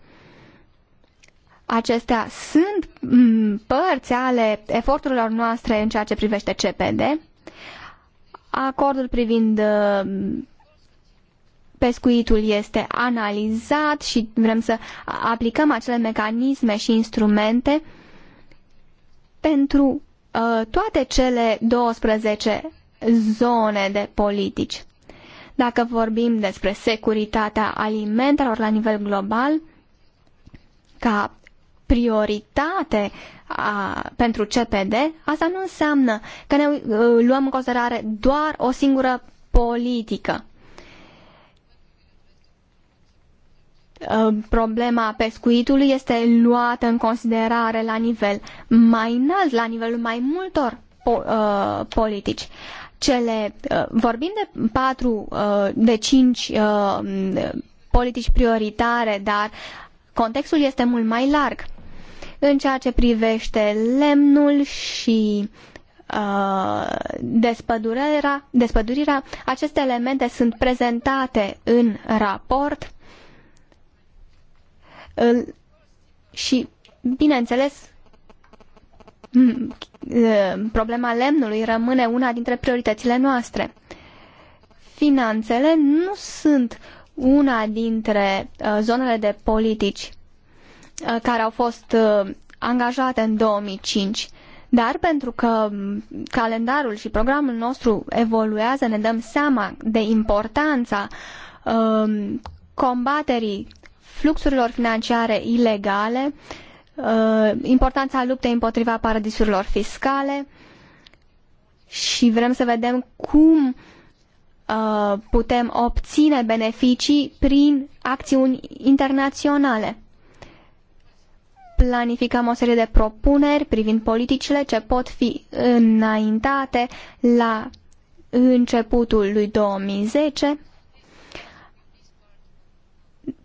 Speaker 1: Acestea sunt mm, părți ale eforturilor noastre în ceea ce privește CPD, acordul privind uh, pescuitul este analizat și vrem să aplicăm acele mecanisme și instrumente pentru uh, toate cele 12 zone de politici. Dacă vorbim despre securitatea alimentelor la nivel global, ca prioritate a, pentru CPD, asta nu înseamnă că ne uh, luăm în considerare doar o singură politică. Uh, problema pescuitului este luată în considerare la nivel mai înalt, la nivelul mai multor po, uh, politici cele, uh, vorbim de patru, uh, de cinci uh, politici prioritare, dar contextul este mult mai larg. În ceea ce privește lemnul și despădurirea, despădurirea, aceste elemente sunt prezentate în raport și, bineînțeles, Mm, problema lemnului rămâne una dintre prioritățile noastre. Finanțele nu sunt una dintre uh, zonele de politici uh, care au fost uh, angajate în 2005. Dar pentru că mm, calendarul și programul nostru evoluează, ne dăm seama de importanța um, combaterii fluxurilor financiare ilegale uh, Uh, importanța luptei împotriva paradisurilor fiscale și vrem să vedem cum uh, putem obține beneficii prin acțiuni internaționale. Planificăm o serie de propuneri privind politicile ce pot fi înaintate la începutul lui 2010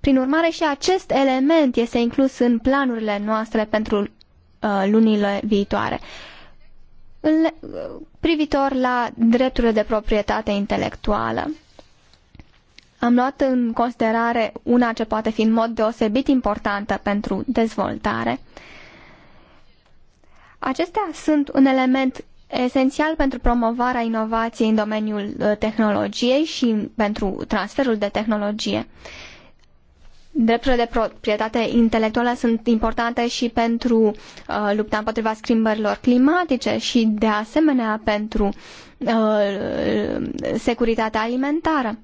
Speaker 1: prin urmare, și acest element este inclus în planurile noastre pentru uh, lunile viitoare. În, uh, privitor la drepturile de proprietate intelectuală, am luat în considerare una ce poate fi în mod deosebit importantă pentru dezvoltare. Acestea sunt un element esențial pentru promovarea inovației în domeniul uh, tehnologiei și pentru transferul de tehnologie. Uh, Drepturile de proprietate intelectuală sunt importante și pentru uh, lupta împotriva schimbărilor climatice și, de asemenea, pentru uh, securitatea alimentară.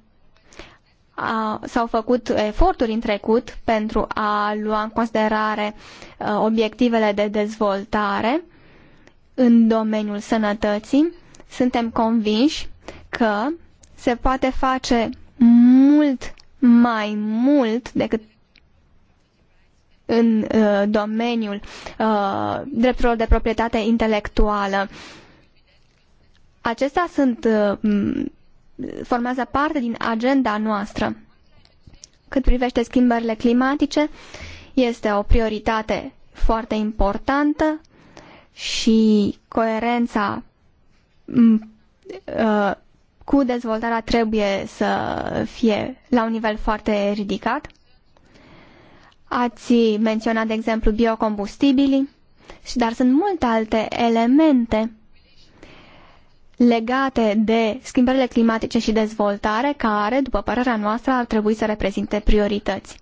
Speaker 1: S-au făcut eforturi în trecut pentru a lua în considerare uh, obiectivele de dezvoltare în domeniul sănătății. Suntem convinși că se poate face mult mai mult decât în uh, domeniul uh, drepturilor de proprietate intelectuală. Acestea sunt, uh, formează parte din agenda noastră. Cât privește schimbările climatice, este o prioritate foarte importantă și coerența uh, cu dezvoltarea trebuie să fie la un nivel foarte ridicat. Ați menționat, de exemplu, biocombustibilii, dar sunt multe alte elemente legate de schimbările climatice și dezvoltare care, după părerea noastră, ar trebui să reprezinte priorități.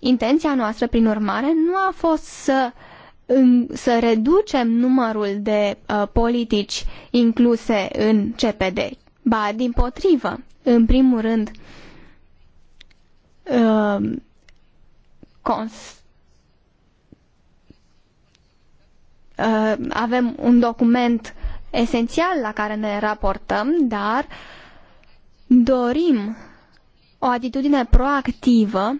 Speaker 1: Intenția noastră, prin urmare, nu a fost să uh, să reducem numărul de uh, politici incluse în CPD. Ba, din potrivă, în primul rând, uh, cons- uh, avem un document esențial la care ne raportăm, dar dorim o atitudine proactivă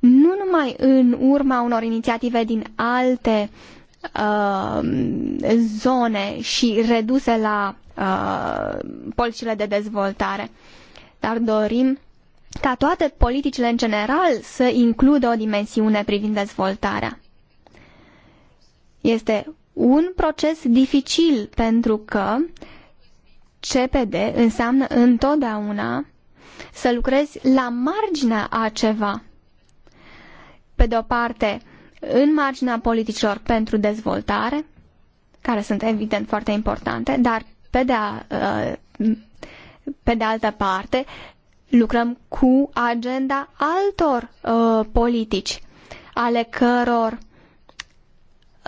Speaker 1: nu numai în urma unor inițiative din alte uh, zone și reduse la uh, politicile de dezvoltare, dar dorim ca toate politicile în general să includă o dimensiune privind dezvoltarea. Este un proces dificil pentru că CPD înseamnă întotdeauna să lucrezi la marginea a ceva pe de o parte, în marginea politicilor pentru dezvoltare, care sunt evident foarte importante, dar pe de, a, uh, pe de altă parte, lucrăm cu agenda altor uh, politici, ale căror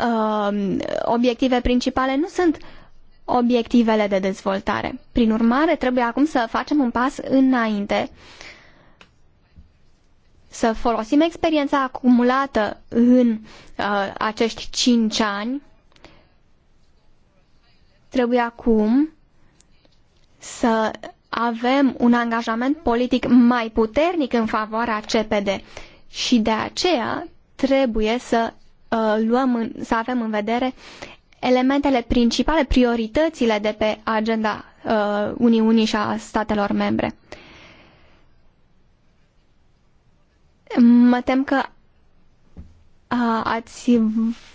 Speaker 1: uh, obiective principale nu sunt obiectivele de dezvoltare. Prin urmare, trebuie acum să facem un pas înainte uh, să folosim experiența acumulată în uh, acești cinci ani. Trebuie acum să avem un angajament politic mai puternic în favoarea CPD și de aceea trebuie să uh, luăm în, să avem în vedere elementele principale, prioritățile de pe agenda uh, Uniunii și a statelor membre. Mă tem că a, ați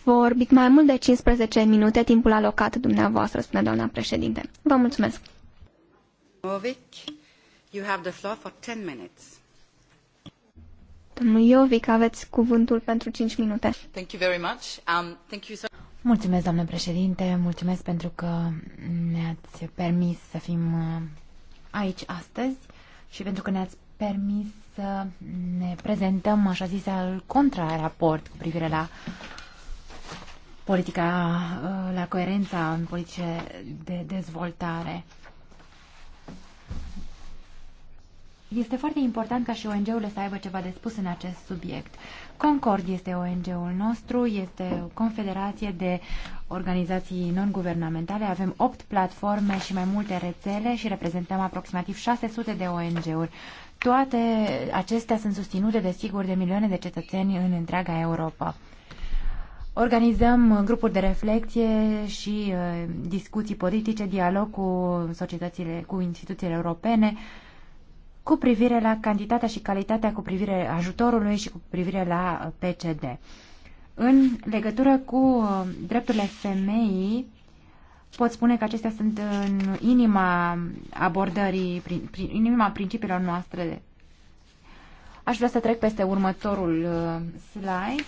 Speaker 1: vorbit mai mult de 15 minute, timpul alocat dumneavoastră, spune doamna președinte. Vă mulțumesc.
Speaker 2: Jovic, you have the floor for 10 minutes.
Speaker 1: Domnul Iovic, aveți cuvântul pentru 5 minute. Thank you very much. Um, thank you so mulțumesc, doamnă președinte, mulțumesc
Speaker 3: pentru că ne-ați permis să fim uh, aici astăzi și pentru că ne-ați permis să ne prezentăm așa zis al contraraport cu privire la politica, uh, la coerența în politice de dezvoltare. Este foarte important ca și ONG-urile să aibă ceva de spus în acest subiect. Concord este ONG-ul nostru, este o confederație de organizații non-guvernamentale, avem 8 platforme și mai multe rețele și reprezentăm aproximativ 600 de ONG-uri. Toate acestea sunt susținute, desigur, de milioane de cetățeni în întreaga Europa. Organizăm grupuri de reflexie și uh, discuții politice, dialog cu societățile, cu instituțiile europene, cu privire la cantitatea și calitatea cu privire ajutorului și cu privire la uh, PCD. În legătură cu uh, drepturile femeii, pot spune că acestea sunt în inima abordării, prin, prin inima principiilor noastre. Aș vrea să trec peste următorul uh, slide.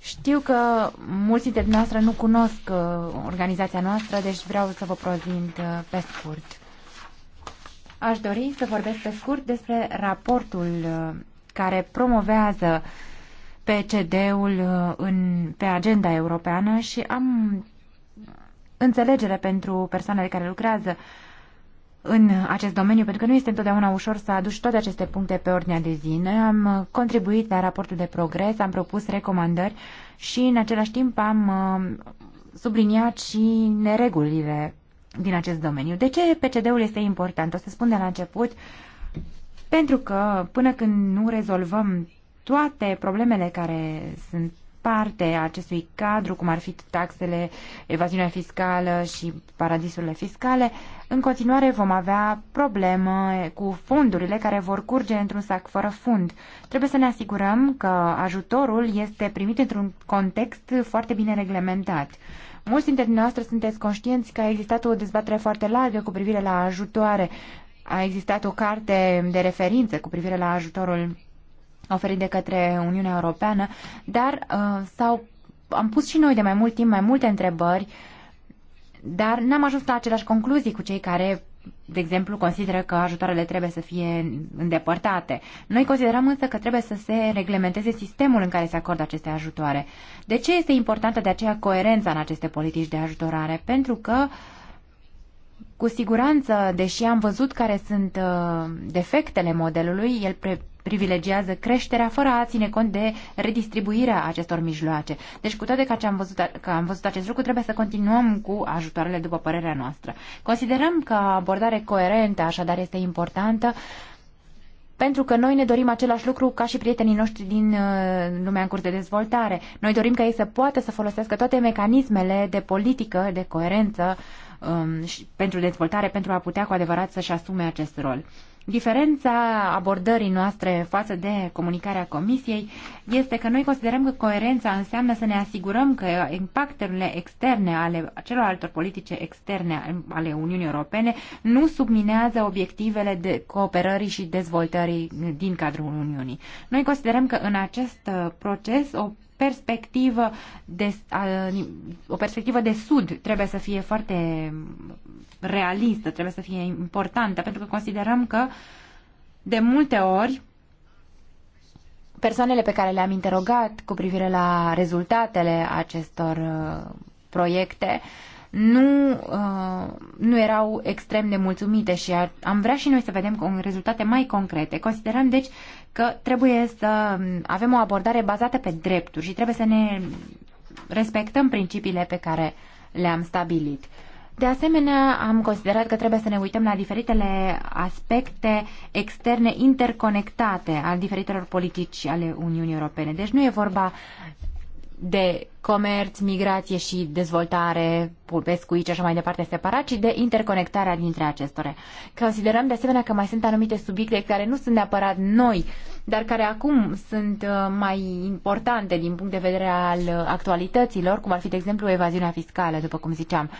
Speaker 3: Știu că mulți dintre noastre nu cunosc uh, organizația noastră, deci vreau să vă prezint uh, pe scurt. Aș dori să vorbesc pe scurt despre raportul care promovează PCD-ul în, pe agenda europeană și am înțelegere pentru persoanele care lucrează în acest domeniu, pentru că nu este întotdeauna ușor să aduci toate aceste puncte pe ordinea de zi. Noi am contribuit la raportul de progres, am propus recomandări și în același timp am uh, subliniat și neregulile din acest domeniu. De ce PCD-ul este important? O să spun de la început, pentru că până când nu rezolvăm toate problemele care sunt parte a acestui cadru, cum ar fi taxele, evaziunea fiscală și paradisurile fiscale, în continuare vom avea probleme cu fondurile care vor curge într-un sac fără fund. Trebuie să ne asigurăm că ajutorul este primit într-un context foarte bine reglementat. Mulți dintre dumneavoastră sunteți conștienți că a existat o dezbatere foarte largă cu privire la ajutoare. A existat o carte de referință cu privire la ajutorul oferit de către Uniunea Europeană, dar uh, sau am pus și noi de mai mult timp mai multe întrebări, dar n-am ajuns la aceleași concluzii cu cei care de exemplu, consideră că ajutoarele trebuie să fie îndepărtate. Noi considerăm însă că trebuie să se reglementeze sistemul în care se acordă aceste ajutoare. De ce este importantă de aceea coerența în aceste politici de ajutorare? Pentru că, cu siguranță, deși am văzut care sunt uh, defectele modelului, el pre- privilegiază creșterea fără a ține cont de redistribuirea acestor mijloace. Deci, cu toate că, am văzut, că am văzut acest lucru, trebuie să continuăm cu ajutoarele, după părerea noastră. Considerăm că abordare coerentă, așadar, este importantă pentru că noi ne dorim același lucru ca și prietenii noștri din uh, lumea în curs de dezvoltare. Noi dorim ca ei să poată să folosească toate mecanismele de politică, de coerență um, și pentru dezvoltare, pentru a putea cu adevărat să-și asume acest rol. Diferența abordării noastre față de comunicarea Comisiei este că noi considerăm că coerența înseamnă să ne asigurăm că impactele externe ale celorlalte politice externe ale Uniunii Europene nu subminează obiectivele de cooperării și dezvoltării din cadrul Uniunii. Noi considerăm că în acest proces o perspectivă de, o perspectivă de sud trebuie să fie foarte realistă, trebuie să fie importantă, pentru că considerăm că de multe ori persoanele pe care le-am interogat cu privire la rezultatele acestor uh, proiecte uh, nu, uh, nu erau extrem de mulțumite și ar, am vrea și noi să vedem cu rezultate mai concrete. Considerăm, deci, că trebuie să avem o abordare bazată pe drepturi și trebuie să ne respectăm principiile pe care le-am stabilit. De asemenea, am considerat că trebuie să ne uităm la diferitele aspecte externe interconectate al diferitelor politici ale Uniunii Europene. Deci nu e vorba de comerț, migrație și dezvoltare, pescuit și așa mai departe separat, ci de interconectarea dintre acestora. Considerăm de asemenea că mai sunt anumite subiecte care nu sunt neapărat noi, dar care acum sunt uh, mai importante din punct de vedere al uh, actualităților, cum ar fi, de exemplu, evaziunea fiscală, după cum ziceam.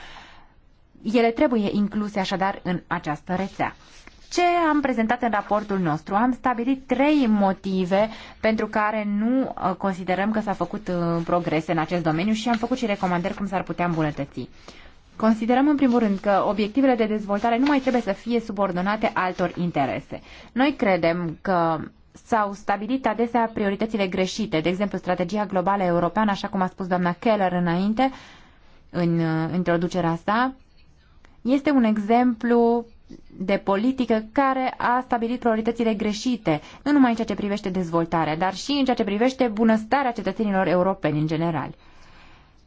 Speaker 3: Ele trebuie incluse așadar în această rețea. Ce am prezentat în raportul nostru? Am stabilit trei motive pentru care nu uh, considerăm că s-a făcut uh, progrese în acest domeniu și am făcut și recomandări cum s-ar putea îmbunătăți. Considerăm în primul rând că obiectivele de dezvoltare nu mai trebuie să fie subordonate altor interese. Noi credem că s-au stabilit adesea prioritățile greșite, de exemplu strategia globală europeană, așa cum a spus doamna Keller înainte, în uh, introducerea sa, este un exemplu de politică care a stabilit prioritățile greșite, nu numai în ceea ce privește dezvoltarea, dar și în ceea ce privește bunăstarea cetățenilor europeni în general.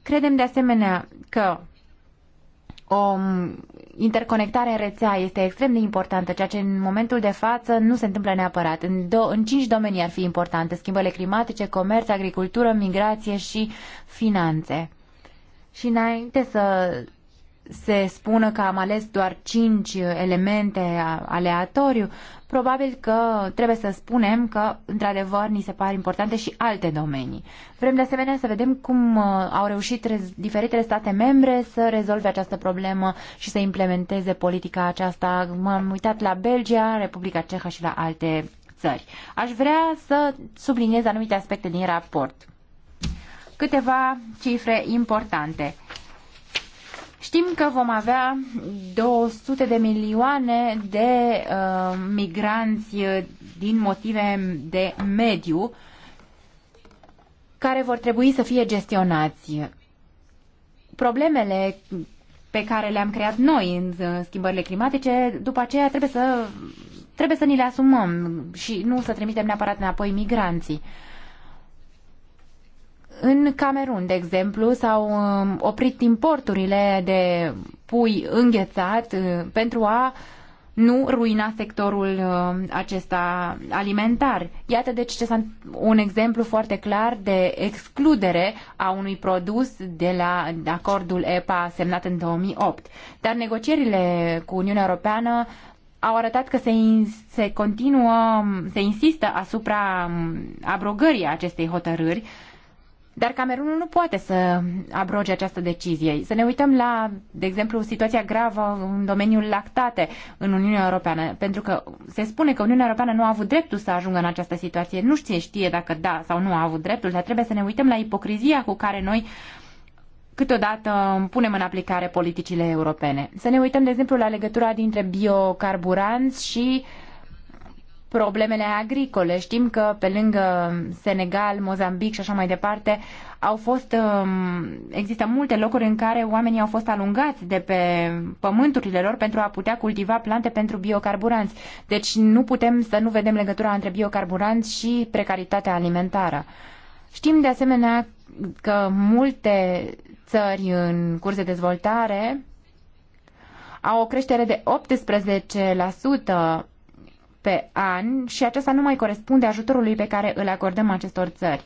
Speaker 3: Credem de asemenea că o interconectare în rețea este extrem de importantă, ceea ce în momentul de față nu se întâmplă neapărat. În, do- în cinci domenii ar fi importante. Schimbările climatice, comerț, agricultură, migrație și finanțe. Și înainte să se spună că am ales doar cinci elemente aleatoriu, probabil că trebuie să spunem că, într-adevăr, ni se par importante și alte domenii. Vrem, de asemenea, să vedem cum uh, au reușit diferitele state membre să rezolve această problemă și să implementeze politica aceasta. M-am uitat la Belgia, Republica Cehă și la alte țări. Aș vrea să subliniez anumite aspecte din raport. Câteva cifre importante. Știm că vom avea 200 de milioane de uh, migranți uh, din motive de mediu care vor trebui să fie gestionați. Problemele pe care le-am creat noi în schimbările climatice, după aceea trebuie să, trebuie să ni le asumăm și nu să trimitem neapărat înapoi migranții. Uh, în Camerun, de exemplu, s-au um, oprit importurile de pui înghețat uh, pentru a nu ruina sectorul um, acesta alimentar. Iată deci ce un exemplu foarte clar de excludere a unui produs de la acordul EPA semnat în 2008. Dar negocierile cu Uniunea Europeană au arătat că se, se continuă, um, se insistă asupra abrogării acestei hotărâri dar Camerunul nu poate să abroge această decizie. Să ne uităm la, de exemplu, situația gravă în domeniul lactate în Uniunea Europeană, pentru că se spune că Uniunea Europeană nu a avut dreptul să ajungă în această situație. Nu știe, știe dacă da sau nu a avut dreptul, dar trebuie să ne uităm la ipocrizia cu care noi câteodată punem în aplicare politicile europene. Să ne uităm, de exemplu, la legătura dintre biocarburanți și uh, problemele agricole. Știm că pe lângă Senegal, Mozambic și așa mai departe, au fost, um, există multe locuri în care oamenii au fost alungați de pe pământurile lor pentru a putea cultiva plante pentru biocarburanți. Deci nu putem să nu vedem legătura între biocarburanți și precaritatea alimentară. Știm de asemenea că multe țări în curs de dezvoltare au o creștere de 18% pe an și acesta nu mai corespunde ajutorului pe care îl acordăm acestor țări.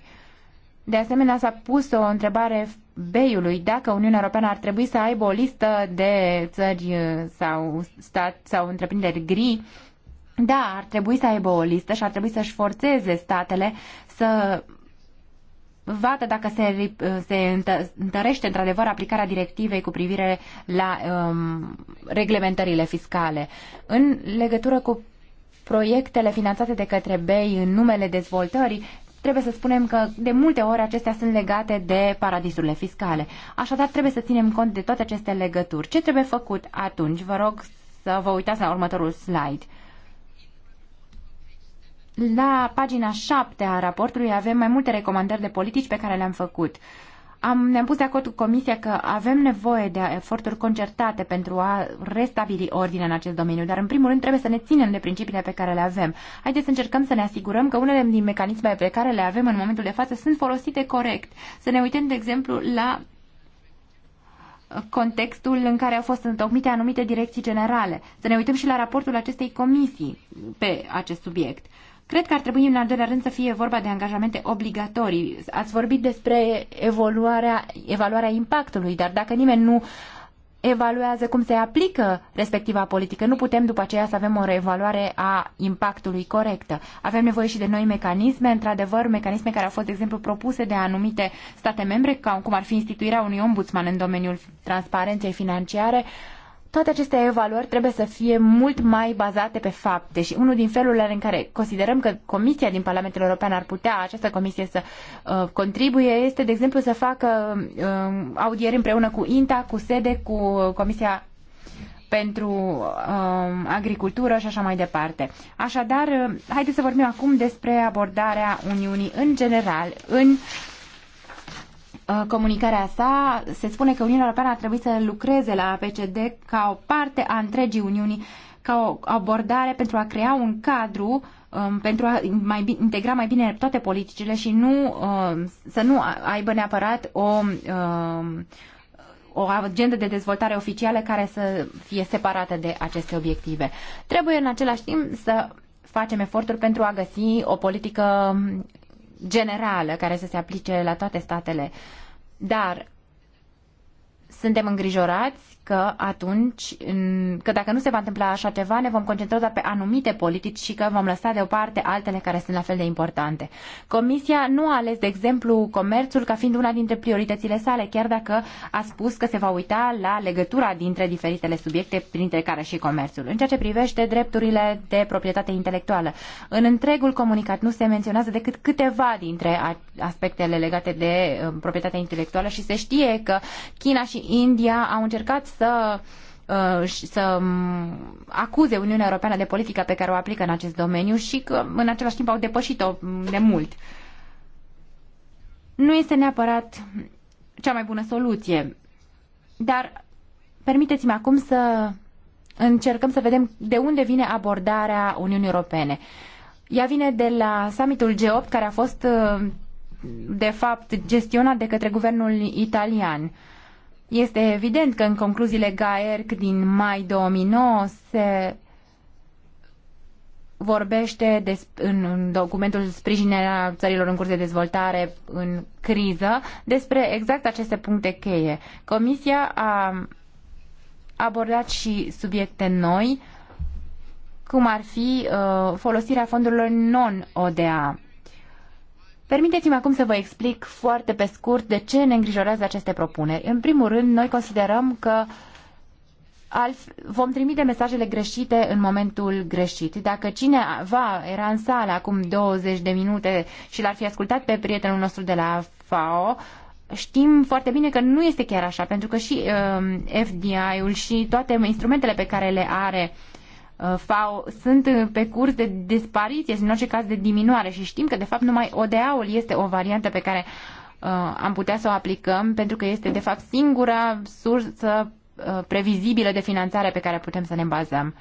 Speaker 3: De asemenea, s-a pus o întrebare Beiului dacă Uniunea Europeană ar trebui să aibă o listă de țări uh, sau stat sau întreprinderi gri. Da, ar trebui să aibă o listă și ar trebui să-și forțeze statele să vadă dacă se, uh, se întărește într-adevăr aplicarea directivei cu privire la um, reglementările fiscale. În legătură cu proiectele finanțate de către BEI în numele dezvoltării, trebuie să spunem că de multe ori acestea sunt legate de paradisurile fiscale. Așadar, trebuie să ținem cont de toate aceste legături. Ce trebuie făcut atunci? Vă rog să vă uitați la următorul slide. La pagina 7 a raportului avem mai multe recomandări de politici pe care le-am făcut. Uh, am, ne-am pus de acord cu Comisia că avem nevoie de eforturi concertate pentru a restabili ordinea în acest domeniu, dar în primul rând trebuie să ne ținem de principiile pe care le avem. Haideți să încercăm să ne asigurăm că unele din mecanismele pe care le avem în momentul de față sunt folosite corect. Să ne uităm, de exemplu, la contextul în care au fost întocmite anumite direcții generale. Să ne uităm și la raportul acestei comisii pe acest subiect. Cred că ar trebui, în al doilea rând, să fie vorba de angajamente obligatorii. Ați vorbit despre evaluarea, evaluarea impactului, dar dacă nimeni nu evaluează cum se aplică respectiva politică. Nu putem după aceea să avem o reevaluare a impactului corectă. Avem nevoie și de noi mecanisme, într-adevăr, mecanisme care au fost, de exemplu, propuse de anumite state membre, cum ar fi instituirea unui ombudsman în domeniul transparenței financiare, toate aceste evaluări trebuie să fie mult mai bazate pe fapte și unul din felurile în care considerăm că Comisia din Parlamentul European ar putea, această comisie să uh, contribuie, este, de exemplu, să facă uh, audieri împreună cu INTA, cu SEDE, cu Comisia pentru uh, agricultură și așa mai departe. Așadar, uh, haideți să vorbim acum despre abordarea Uniunii în general în Uh, comunicarea sa se spune că Uniunea Europeană ar trebui să lucreze la APCD ca o parte a întregii Uniunii, ca o abordare pentru a crea un cadru um, pentru a mai bine, integra mai bine toate politicile și nu um, să nu aibă neapărat o, um, o agendă de dezvoltare oficială care să fie separată de aceste obiective. Trebuie în același timp să facem eforturi pentru a găsi o politică generală care să se aplice la toate statele uh, dar suntem îngrijorați că atunci, că dacă nu se va întâmpla așa ceva, ne vom concentra doar pe anumite politici și că vom lăsa deoparte altele care sunt la fel de importante. Comisia nu a ales, de exemplu, comerțul ca fiind una dintre prioritățile sale, chiar dacă a spus că se va uita la legătura dintre diferitele subiecte, printre care și comerțul. În ceea ce privește drepturile de proprietate intelectuală, în întregul comunicat nu se menționează decât câteva dintre aspectele legate de um, proprietatea intelectuală și se știe că China și India au încercat să uh, să um, acuze Uniunea Europeană de politică pe care o aplică în acest domeniu și că în același timp au depășit-o de mult. Nu este neapărat cea mai bună soluție, dar permiteți-mi acum să încercăm să vedem de unde vine abordarea Uniunii Europene. Ea vine de la summitul G8 care a fost uh, de fapt gestionat de către guvernul italian. Este evident că în concluziile GAERC din mai 2009 se vorbește des, în, în documentul sprijinirea țărilor în curs de dezvoltare în criză despre exact aceste puncte cheie. Comisia a abordat și subiecte noi, cum ar fi uh, folosirea fondurilor non-ODA. Permiteți-mi acum să vă explic foarte pe scurt de ce ne îngrijorează aceste propuneri. În primul rând, noi considerăm că vom trimite mesajele greșite în momentul greșit. Dacă cineva era în sală acum 20 de minute și l-ar fi ascultat pe prietenul nostru de la FAO, știm foarte bine că nu este chiar așa, pentru că și um, FDI-ul și toate instrumentele pe care le are uh, Uh, FAO sunt uh, pe curs de dispariție, sunt în orice caz de diminuare și știm că de fapt numai ODA-ul este o variantă pe care uh, am putea să o aplicăm pentru că este de fapt singura sursă uh, previzibilă de finanțare pe care putem să ne bazăm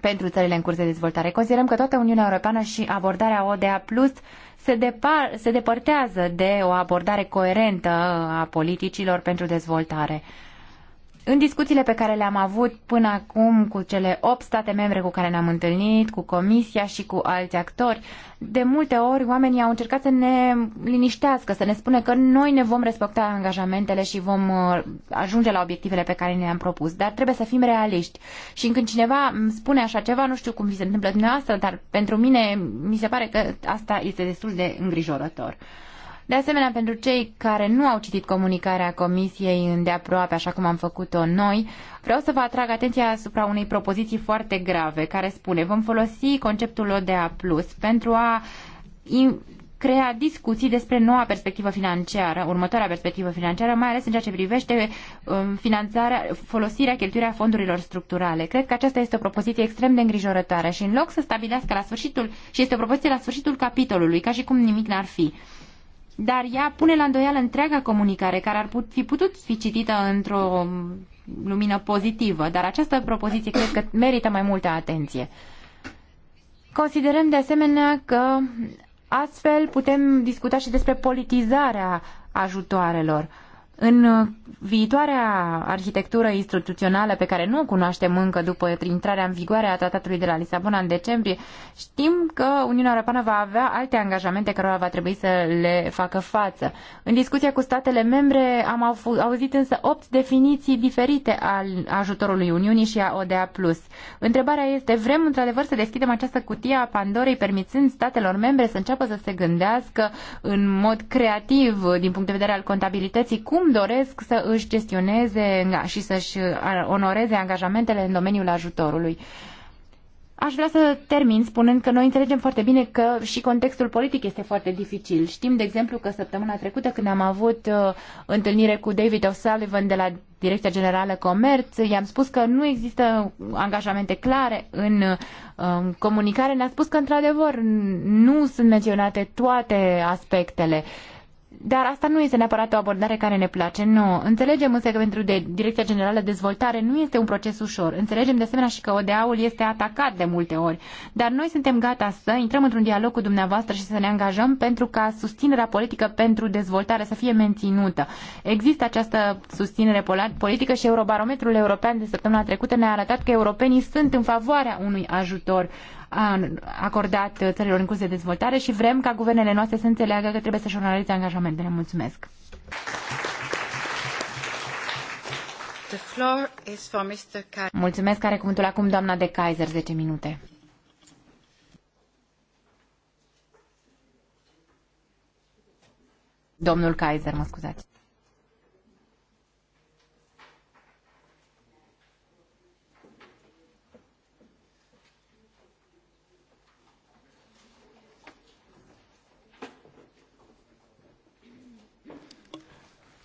Speaker 3: pentru țările în curs de dezvoltare. Considerăm că toată Uniunea Europeană și abordarea ODA Plus se, depar, se depărtează de o abordare coerentă a politicilor pentru dezvoltare. Uh, în discuțiile pe care le-am avut până acum cu cele 8 state membre cu care ne-am întâlnit, cu Comisia și cu alți actori, de multe ori oamenii au încercat să ne liniștească, să ne spune că noi ne vom respecta angajamentele și vom uh, ajunge la obiectivele pe care ne le-am propus, dar trebuie să fim realiști. Și când cineva îmi spune așa ceva, nu știu cum vi se întâmplă dumneavoastră, dar pentru mine mi se pare că asta este destul de îngrijorător. De asemenea, pentru cei care nu au citit comunicarea Comisiei îndeaproape, așa cum am făcut-o noi, vreau să vă atrag atenția asupra unei propoziții foarte grave care spune vom folosi conceptul ODA Plus pentru a crea discuții despre noua perspectivă financiară, următoarea perspectivă financiară, mai ales în ceea ce privește um, finanțarea, folosirea, cheltuirea fondurilor structurale. Cred că aceasta este o propoziție extrem de îngrijorătoare și în loc să stabilească la sfârșitul, și este o propoziție la sfârșitul capitolului, ca și cum nimic n-ar fi dar ea pune la îndoială întreaga comunicare care ar put, fi putut fi citită într-o lumină pozitivă, dar această propoziție cred că merită mai multă atenție. Considerăm de asemenea că astfel putem discuta și despre politizarea ajutoarelor. În viitoarea arhitectură instituțională pe care nu o cunoaștem încă după intrarea în vigoare a tratatului de la Lisabona în decembrie, știm că Uniunea Europeană va avea alte angajamente cărora va trebui să le facă față. În discuția cu statele membre am auzit însă opt definiții diferite al ajutorului Uniunii și a ODA+. Întrebarea este, vrem într-adevăr să deschidem această cutie a Pandorei permițând statelor membre să înceapă să se gândească în mod creativ din punct de vedere al contabilității cum doresc să să își gestioneze și să-și uh, onoreze angajamentele în domeniul ajutorului. Aș vrea să termin spunând că noi înțelegem foarte bine că și contextul politic este foarte dificil. Știm, de exemplu, că săptămâna trecută, când am avut uh, întâlnire cu David O'Sullivan de la Direcția Generală Comerț, i-am spus că nu există angajamente clare în uh, comunicare. Ne-a spus că, într-adevăr, nu sunt menționate toate aspectele. Uh, dar asta nu este neapărat o abordare care ne place, nu. Înțelegem însă că pentru de Direcția Generală de Dezvoltare nu este un proces ușor. Înțelegem de asemenea și că ODA-ul este atacat de multe ori. Dar noi suntem gata să intrăm într-un dialog cu dumneavoastră și să ne angajăm pentru ca susținerea politică pentru dezvoltare să fie menținută. Există această susținere politică și Eurobarometrul European de săptămâna trecută ne-a arătat că europenii sunt în favoarea unui ajutor acordat țărilor în curs de dezvoltare și vrem ca guvernele noastre să înțeleagă că trebuie să-și onoreze angajamentele. Mulțumesc!
Speaker 2: The floor is for Mr. Mulțumesc, are cuvântul
Speaker 3: acum doamna de Kaiser, 10 minute. Domnul Kaiser, mă scuzați.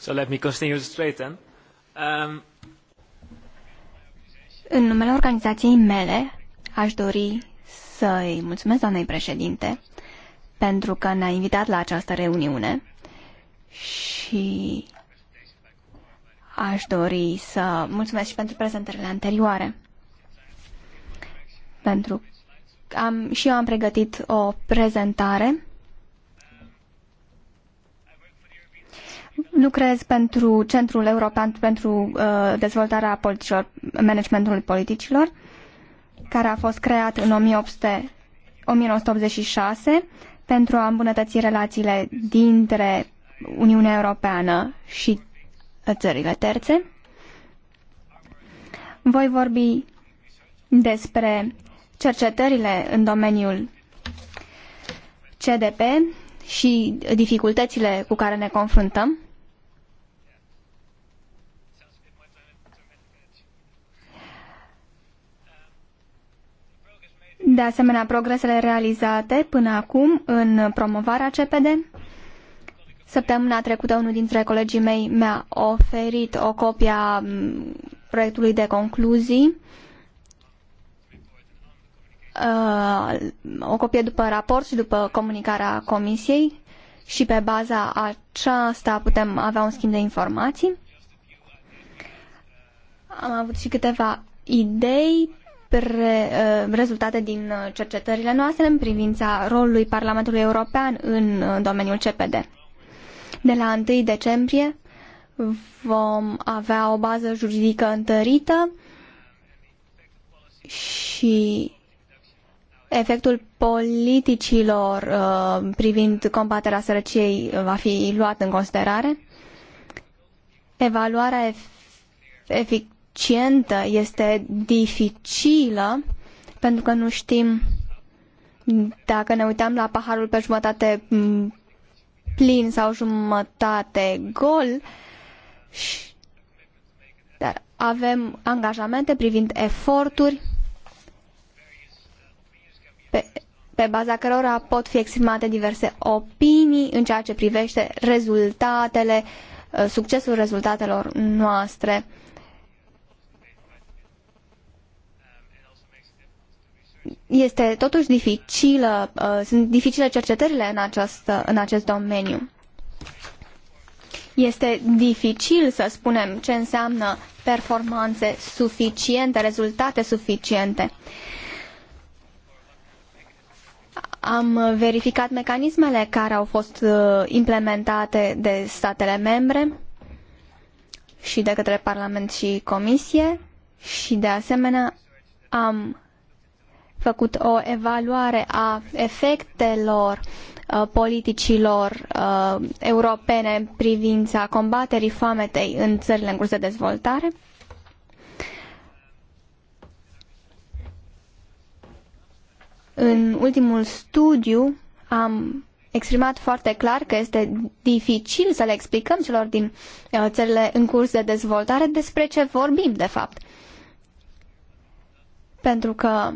Speaker 3: Um,
Speaker 1: În numele organizației mele, aș dori să îi mulțumesc doamnei președinte pentru că ne-a invitat la această reuniune și aș dori să mulțumesc și pentru prezentările anterioare. Pentru am, și eu am pregătit o prezentare lucrez pentru Centrul European pentru uh, dezvoltarea politicilor, managementului politicilor, care a fost creat în 1800, 1986 pentru a îmbunătăți relațiile dintre Uniunea Europeană și țările terțe. Voi vorbi despre cercetările în domeniul CDP și dificultățile cu care ne confruntăm. de asemenea progresele realizate până acum în promovarea CPD. Săptămâna trecută unul dintre colegii mei mi-a oferit o copie a proiectului de concluzii, uh, o copie după raport și după comunicarea comisiei și pe baza aceasta putem avea un schimb de informații. Am avut și câteva idei pre, uh, rezultate din uh, cercetările noastre în privința rolului Parlamentului European în uh, domeniul CPD. De la 1 decembrie vom avea o bază juridică întărită și efectul politicilor uh, privind combaterea sărăciei va fi luat în considerare. Evaluarea efic eficientă, este dificilă, pentru că nu știm dacă ne uităm la paharul pe jumătate mm, plin sau jumătate gol, dar avem angajamente privind eforturi pe, pe baza cărora pot fi exprimate diverse opinii în ceea ce privește rezultatele, uh, succesul rezultatelor noastre. este totuși dificilă, uh, sunt dificile cercetările în, acest, în acest domeniu. Este dificil să spunem ce înseamnă performanțe suficiente, rezultate suficiente. Am verificat mecanismele care au fost uh, implementate de statele membre și de către Parlament și Comisie și de asemenea am făcut o evaluare a efectelor uh, politicilor uh, europene în privința combaterii foametei în țările în curs de dezvoltare? În ultimul studiu am exprimat foarte clar că este dificil să le explicăm celor din uh, țările în curs de dezvoltare despre ce vorbim, de fapt. Pentru că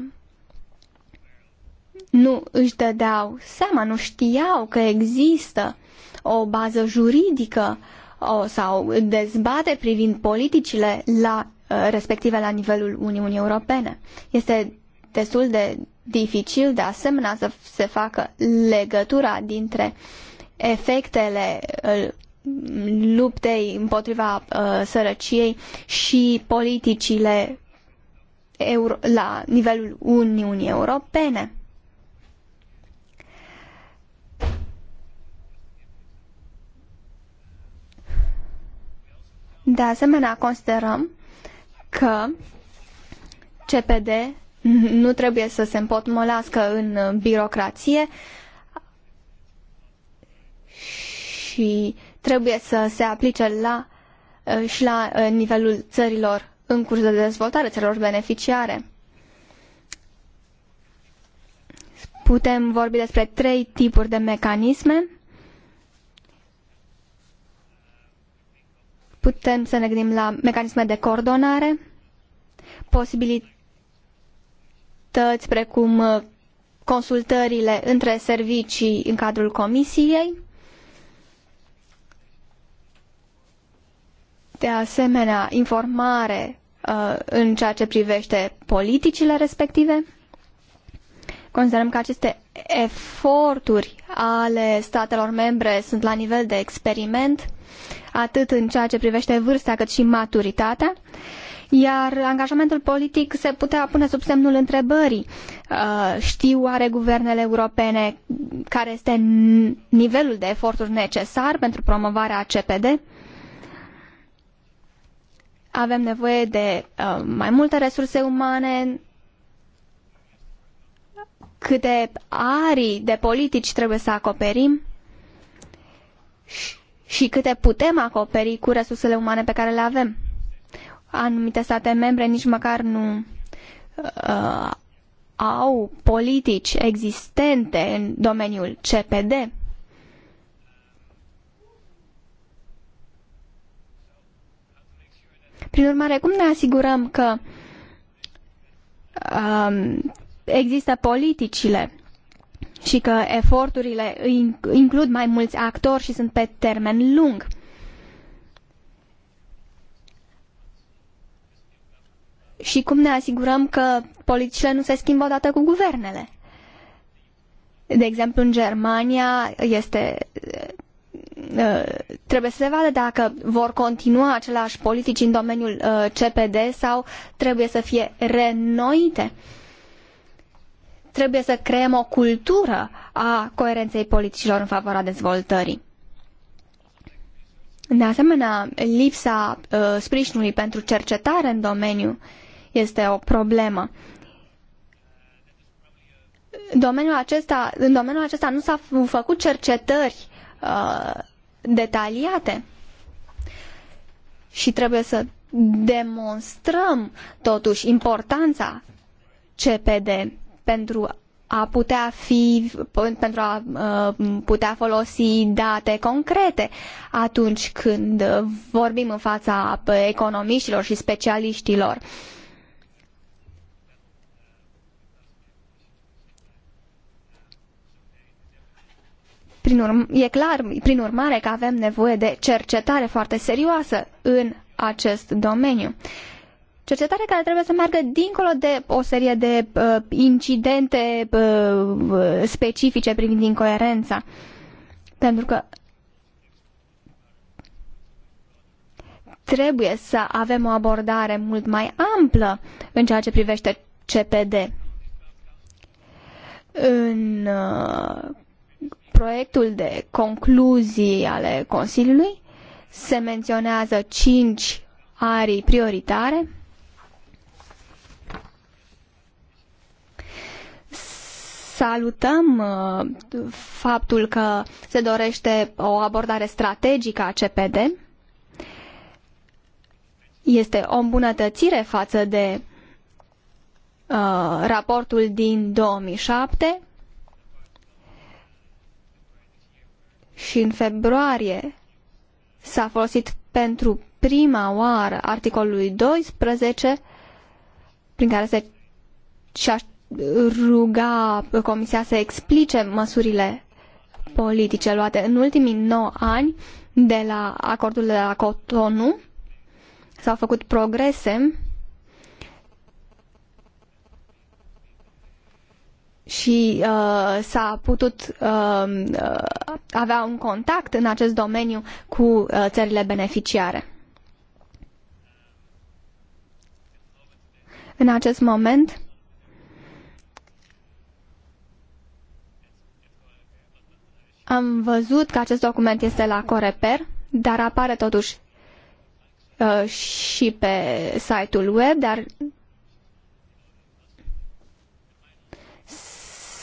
Speaker 1: nu își dădeau seama, nu știau că există o bază juridică o, sau dezbate privind politicile la uh, respective la nivelul Uniunii Europene. Este destul de dificil de asemenea să se facă legătura dintre efectele uh, luptei împotriva uh, sărăciei și politicile euro, la nivelul Uniunii Europene. De asemenea, considerăm că CPD nu trebuie să se împotmolească în birocrație și trebuie să se aplice la, și la uh, nivelul țărilor în curs de dezvoltare, țărilor beneficiare. Putem vorbi despre trei tipuri de mecanisme Putem să ne gândim la mecanisme de coordonare, posibilități precum uh, consultările între servicii în cadrul comisiei. De asemenea, informare uh, în ceea ce privește politicile respective. Considerăm că aceste eforturi ale statelor membre sunt la nivel de experiment atât în ceea ce privește vârsta cât și maturitatea, iar angajamentul politic se putea pune sub semnul întrebării. Uh, știu oare guvernele europene care este nivelul de eforturi necesar pentru promovarea CPD? Avem nevoie de uh, mai multe resurse umane, câte arii de politici trebuie să acoperim și și câte putem acoperi cu resursele umane pe care le avem. Anumite state membre nici măcar nu uh, au politici existente în domeniul CPD. Prin urmare, cum ne asigurăm că uh, există politicile și că eforturile includ mai mulți actori și sunt pe termen lung. Și cum ne asigurăm că politicile nu se schimbă odată cu guvernele? De exemplu, în Germania este uh, trebuie să se vadă dacă vor continua aceleași politici în domeniul uh, CPD sau trebuie să fie renoite. Trebuie să creăm o cultură a coerenței politicilor în favoarea dezvoltării. De asemenea, lipsa uh, sprijinului pentru cercetare în domeniu este o problemă. Domeniul acesta, în domeniul acesta nu s-au făcut cercetări uh, detaliate și trebuie să demonstrăm totuși importanța CPD pentru a putea fi pentru a uh, putea folosi date concrete atunci când vorbim în fața economiștilor și specialiștilor. Prin e clar, prin urmare, că avem nevoie de cercetare foarte serioasă în acest domeniu. Uh, cercetare care trebuie să meargă dincolo de o serie de uh, incidente uh, specifice privind incoerența. Pentru că trebuie să avem o abordare mult mai amplă în ceea ce privește CPD. În uh, proiectul de concluzii ale Consiliului se menționează cinci arii prioritare Salutăm uh, faptul că se dorește o abordare strategică a CPD. Este o îmbunătățire față de uh, raportul din 2007 și în februarie s-a folosit pentru prima oară articolului 12 prin care se și ruga Comisia să explice măsurile politice luate în ultimii 9 ani de la acordul de la Cotonou. S-au făcut progrese și uh, s-a putut uh, uh avea un contact în acest domeniu cu uh, țările beneficiare. În acest moment, Am văzut că acest document este la Coreper, dar apare totuși uh, și pe site-ul web, dar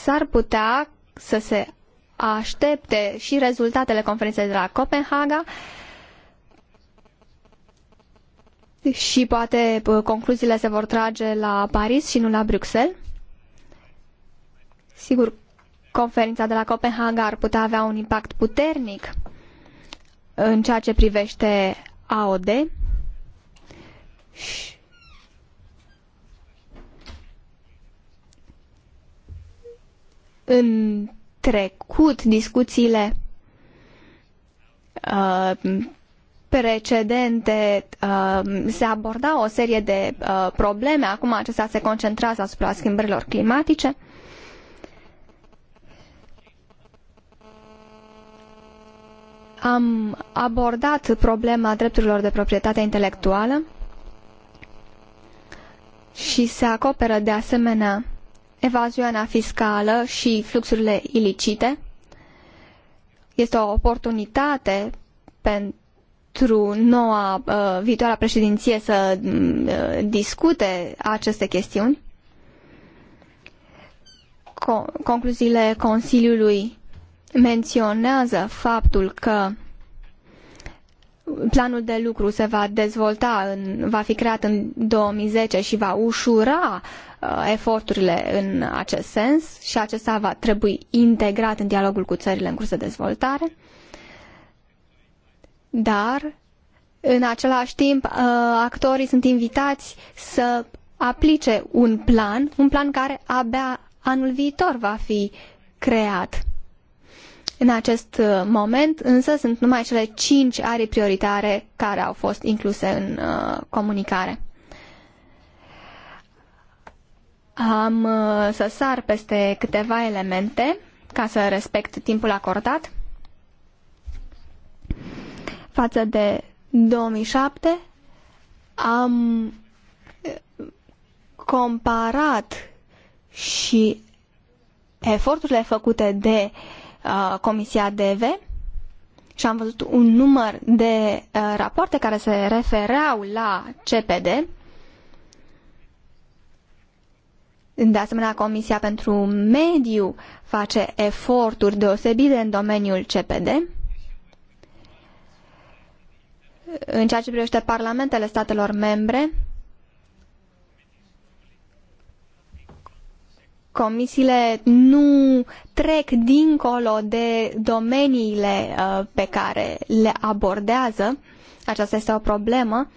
Speaker 1: s-ar putea să se aștepte și rezultatele conferinței de la Copenhaga și poate uh, concluziile se vor trage la Paris și nu la Bruxelles. Sigur, conferința de la Copenhaga ar putea avea un impact puternic în ceea ce privește AOD. În trecut, discuțiile uh, precedente uh, se abordau o serie de uh, probleme, acum acestea se concentrează asupra schimbărilor climatice. Uh, Am abordat problema drepturilor de proprietate intelectuală și se acoperă de asemenea evaziunea fiscală și fluxurile ilicite. Este o oportunitate pentru noua uh, viitoarea președinție să mm, uh, discute aceste chestiuni. Co concluziile Consiliului menționează faptul că planul de lucru se va dezvolta, în, va fi creat în 2010 și va ușura uh, eforturile în acest sens și acesta va trebui integrat în dialogul cu țările în curs de dezvoltare. Dar, în același timp, uh, actorii sunt invitați să aplice un plan, un plan care abia anul viitor va fi creat. În acest uh, moment, însă, sunt numai cele cinci arii prioritare care au fost incluse în uh, comunicare. Am uh, să sar peste câteva elemente ca să respect timpul acordat. Față de 2007 am uh, comparat și eforturile făcute de uh, Uh, Comisia DEVE și am văzut un număr de uh, rapoarte care se refereau la CPD. De asemenea, Comisia pentru Mediu face eforturi deosebite în domeniul CPD. În ceea ce privește parlamentele statelor membre, comisiile nu trec dincolo de domeniile uh, pe care le abordează. Aceasta este o problemă.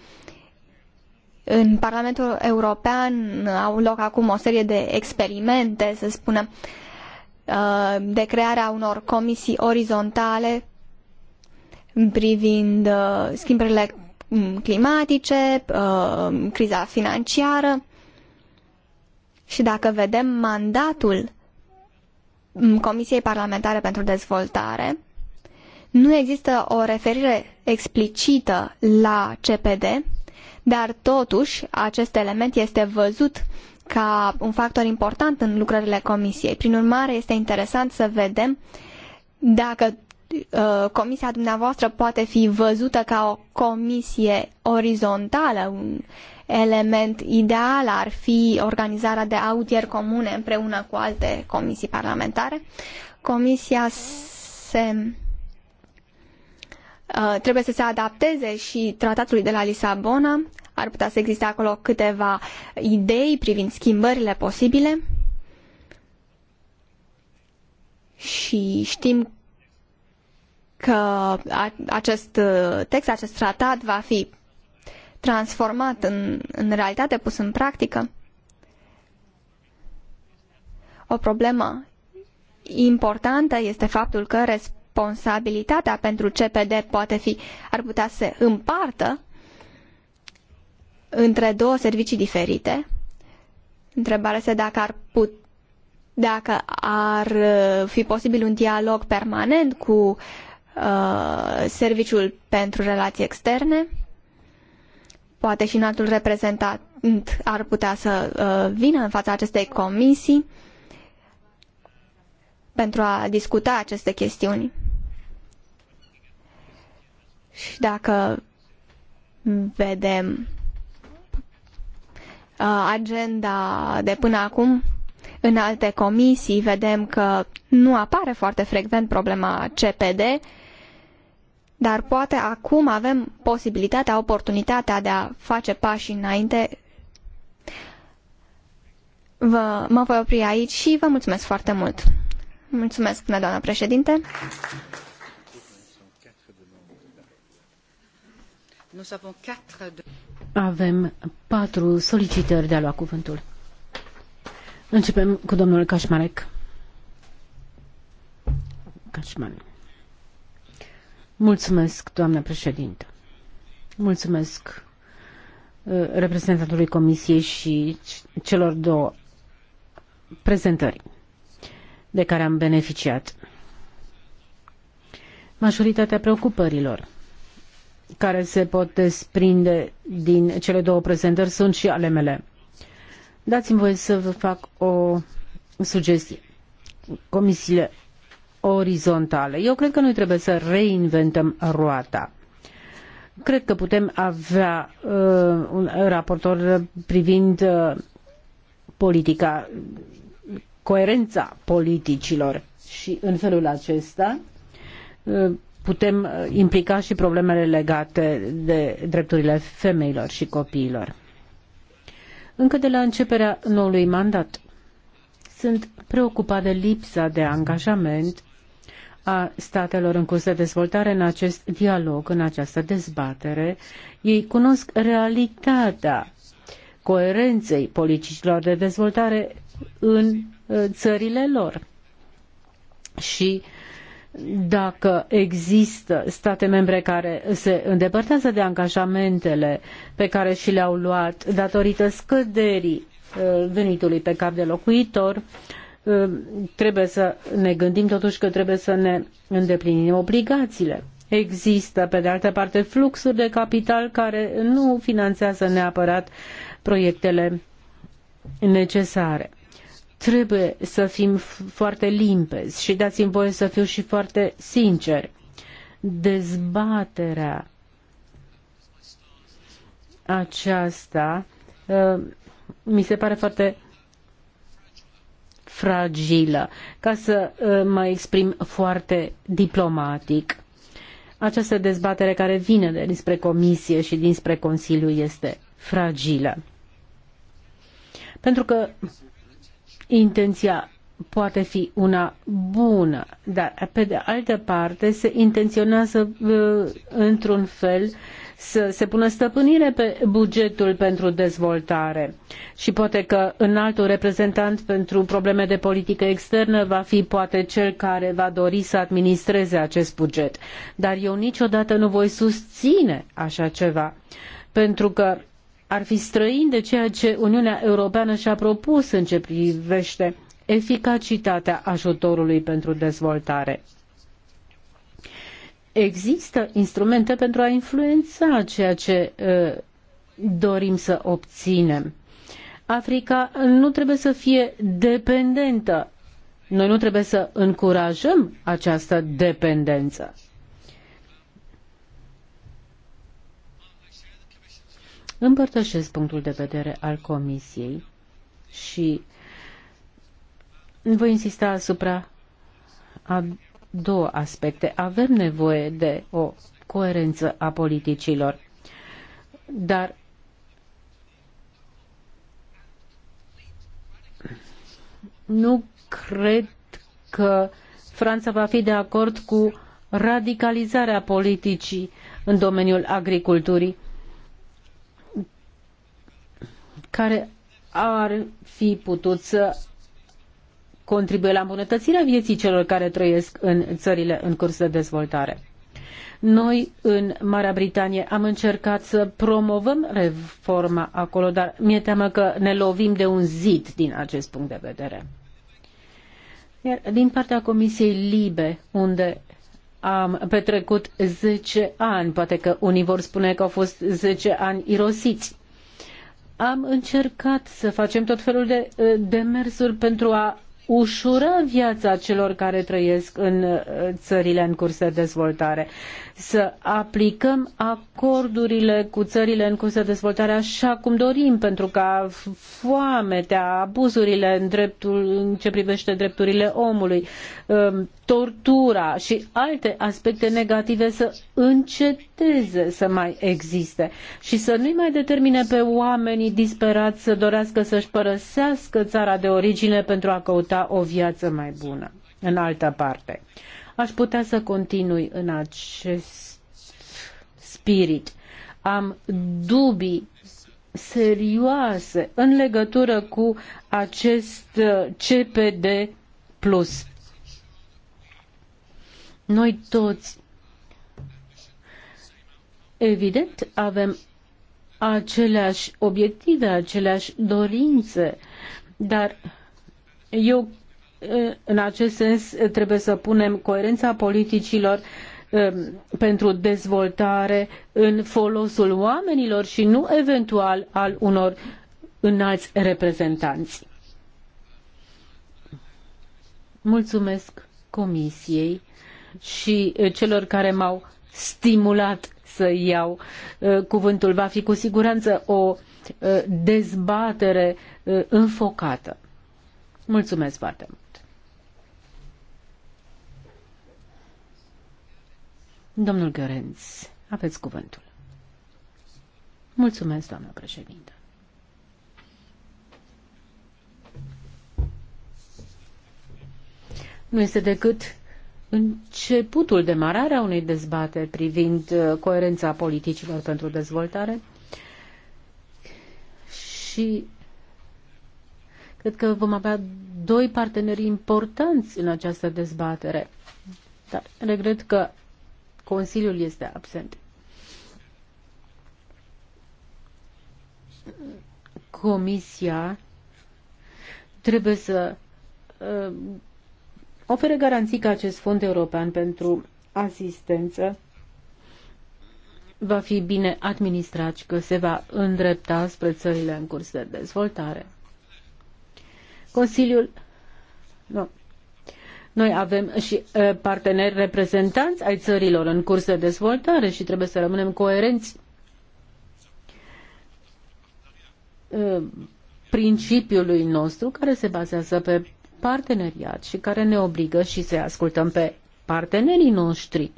Speaker 1: În Parlamentul European au loc acum o serie de experimente, să spunem, uh, de crearea unor comisii orizontale privind uh, schimbările mm, climatice, criza financiară și dacă vedem mandatul mm, Comisiei Parlamentare pentru Dezvoltare, nu există o referire explicită la CPD, dar totuși acest element este văzut ca un factor important în lucrările Comisiei. Prin urmare, este interesant să vedem dacă Uh, comisia dumneavoastră poate fi văzută ca o comisie orizontală, un element ideal ar fi organizarea de audieri comune împreună cu alte comisii parlamentare. Comisia se uh, trebuie să se adapteze și tratatului de la Lisabona. Ar putea să existe acolo câteva idei privind schimbările posibile. Și știm că acest uh, text, acest tratat va fi transformat în, în realitate, pus în practică? O problemă importantă este faptul că responsabilitatea pentru CPD poate fi, ar putea să se împartă între două servicii diferite. Întrebarea este dacă ar put, dacă ar uh, fi posibil un dialog permanent cu uh, Uh, serviciul pentru Relații Externe. Poate și înaltul reprezentant ar putea să uh, vină în fața acestei comisii pentru a discuta aceste chestiuni. Și dacă vedem uh, agenda de până acum în alte comisii vedem că nu apare foarte frecvent problema CPD dar poate acum avem posibilitatea, oportunitatea de a face pași înainte. Vă, mă voi opri aici și vă mulțumesc foarte mult. Mulțumesc, până doamna președinte. Avem patru
Speaker 2: solicitări de a lua cuvântul. Începem cu domnul Cașmarec. Cașmarec. Mulțumesc, doamnă președintă. Mulțumesc uh, reprezentantului Comisiei și celor două prezentări de care am beneficiat. Majoritatea preocupărilor care se pot desprinde din cele două prezentări sunt și ale mele. Dați-mi voie să vă fac o sugestie. Comisiile orizontale. Eu cred că noi trebuie să reinventăm roata. Cred că putem avea uh, un raportor privind uh, politica, coerența politicilor și în felul acesta uh, putem uh, implica și problemele legate de drepturile femeilor și copiilor. Încă de la începerea noului mandat, sunt preocupat de lipsa de angajament a statelor în curs de dezvoltare în acest dialog, în această dezbatere. Ei cunosc realitatea coerenței politicilor de dezvoltare în uh, țările lor. Și dacă există state membre care se îndepărtează de angajamentele pe care și le-au luat datorită scăderii uh, venitului pe cap de locuitor, Ă, trebuie să ne gândim totuși că trebuie să ne îndeplinim obligațiile. Există, pe de altă parte, fluxuri de capital care nu finanțează neapărat proiectele necesare. Trebuie să fim foarte limpezi și dați-mi voie să fiu și foarte sincer. Dezbaterea aceasta ă, mi se pare foarte fragilă. Ca să uh, mă exprim foarte diplomatic, această dezbatere care vine de dinspre Comisie și dinspre Consiliu este fragilă. Pentru că intenția poate fi una bună, dar pe de altă parte se intenționează uh, într-un fel să se pună stăpânire pe bugetul pentru dezvoltare. Și poate că înaltul reprezentant pentru probleme de politică externă va fi poate cel care va dori să administreze acest buget. Dar eu niciodată nu voi susține așa ceva, pentru că ar fi străin de ceea ce Uniunea Europeană și-a propus în ce privește eficacitatea ajutorului pentru dezvoltare există instrumente pentru a influența ceea ce dorim să obținem. Africa nu trebuie să fie dependentă. Noi nu trebuie să încurajăm această dependență. Împărtășesc punctul de vedere al Comisiei și voi insista asupra a două aspecte. Avem nevoie de o coerență a politicilor, dar nu cred că Franța va fi de acord cu radicalizarea politicii în domeniul agriculturii, care ar fi putut să contribuie la îmbunătățirea vieții celor care trăiesc în țările în curs de dezvoltare. Noi în Marea Britanie am încercat să promovăm reforma acolo, dar mi-e teamă că ne lovim de un zid din acest punct de vedere. Iar din partea Comisiei Libe, unde am petrecut 10 ani, poate că unii vor spune că au fost 10 ani irosiți. Am încercat să facem tot felul de demersuri pentru a Ușură viața celor care trăiesc în uh, țările în curs de dezvoltare să aplicăm acordurile cu țările în curs de dezvoltare așa cum dorim, pentru ca foametea, abuzurile în, dreptul, în ce privește drepturile omului, um, tortura și alte aspecte negative să înceteze să mai existe și să nu-i mai determine pe oamenii disperați să dorească să-și părăsească țara de origine pentru a căuta o viață mai bună în altă parte. Aș putea să continui în acest spirit. Am dubii serioase în legătură cu acest CPD plus. Noi toți, evident, avem aceleași obiective, aceleași dorințe, dar eu în acest sens trebuie să punem coerența politicilor um, pentru dezvoltare în folosul oamenilor și nu eventual al unor înalți reprezentanți. Mulțumesc Comisiei și uh, celor care m-au stimulat să iau uh, cuvântul. Va fi cu siguranță o uh, dezbatere înfocată. Mulțumesc foarte mult! Domnul Gărenț, aveți cuvântul. Mulțumesc, doamnă președinte. Nu este decât începutul demararea unei dezbate privind uh, coerența politicilor pentru dezvoltare și cred că vom avea doi parteneri importanți în această dezbatere. Dar regret că Consiliul este absent. Comisia trebuie să uh, ofere garanții că acest fond european pentru asistență va fi bine administrat și că se va îndrepta spre țările în curs de dezvoltare. Consiliul nu, noi avem și parteneri reprezentanți ai țărilor în curs de dezvoltare și trebuie să rămânem coerenți. principiului nostru care se bazează pe parteneriat și care ne obligă și să ascultăm pe partenerii noștri.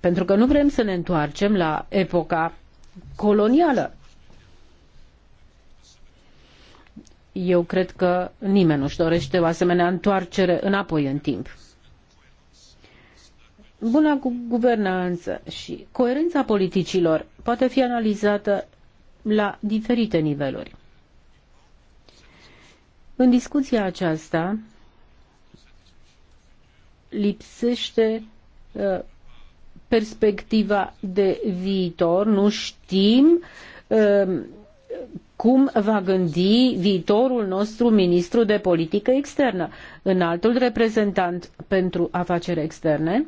Speaker 2: Pentru că nu vrem să ne întoarcem la epoca colonială. eu cred că nimeni nu-și dorește o asemenea întoarcere înapoi în timp. Buna guvernanță și coerența politicilor poate fi analizată la diferite niveluri. În discuția aceasta lipsește uh, perspectiva de viitor, nu știm uh, cum va gândi viitorul nostru ministru de politică externă, înaltul reprezentant pentru afaceri externe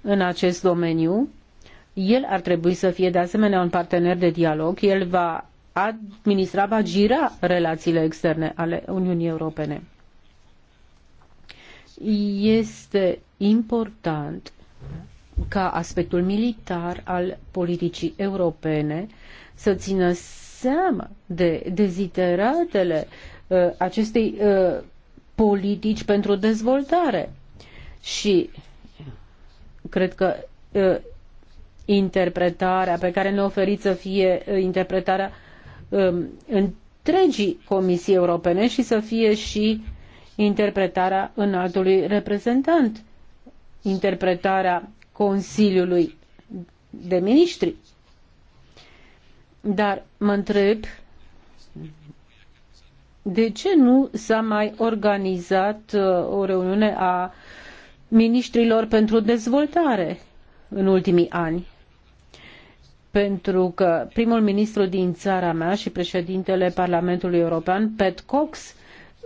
Speaker 2: în acest domeniu. El ar trebui să fie de asemenea un partener de dialog. El va administra, va gira relațiile externe ale Uniunii Europene. Este important ca aspectul militar al politicii europene să țină seama de dezideratele uh, acestei uh, politici pentru dezvoltare. Și cred că uh, interpretarea pe care ne oferiți să fie uh, interpretarea uh, întregii Comisii Europene și să fie și interpretarea înaltului reprezentant, interpretarea Consiliului de Ministri dar mă întreb de ce nu s-a mai organizat uh, o reuniune a ministrilor pentru dezvoltare în ultimii ani? Pentru că primul ministru din țara mea și președintele Parlamentului European, Pat Cox,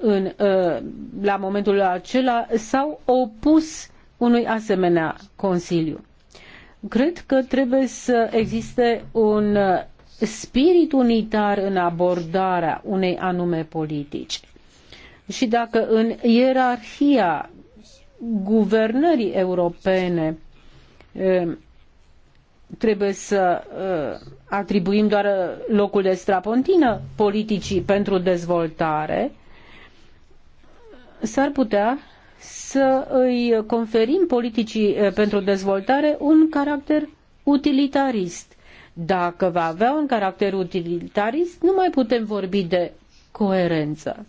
Speaker 2: în, uh, la momentul acela s-au opus unui asemenea Consiliu. Cred că trebuie să existe un uh, spirit unitar în abordarea unei anume politici. Și dacă în ierarhia guvernării europene eh, trebuie să eh, atribuim doar locul de strapontină politicii pentru dezvoltare, s-ar putea să îi conferim politicii eh, pentru dezvoltare un caracter utilitarist. Dacă va avea un caracter utilitarist, nu mai putem vorbi de coerență.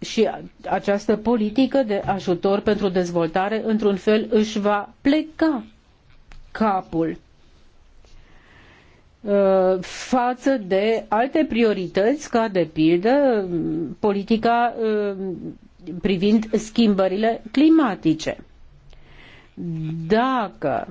Speaker 2: Și această politică de ajutor pentru dezvoltare, într-un fel, își va pleca capul uh, față de alte priorități, ca de pildă politica uh, privind schimbările climatice. Dacă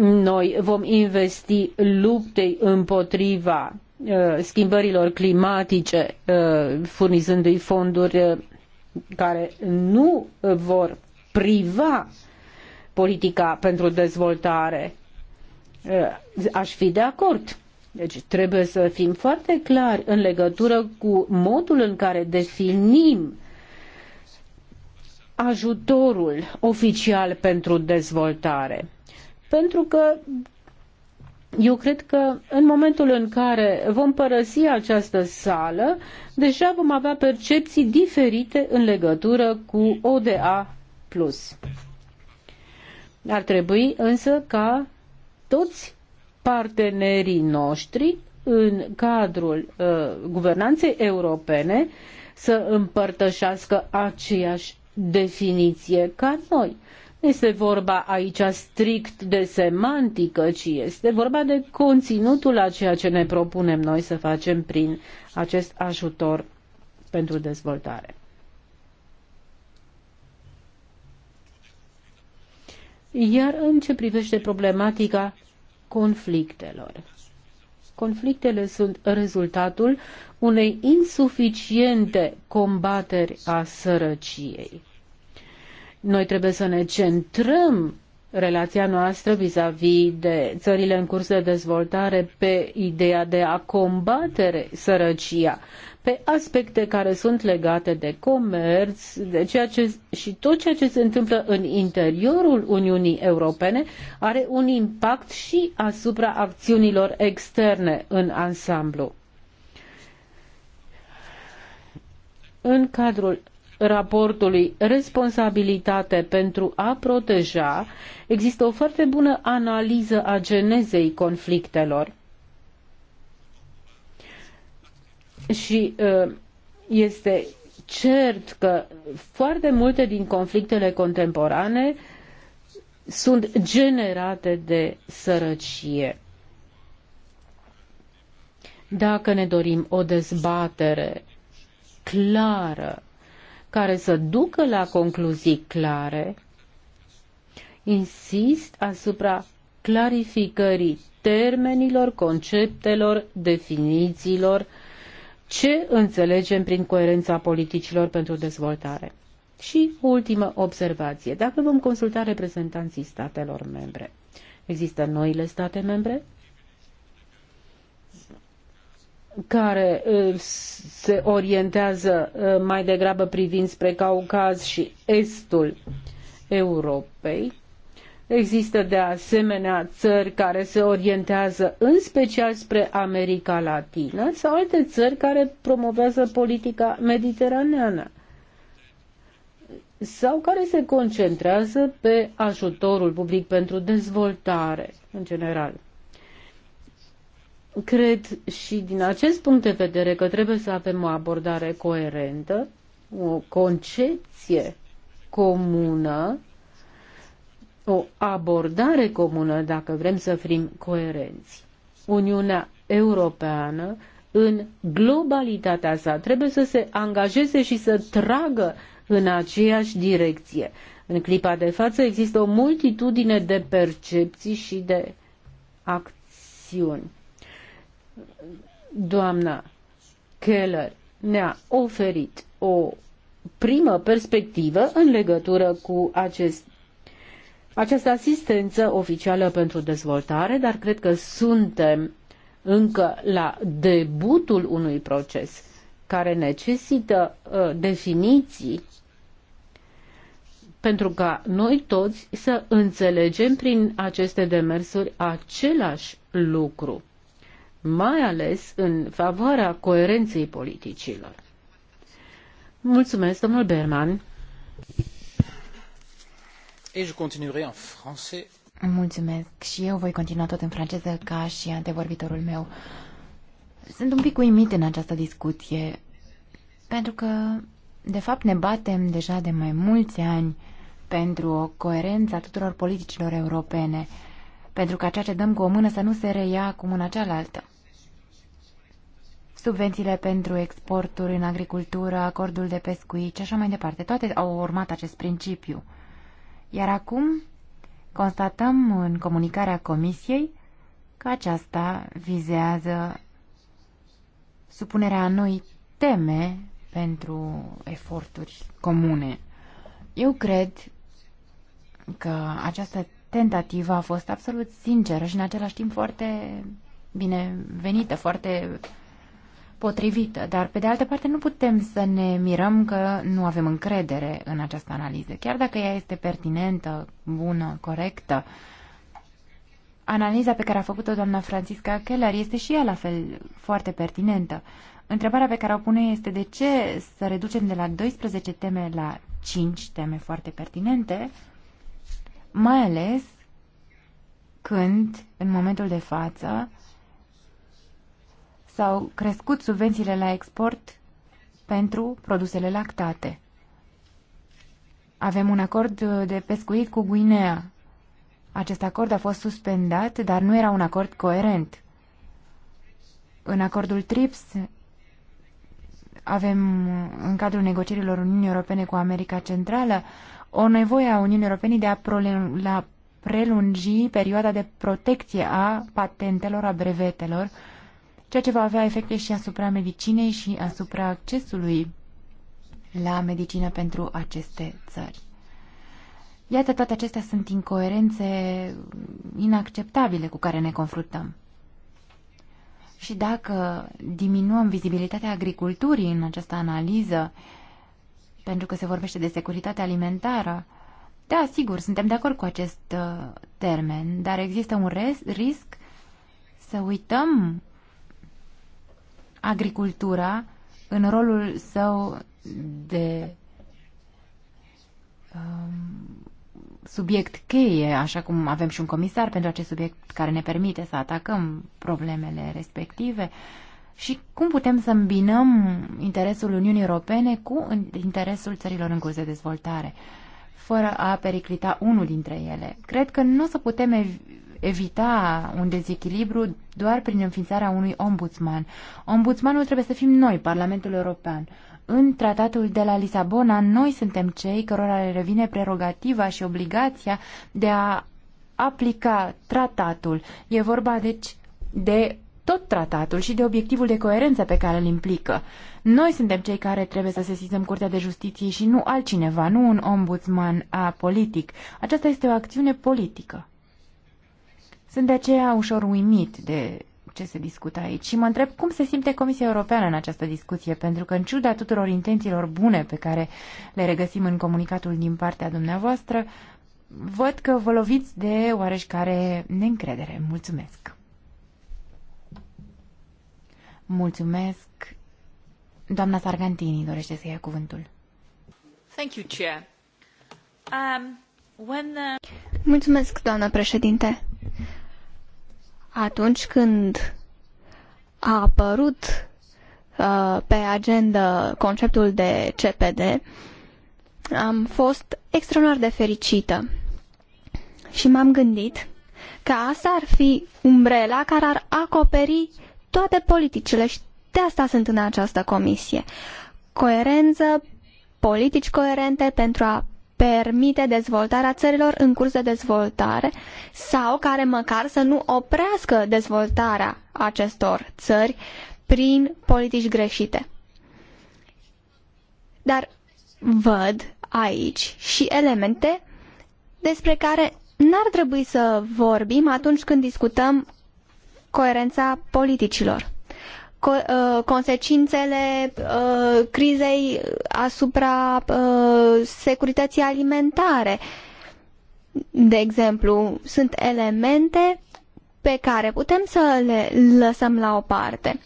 Speaker 2: noi vom investi luptei împotriva uh, schimbărilor climatice, uh, furnizându-i fonduri uh, care nu vor priva politica pentru dezvoltare. Aș fi de acord. Deci trebuie să fim foarte clari în legătură cu modul în care definim ajutorul oficial pentru dezvoltare. Pentru că eu cred că în momentul în care vom părăsi această sală, deja vom avea percepții diferite în legătură cu ODA+. Ar trebui însă ca toți partenerii noștri în cadrul uh, guvernanței europene să împărtășească aceeași definiție ca noi este vorba aici strict de semantică, ci este vorba de conținutul a ceea ce ne propunem noi să facem prin acest ajutor pentru dezvoltare. Iar în ce privește problematica conflictelor. Conflictele sunt rezultatul unei insuficiente combateri a sărăciei. Noi trebuie să ne centrăm relația noastră vis-a-vis -vis de țările în curs de dezvoltare pe ideea de a combate sărăcia, pe aspecte care sunt legate de comerț de ceea ce, și tot ceea ce se întâmplă în interiorul Uniunii Europene are un impact și asupra acțiunilor externe în ansamblu. În cadrul raportului Responsabilitate pentru a proteja, există o foarte bună analiză a genezei conflictelor. Și uh, este cert că foarte multe din conflictele contemporane sunt generate de sărăcie. Dacă ne dorim o dezbatere clară care să ducă la concluzii clare, insist asupra clarificării termenilor, conceptelor, definițiilor, ce înțelegem prin coerența politicilor pentru dezvoltare. Și ultimă observație. Dacă vom consulta reprezentanții statelor membre, există noile state membre care uh, se orientează uh, mai degrabă privind spre Caucaz și estul Europei. Există de asemenea țări care se orientează în special spre America Latină sau alte țări care promovează politica mediteraneană sau care se concentrează pe ajutorul public pentru dezvoltare în general. Cred și din acest punct de vedere că trebuie să avem o abordare coerentă, o concepție comună, o abordare comună dacă vrem să fim coerenți. Uniunea Europeană în globalitatea sa trebuie să se angajeze și să tragă în aceeași direcție. În clipa de față există o multitudine de percepții și de acțiuni doamna Keller ne-a oferit o primă perspectivă în legătură cu acest această asistență oficială pentru dezvoltare, dar cred că suntem încă la debutul unui proces care necesită uh, definiții pentru ca noi toți să înțelegem prin aceste demersuri același lucru mai ales în favoarea coerenței politicilor. Mulțumesc, domnul Berman. Et je continuerai en français.
Speaker 3: Mulțumesc și eu voi continua tot în franceză ca și antevorbitorul meu. Sunt un pic uimit în această discuție, pentru că, de fapt, ne batem deja de mai mulți ani pentru o coerență a tuturor politicilor europene, pentru ca ceea ce dăm cu o mână să nu se reia cu mâna cealaltă subvențiile pentru exporturi în agricultură, acordul de pescuit și așa mai departe. Toate au urmat acest principiu. Iar acum constatăm în comunicarea Comisiei că aceasta vizează supunerea noi teme pentru eforturi comune. Eu cred că această tentativă a fost absolut sinceră și în același timp foarte bine venită, foarte potrivită, dar pe de altă parte nu putem să ne mirăm că nu avem încredere în această analiză, chiar dacă ea este pertinentă, bună, corectă. Analiza pe care a făcut-o doamna Francisca Keller este și ea la fel foarte pertinentă. Întrebarea pe care o pune este de ce să reducem de la 12 teme la 5 teme foarte pertinente, mai ales când, în momentul de față, s-au crescut subvențiile la export pentru produsele lactate. Avem un acord de pescuit cu Guinea. Acest acord a fost suspendat, dar nu era un acord coerent. În acordul TRIPS avem, în cadrul negocierilor Uniunii Europene cu America Centrală, o nevoie a Uniunii Europene de a prelungi perioada de protecție a patentelor, a brevetelor, ceea ce va avea efecte și asupra medicinei și asupra accesului la medicină pentru aceste țări. Iată, toate acestea sunt incoerențe inacceptabile cu care ne confruntăm. Și dacă diminuăm vizibilitatea agriculturii în această analiză, pentru că se vorbește de securitate alimentară, da, sigur, suntem de acord cu acest uh, termen, dar există un risc să uităm agricultura în rolul său de um, subiect cheie, așa cum avem și un comisar pentru acest subiect care ne permite să atacăm problemele respective și cum putem să îmbinăm interesul Uniunii Europene cu interesul țărilor în curs de dezvoltare fără a periclita unul dintre ele. Cred că nu o să putem evita un dezechilibru doar prin înființarea unui ombudsman. Ombudsmanul trebuie să fim noi, Parlamentul European. În tratatul de la Lisabona, noi suntem cei cărora le revine prerogativa și obligația de a aplica tratatul. E vorba, deci, de tot tratatul și de obiectivul de coerență pe care îl implică. Noi suntem cei care trebuie să sesizăm Curtea de Justiție și nu altcineva, nu un ombudsman a politic. Aceasta este o acțiune politică. Sunt de aceea ușor uimit de ce se discută aici și mă întreb cum se simte Comisia Europeană în această discuție, pentru că în ciuda tuturor intențiilor bune pe care le regăsim în comunicatul din partea dumneavoastră, văd că vă loviți de oareșcare neîncredere. Mulțumesc! Mulțumesc! Doamna Sargantini dorește să ia cuvântul.
Speaker 2: Thank you, Chair. Um, when, uh...
Speaker 1: Mulțumesc, doamnă președinte atunci când a apărut uh, pe agenda conceptul de CPD, am fost extraordinar de fericită și m-am gândit că asta ar fi umbrela care ar acoperi toate politicile și de asta sunt în această comisie. Coerență, politici coerente pentru a permite dezvoltarea țărilor în curs de dezvoltare sau care măcar să nu oprească dezvoltarea acestor țări prin politici greșite. Dar văd aici și elemente despre care n-ar trebui să vorbim atunci când discutăm coerența politicilor. Uh, consecințele uh, crizei asupra uh, securității alimentare. De exemplu, sunt elemente pe care putem să le lăsăm la o parte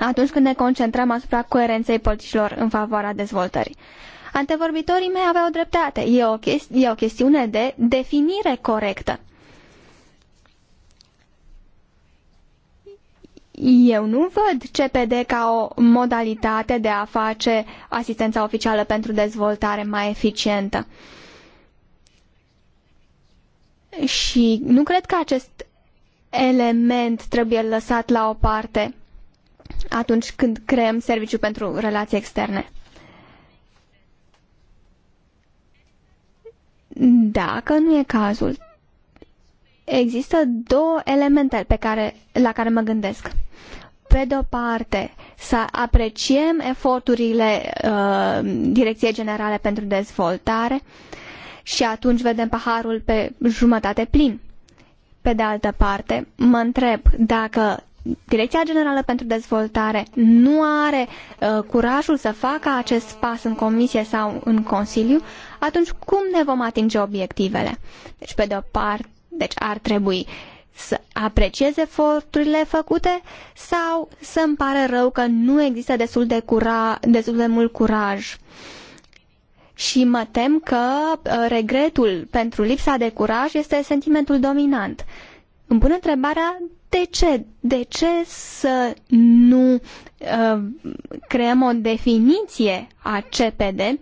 Speaker 1: atunci când ne concentrăm asupra coerenței politicilor în favoarea dezvoltării. Antevorbitorii mei aveau dreptate. E o, chesti- e o chestiune de definire corectă. Eu nu văd CPD ca o modalitate de a face asistența oficială pentru dezvoltare mai eficientă. Și nu cred că acest element trebuie lăsat la o parte atunci când creăm serviciu pentru relații externe. Dacă nu e cazul, există două elemente pe care, la care mă gândesc. Pe de o parte, să apreciem eforturile uh, Direcției Generale pentru Dezvoltare și atunci vedem paharul pe jumătate plin. Pe de altă parte, mă întreb dacă Direcția Generală pentru Dezvoltare nu are uh, curajul să facă acest pas în comisie sau în Consiliu, atunci cum ne vom atinge obiectivele? Deci, pe de o parte, deci ar trebui să apreciez eforturile făcute sau să îmi pare rău că nu există destul de, cura, destul de mult curaj. Și mă tem că uh, regretul pentru lipsa de curaj este sentimentul dominant. Îmi pun întrebarea de ce? De ce să nu uh, creăm o definiție a CPD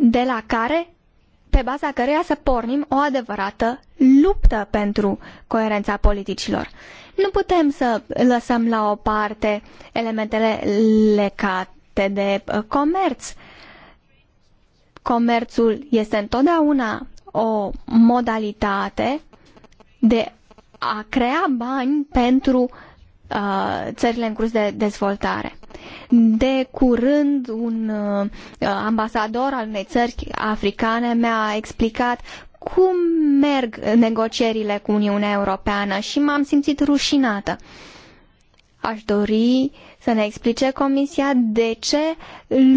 Speaker 1: de la care pe baza căreia să pornim o adevărată luptă pentru coerența politicilor. Nu putem să lăsăm la o parte elementele legate de uh, comerț. Comerțul este întotdeauna o modalitate de a crea bani pentru Uh, țările în curs de dezvoltare. De curând, un uh, ambasador al unei țări africane mi-a explicat cum merg negocierile cu Uniunea Europeană și m-am simțit rușinată. Aș dori să ne explice Comisia de ce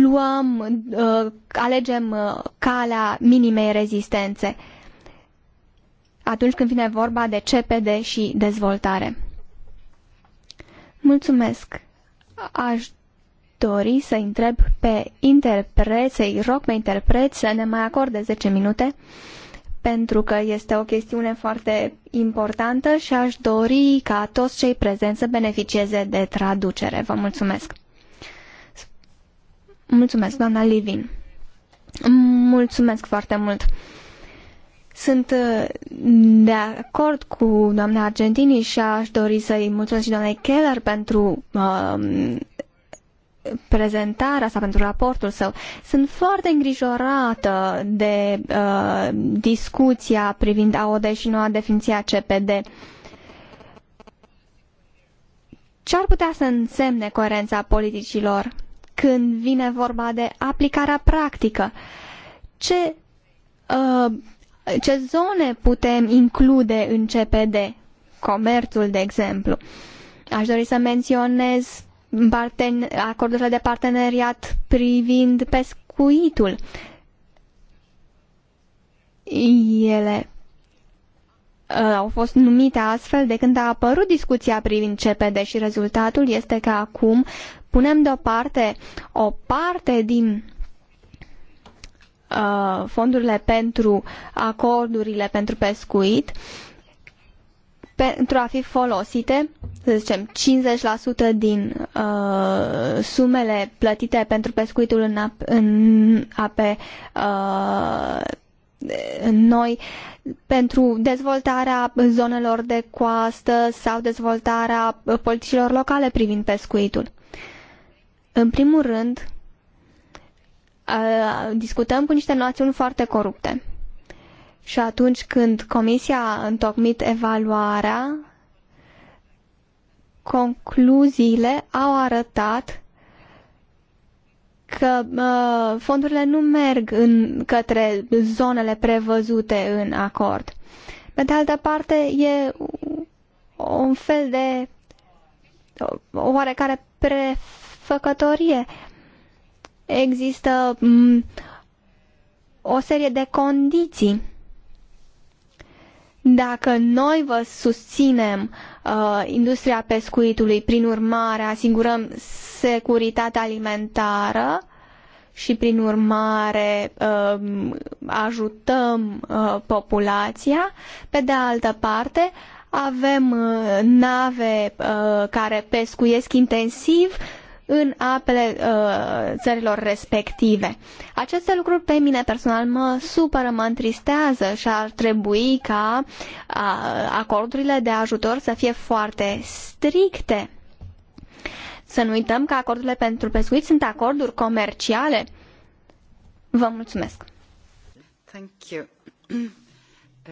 Speaker 1: luăm, uh, alegem calea minimei rezistențe atunci când vine vorba de CPD și dezvoltare. Mulțumesc. Aș dori să întreb pe interpret, să-i rog pe interpret să ne mai acorde 10 minute, pentru că este o chestiune foarte importantă și aș dori ca toți cei prezenți să beneficieze de traducere. Vă mulțumesc. Mulțumesc, doamna Livin. Mulțumesc foarte mult. Sunt uh, de acord cu doamna Argentini și aș dori să-i mulțumesc și doamnei Keller pentru um, prezentarea sa, pentru raportul său. Sunt foarte îngrijorată de uh, discuția privind AOD și noua definiție a CPD. Ce ar putea să însemne coerența politicilor când vine vorba de aplicarea practică? Ce uh, ce zone putem include în CPD? Comerțul, de exemplu. Aș dori să menționez acordurile de parteneriat privind pescuitul. Ele uh, au fost numite astfel de când a apărut discuția privind CPD și rezultatul este că acum punem deoparte o parte din Uh, fondurile pentru acordurile pentru pescuit pentru a fi folosite, să zicem, 50% din uh, sumele plătite pentru pescuitul în, ap- în ape uh, noi pentru dezvoltarea zonelor de coastă sau dezvoltarea politicilor locale privind pescuitul. În primul rând, Uh, discutăm cu niște națiuni foarte corupte. Și atunci când Comisia a întocmit evaluarea, concluziile au arătat că uh, fondurile nu merg în, către zonele prevăzute în acord. Pe de altă parte, e un fel de o, uh, oarecare prefăcătorie. Uh, există mm, o serie de condiții. Dacă noi vă susținem uh, industria pescuitului, prin urmare asigurăm securitatea alimentară și prin urmare uh, ajutăm uh, populația, pe de altă parte avem uh, nave uh, care pescuiesc intensiv uh, în apele uh, țărilor respective. Aceste lucruri pe mine personal mă supără, mă întristează și ar trebui ca uh, acordurile de ajutor să fie foarte stricte. Să nu uităm că acordurile pentru pescuit sunt acorduri comerciale. Vă mulțumesc.
Speaker 3: Thank you.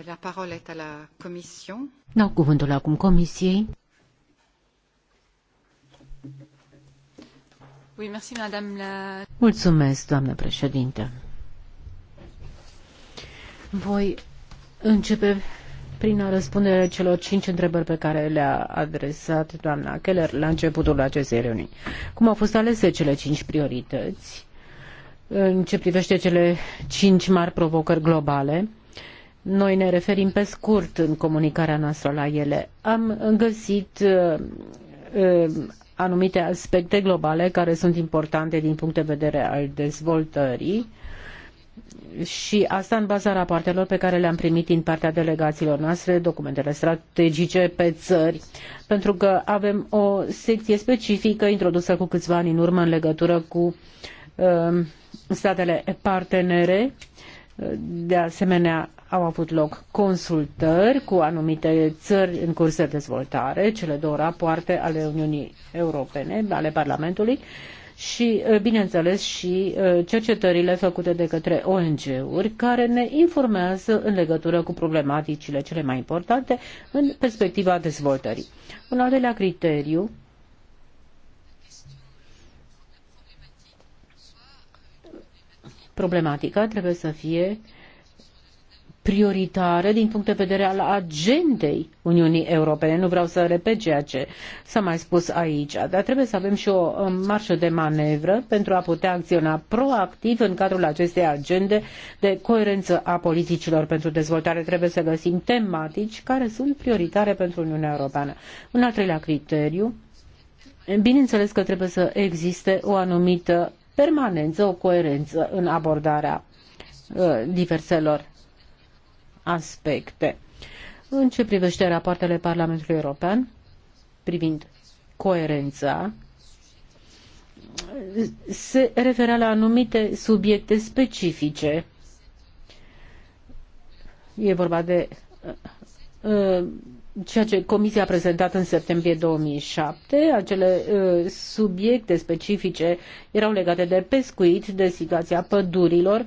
Speaker 3: La parole la Comisie.
Speaker 1: Dau
Speaker 2: cuvântul acum Comisiei. Mulțumesc, doamnă președinte. Voi începe prin a răspunde celor cinci întrebări pe care le-a adresat doamna Keller la începutul acestei reuniuni. Cum au fost alese cele cinci priorități? În ce privește cele cinci mari provocări globale, noi ne referim pe scurt în comunicarea noastră la ele. Am găsit uh, uh, anumite aspecte globale care sunt importante din punct de vedere al dezvoltării și asta în baza rapoartelor pe care le-am primit din partea delegațiilor noastre, documentele strategice pe țări, pentru că avem o secție specifică introdusă cu câțiva ani în urmă în legătură cu uh, statele partenere uh, de asemenea, au avut loc consultări cu anumite țări în curs de dezvoltare, cele două rapoarte ale Uniunii Europene, ale Parlamentului, și, eh, bineînțeles, și eh, cercetările făcute de către ONG-uri care ne informează în legătură cu problematicile cele mai importante în perspectiva dezvoltării. Un al doilea criteriu problematica trebuie să fie prioritară din punct de vedere al agendei Uniunii Europene. Nu vreau să repet ceea ce s-a mai spus aici, dar trebuie să avem și o marșă de manevră pentru a putea acționa proactiv în cadrul acestei agende de coerență a politicilor pentru dezvoltare. Trebuie să găsim tematici care sunt prioritare pentru Uniunea Europeană. Un al treilea criteriu, bineînțeles că trebuie să existe o anumită permanență, o coerență în abordarea uh, diverselor aspecte. În ce privește rapoartele Parlamentului European privind coerența, se referea la anumite subiecte specifice. E vorba de uh, uh, ceea ce Comisia a prezentat în septembrie 2007, acele uh, subiecte specifice erau legate de pescuit, de situația pădurilor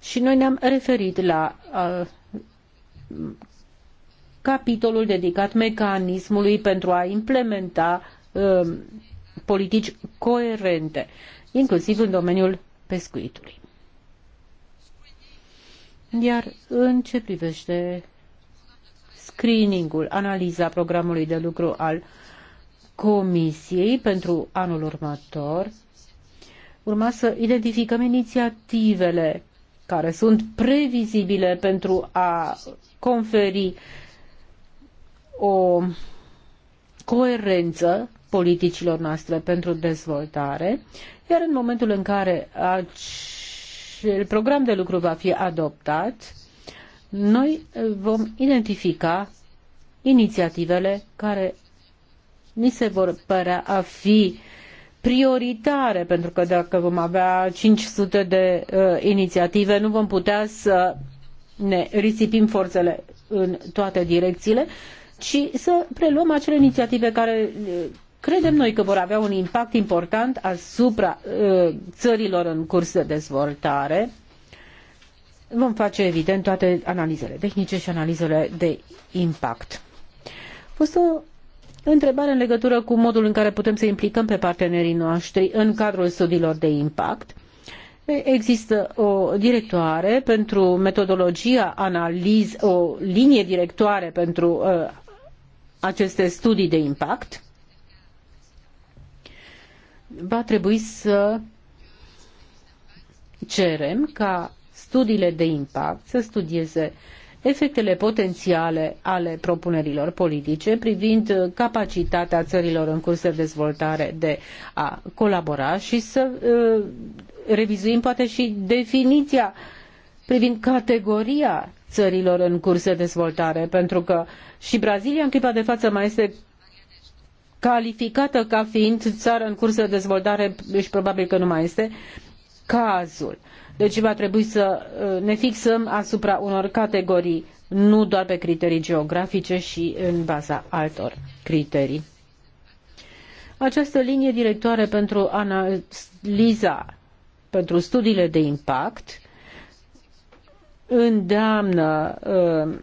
Speaker 2: și noi ne-am referit la uh, capitolul dedicat mecanismului pentru a implementa uh, politici coerente, inclusiv în domeniul pescuitului. Iar în ce privește screeningul, analiza programului de lucru al Comisiei pentru anul următor, urma să identificăm inițiativele care sunt previzibile pentru a conferi o coerență politicilor noastre pentru dezvoltare, iar în momentul în care acel program de lucru va fi adoptat, noi vom identifica inițiativele care ni se vor părea a fi prioritare, pentru că dacă vom avea 500 de uh, inițiative, nu vom putea să ne risipim forțele în toate direcțiile, ci să preluăm acele inițiative care uh, credem noi că vor avea un impact important asupra uh, țărilor în curs de dezvoltare Vom face, evident, toate analizele tehnice și analizele de impact. fost o întrebare în legătură cu modul în care putem să implicăm pe partenerii noștri în cadrul studiilor de impact. Există o directoare pentru metodologia analiz, o linie directoare pentru uh, aceste studii de impact. Va trebui să cerem ca studiile de impact, să studieze efectele potențiale ale propunerilor politice privind uh, capacitatea țărilor în curs de dezvoltare de a colabora și să uh, revizuim poate și definiția privind categoria țărilor în curs de dezvoltare, pentru că și Brazilia în clipa de față mai este calificată ca fiind țară în curs de dezvoltare și deci probabil că nu mai este cazul. Uh, deci va trebui să uh, ne fixăm asupra unor categorii, nu doar pe criterii geografice și în baza altor criterii. Această linie directoare pentru analiza, pentru studiile de impact, îndeamnă uh,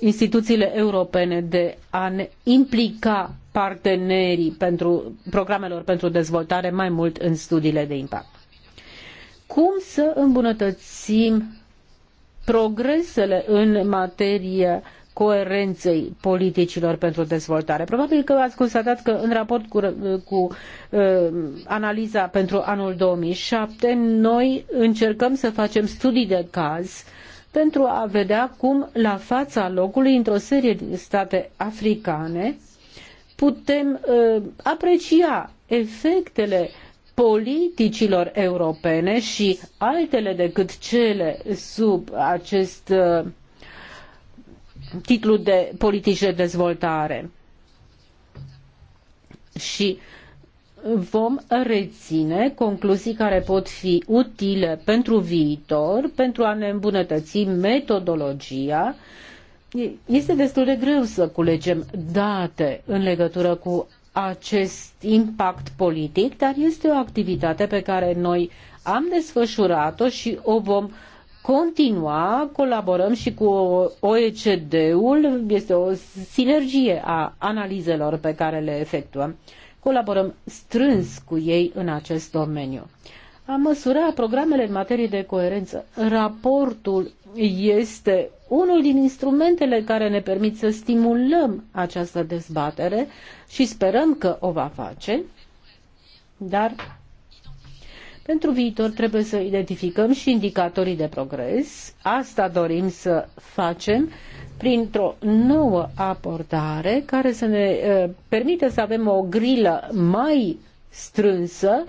Speaker 2: instituțiile europene de a ne implica partenerii pentru programelor pentru dezvoltare mai mult în studiile de impact cum să îmbunătățim progresele în materie coerenței politicilor pentru dezvoltare. Probabil că ați constatat că în raport cu, cu uh, analiza pentru anul 2007, noi încercăm să facem studii de caz pentru a vedea cum la fața locului într-o serie de state africane putem uh, aprecia efectele uh, politicilor europene și altele decât cele sub acest uh, titlu de politici de dezvoltare. Și vom reține concluzii care pot fi utile pentru viitor, pentru a ne îmbunătăți metodologia. Este destul de greu să culegem date în legătură cu acest impact politic, dar este o activitate pe care noi am desfășurat-o și o vom continua, colaborăm și cu OECD-ul, este o sinergie a analizelor pe care le efectuăm. Colaborăm strâns cu ei în acest domeniu a măsura programele în materie de coerență. Raportul este unul din instrumentele care ne permit să stimulăm această dezbatere și sperăm că o va face, dar pentru viitor trebuie să identificăm și indicatorii de progres. Asta dorim să facem printr-o nouă abordare care să ne uh, permită să avem o grilă mai strânsă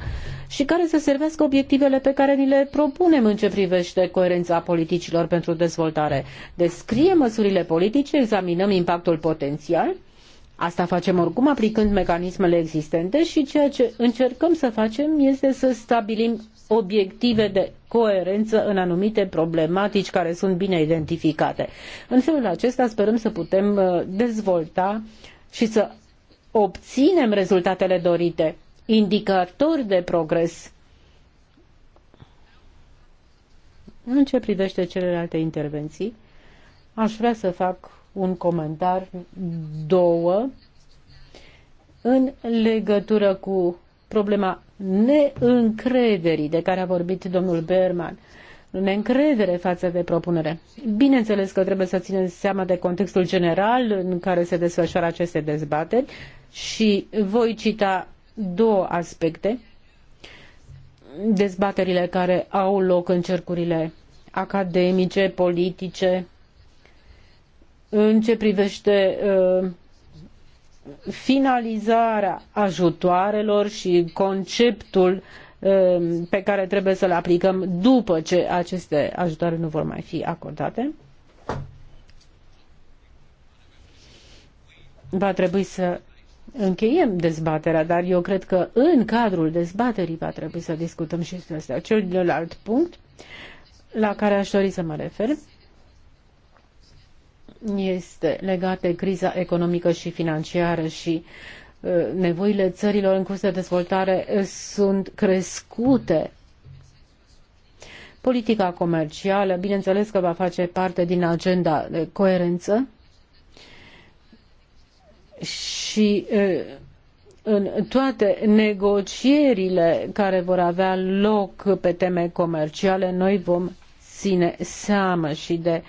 Speaker 2: și care să servească obiectivele pe care ni le propunem în ce privește coerența politicilor pentru dezvoltare. Descrie măsurile politice, examinăm impactul potențial, asta facem oricum aplicând mecanismele existente și ceea ce încercăm să facem este să stabilim obiective de coerență în anumite problematici care sunt bine identificate. În felul acesta sperăm să putem uh, dezvolta și să obținem rezultatele dorite indicatori de progres. În ce privește celelalte intervenții, aș vrea să fac un comentar, două, în legătură cu problema neîncrederii de care a vorbit domnul Berman neîncredere față de propunere. Bineînțeles că trebuie să ținem seama de contextul general în care se desfășoară aceste dezbateri și voi cita două aspecte. Dezbaterile care au loc în cercurile academice, politice, în ce privește uh, finalizarea ajutoarelor și conceptul uh, pe care trebuie să-l aplicăm după ce aceste ajutoare nu vor mai fi acordate. Va trebui să încheiem dezbaterea, dar eu cred că în cadrul dezbaterii va trebui să discutăm și despre Celălalt punct la care aș dori să mă refer este legat de criza economică și financiară și uh, nevoile țărilor în curs de dezvoltare uh, sunt crescute. Politica comercială, bineînțeles că va face parte din agenda de coerență și în toate negocierile care vor avea loc pe teme comerciale, noi vom ține seamă și de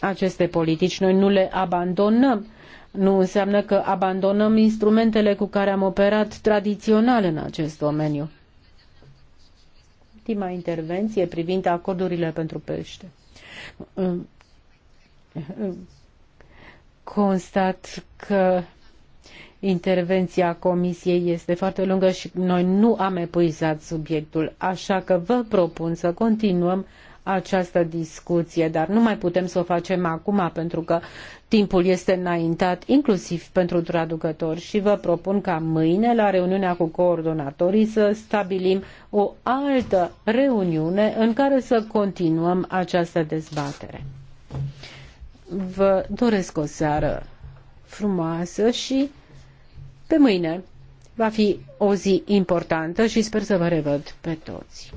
Speaker 2: aceste politici. Noi nu le abandonăm. Nu înseamnă că abandonăm instrumentele cu care am operat tradițional în acest domeniu. Ultima intervenție privind acordurile pentru pește constat că intervenția Comisiei este foarte lungă și noi nu am epuizat subiectul, așa că vă propun să continuăm această discuție, dar nu mai putem să o facem acum pentru că timpul este înaintat, inclusiv pentru traducători și vă propun ca mâine la reuniunea cu coordonatorii să stabilim o altă reuniune în care să continuăm această dezbatere vă doresc o seară frumoasă și pe mâine va fi o zi importantă și sper să vă revăd pe toți.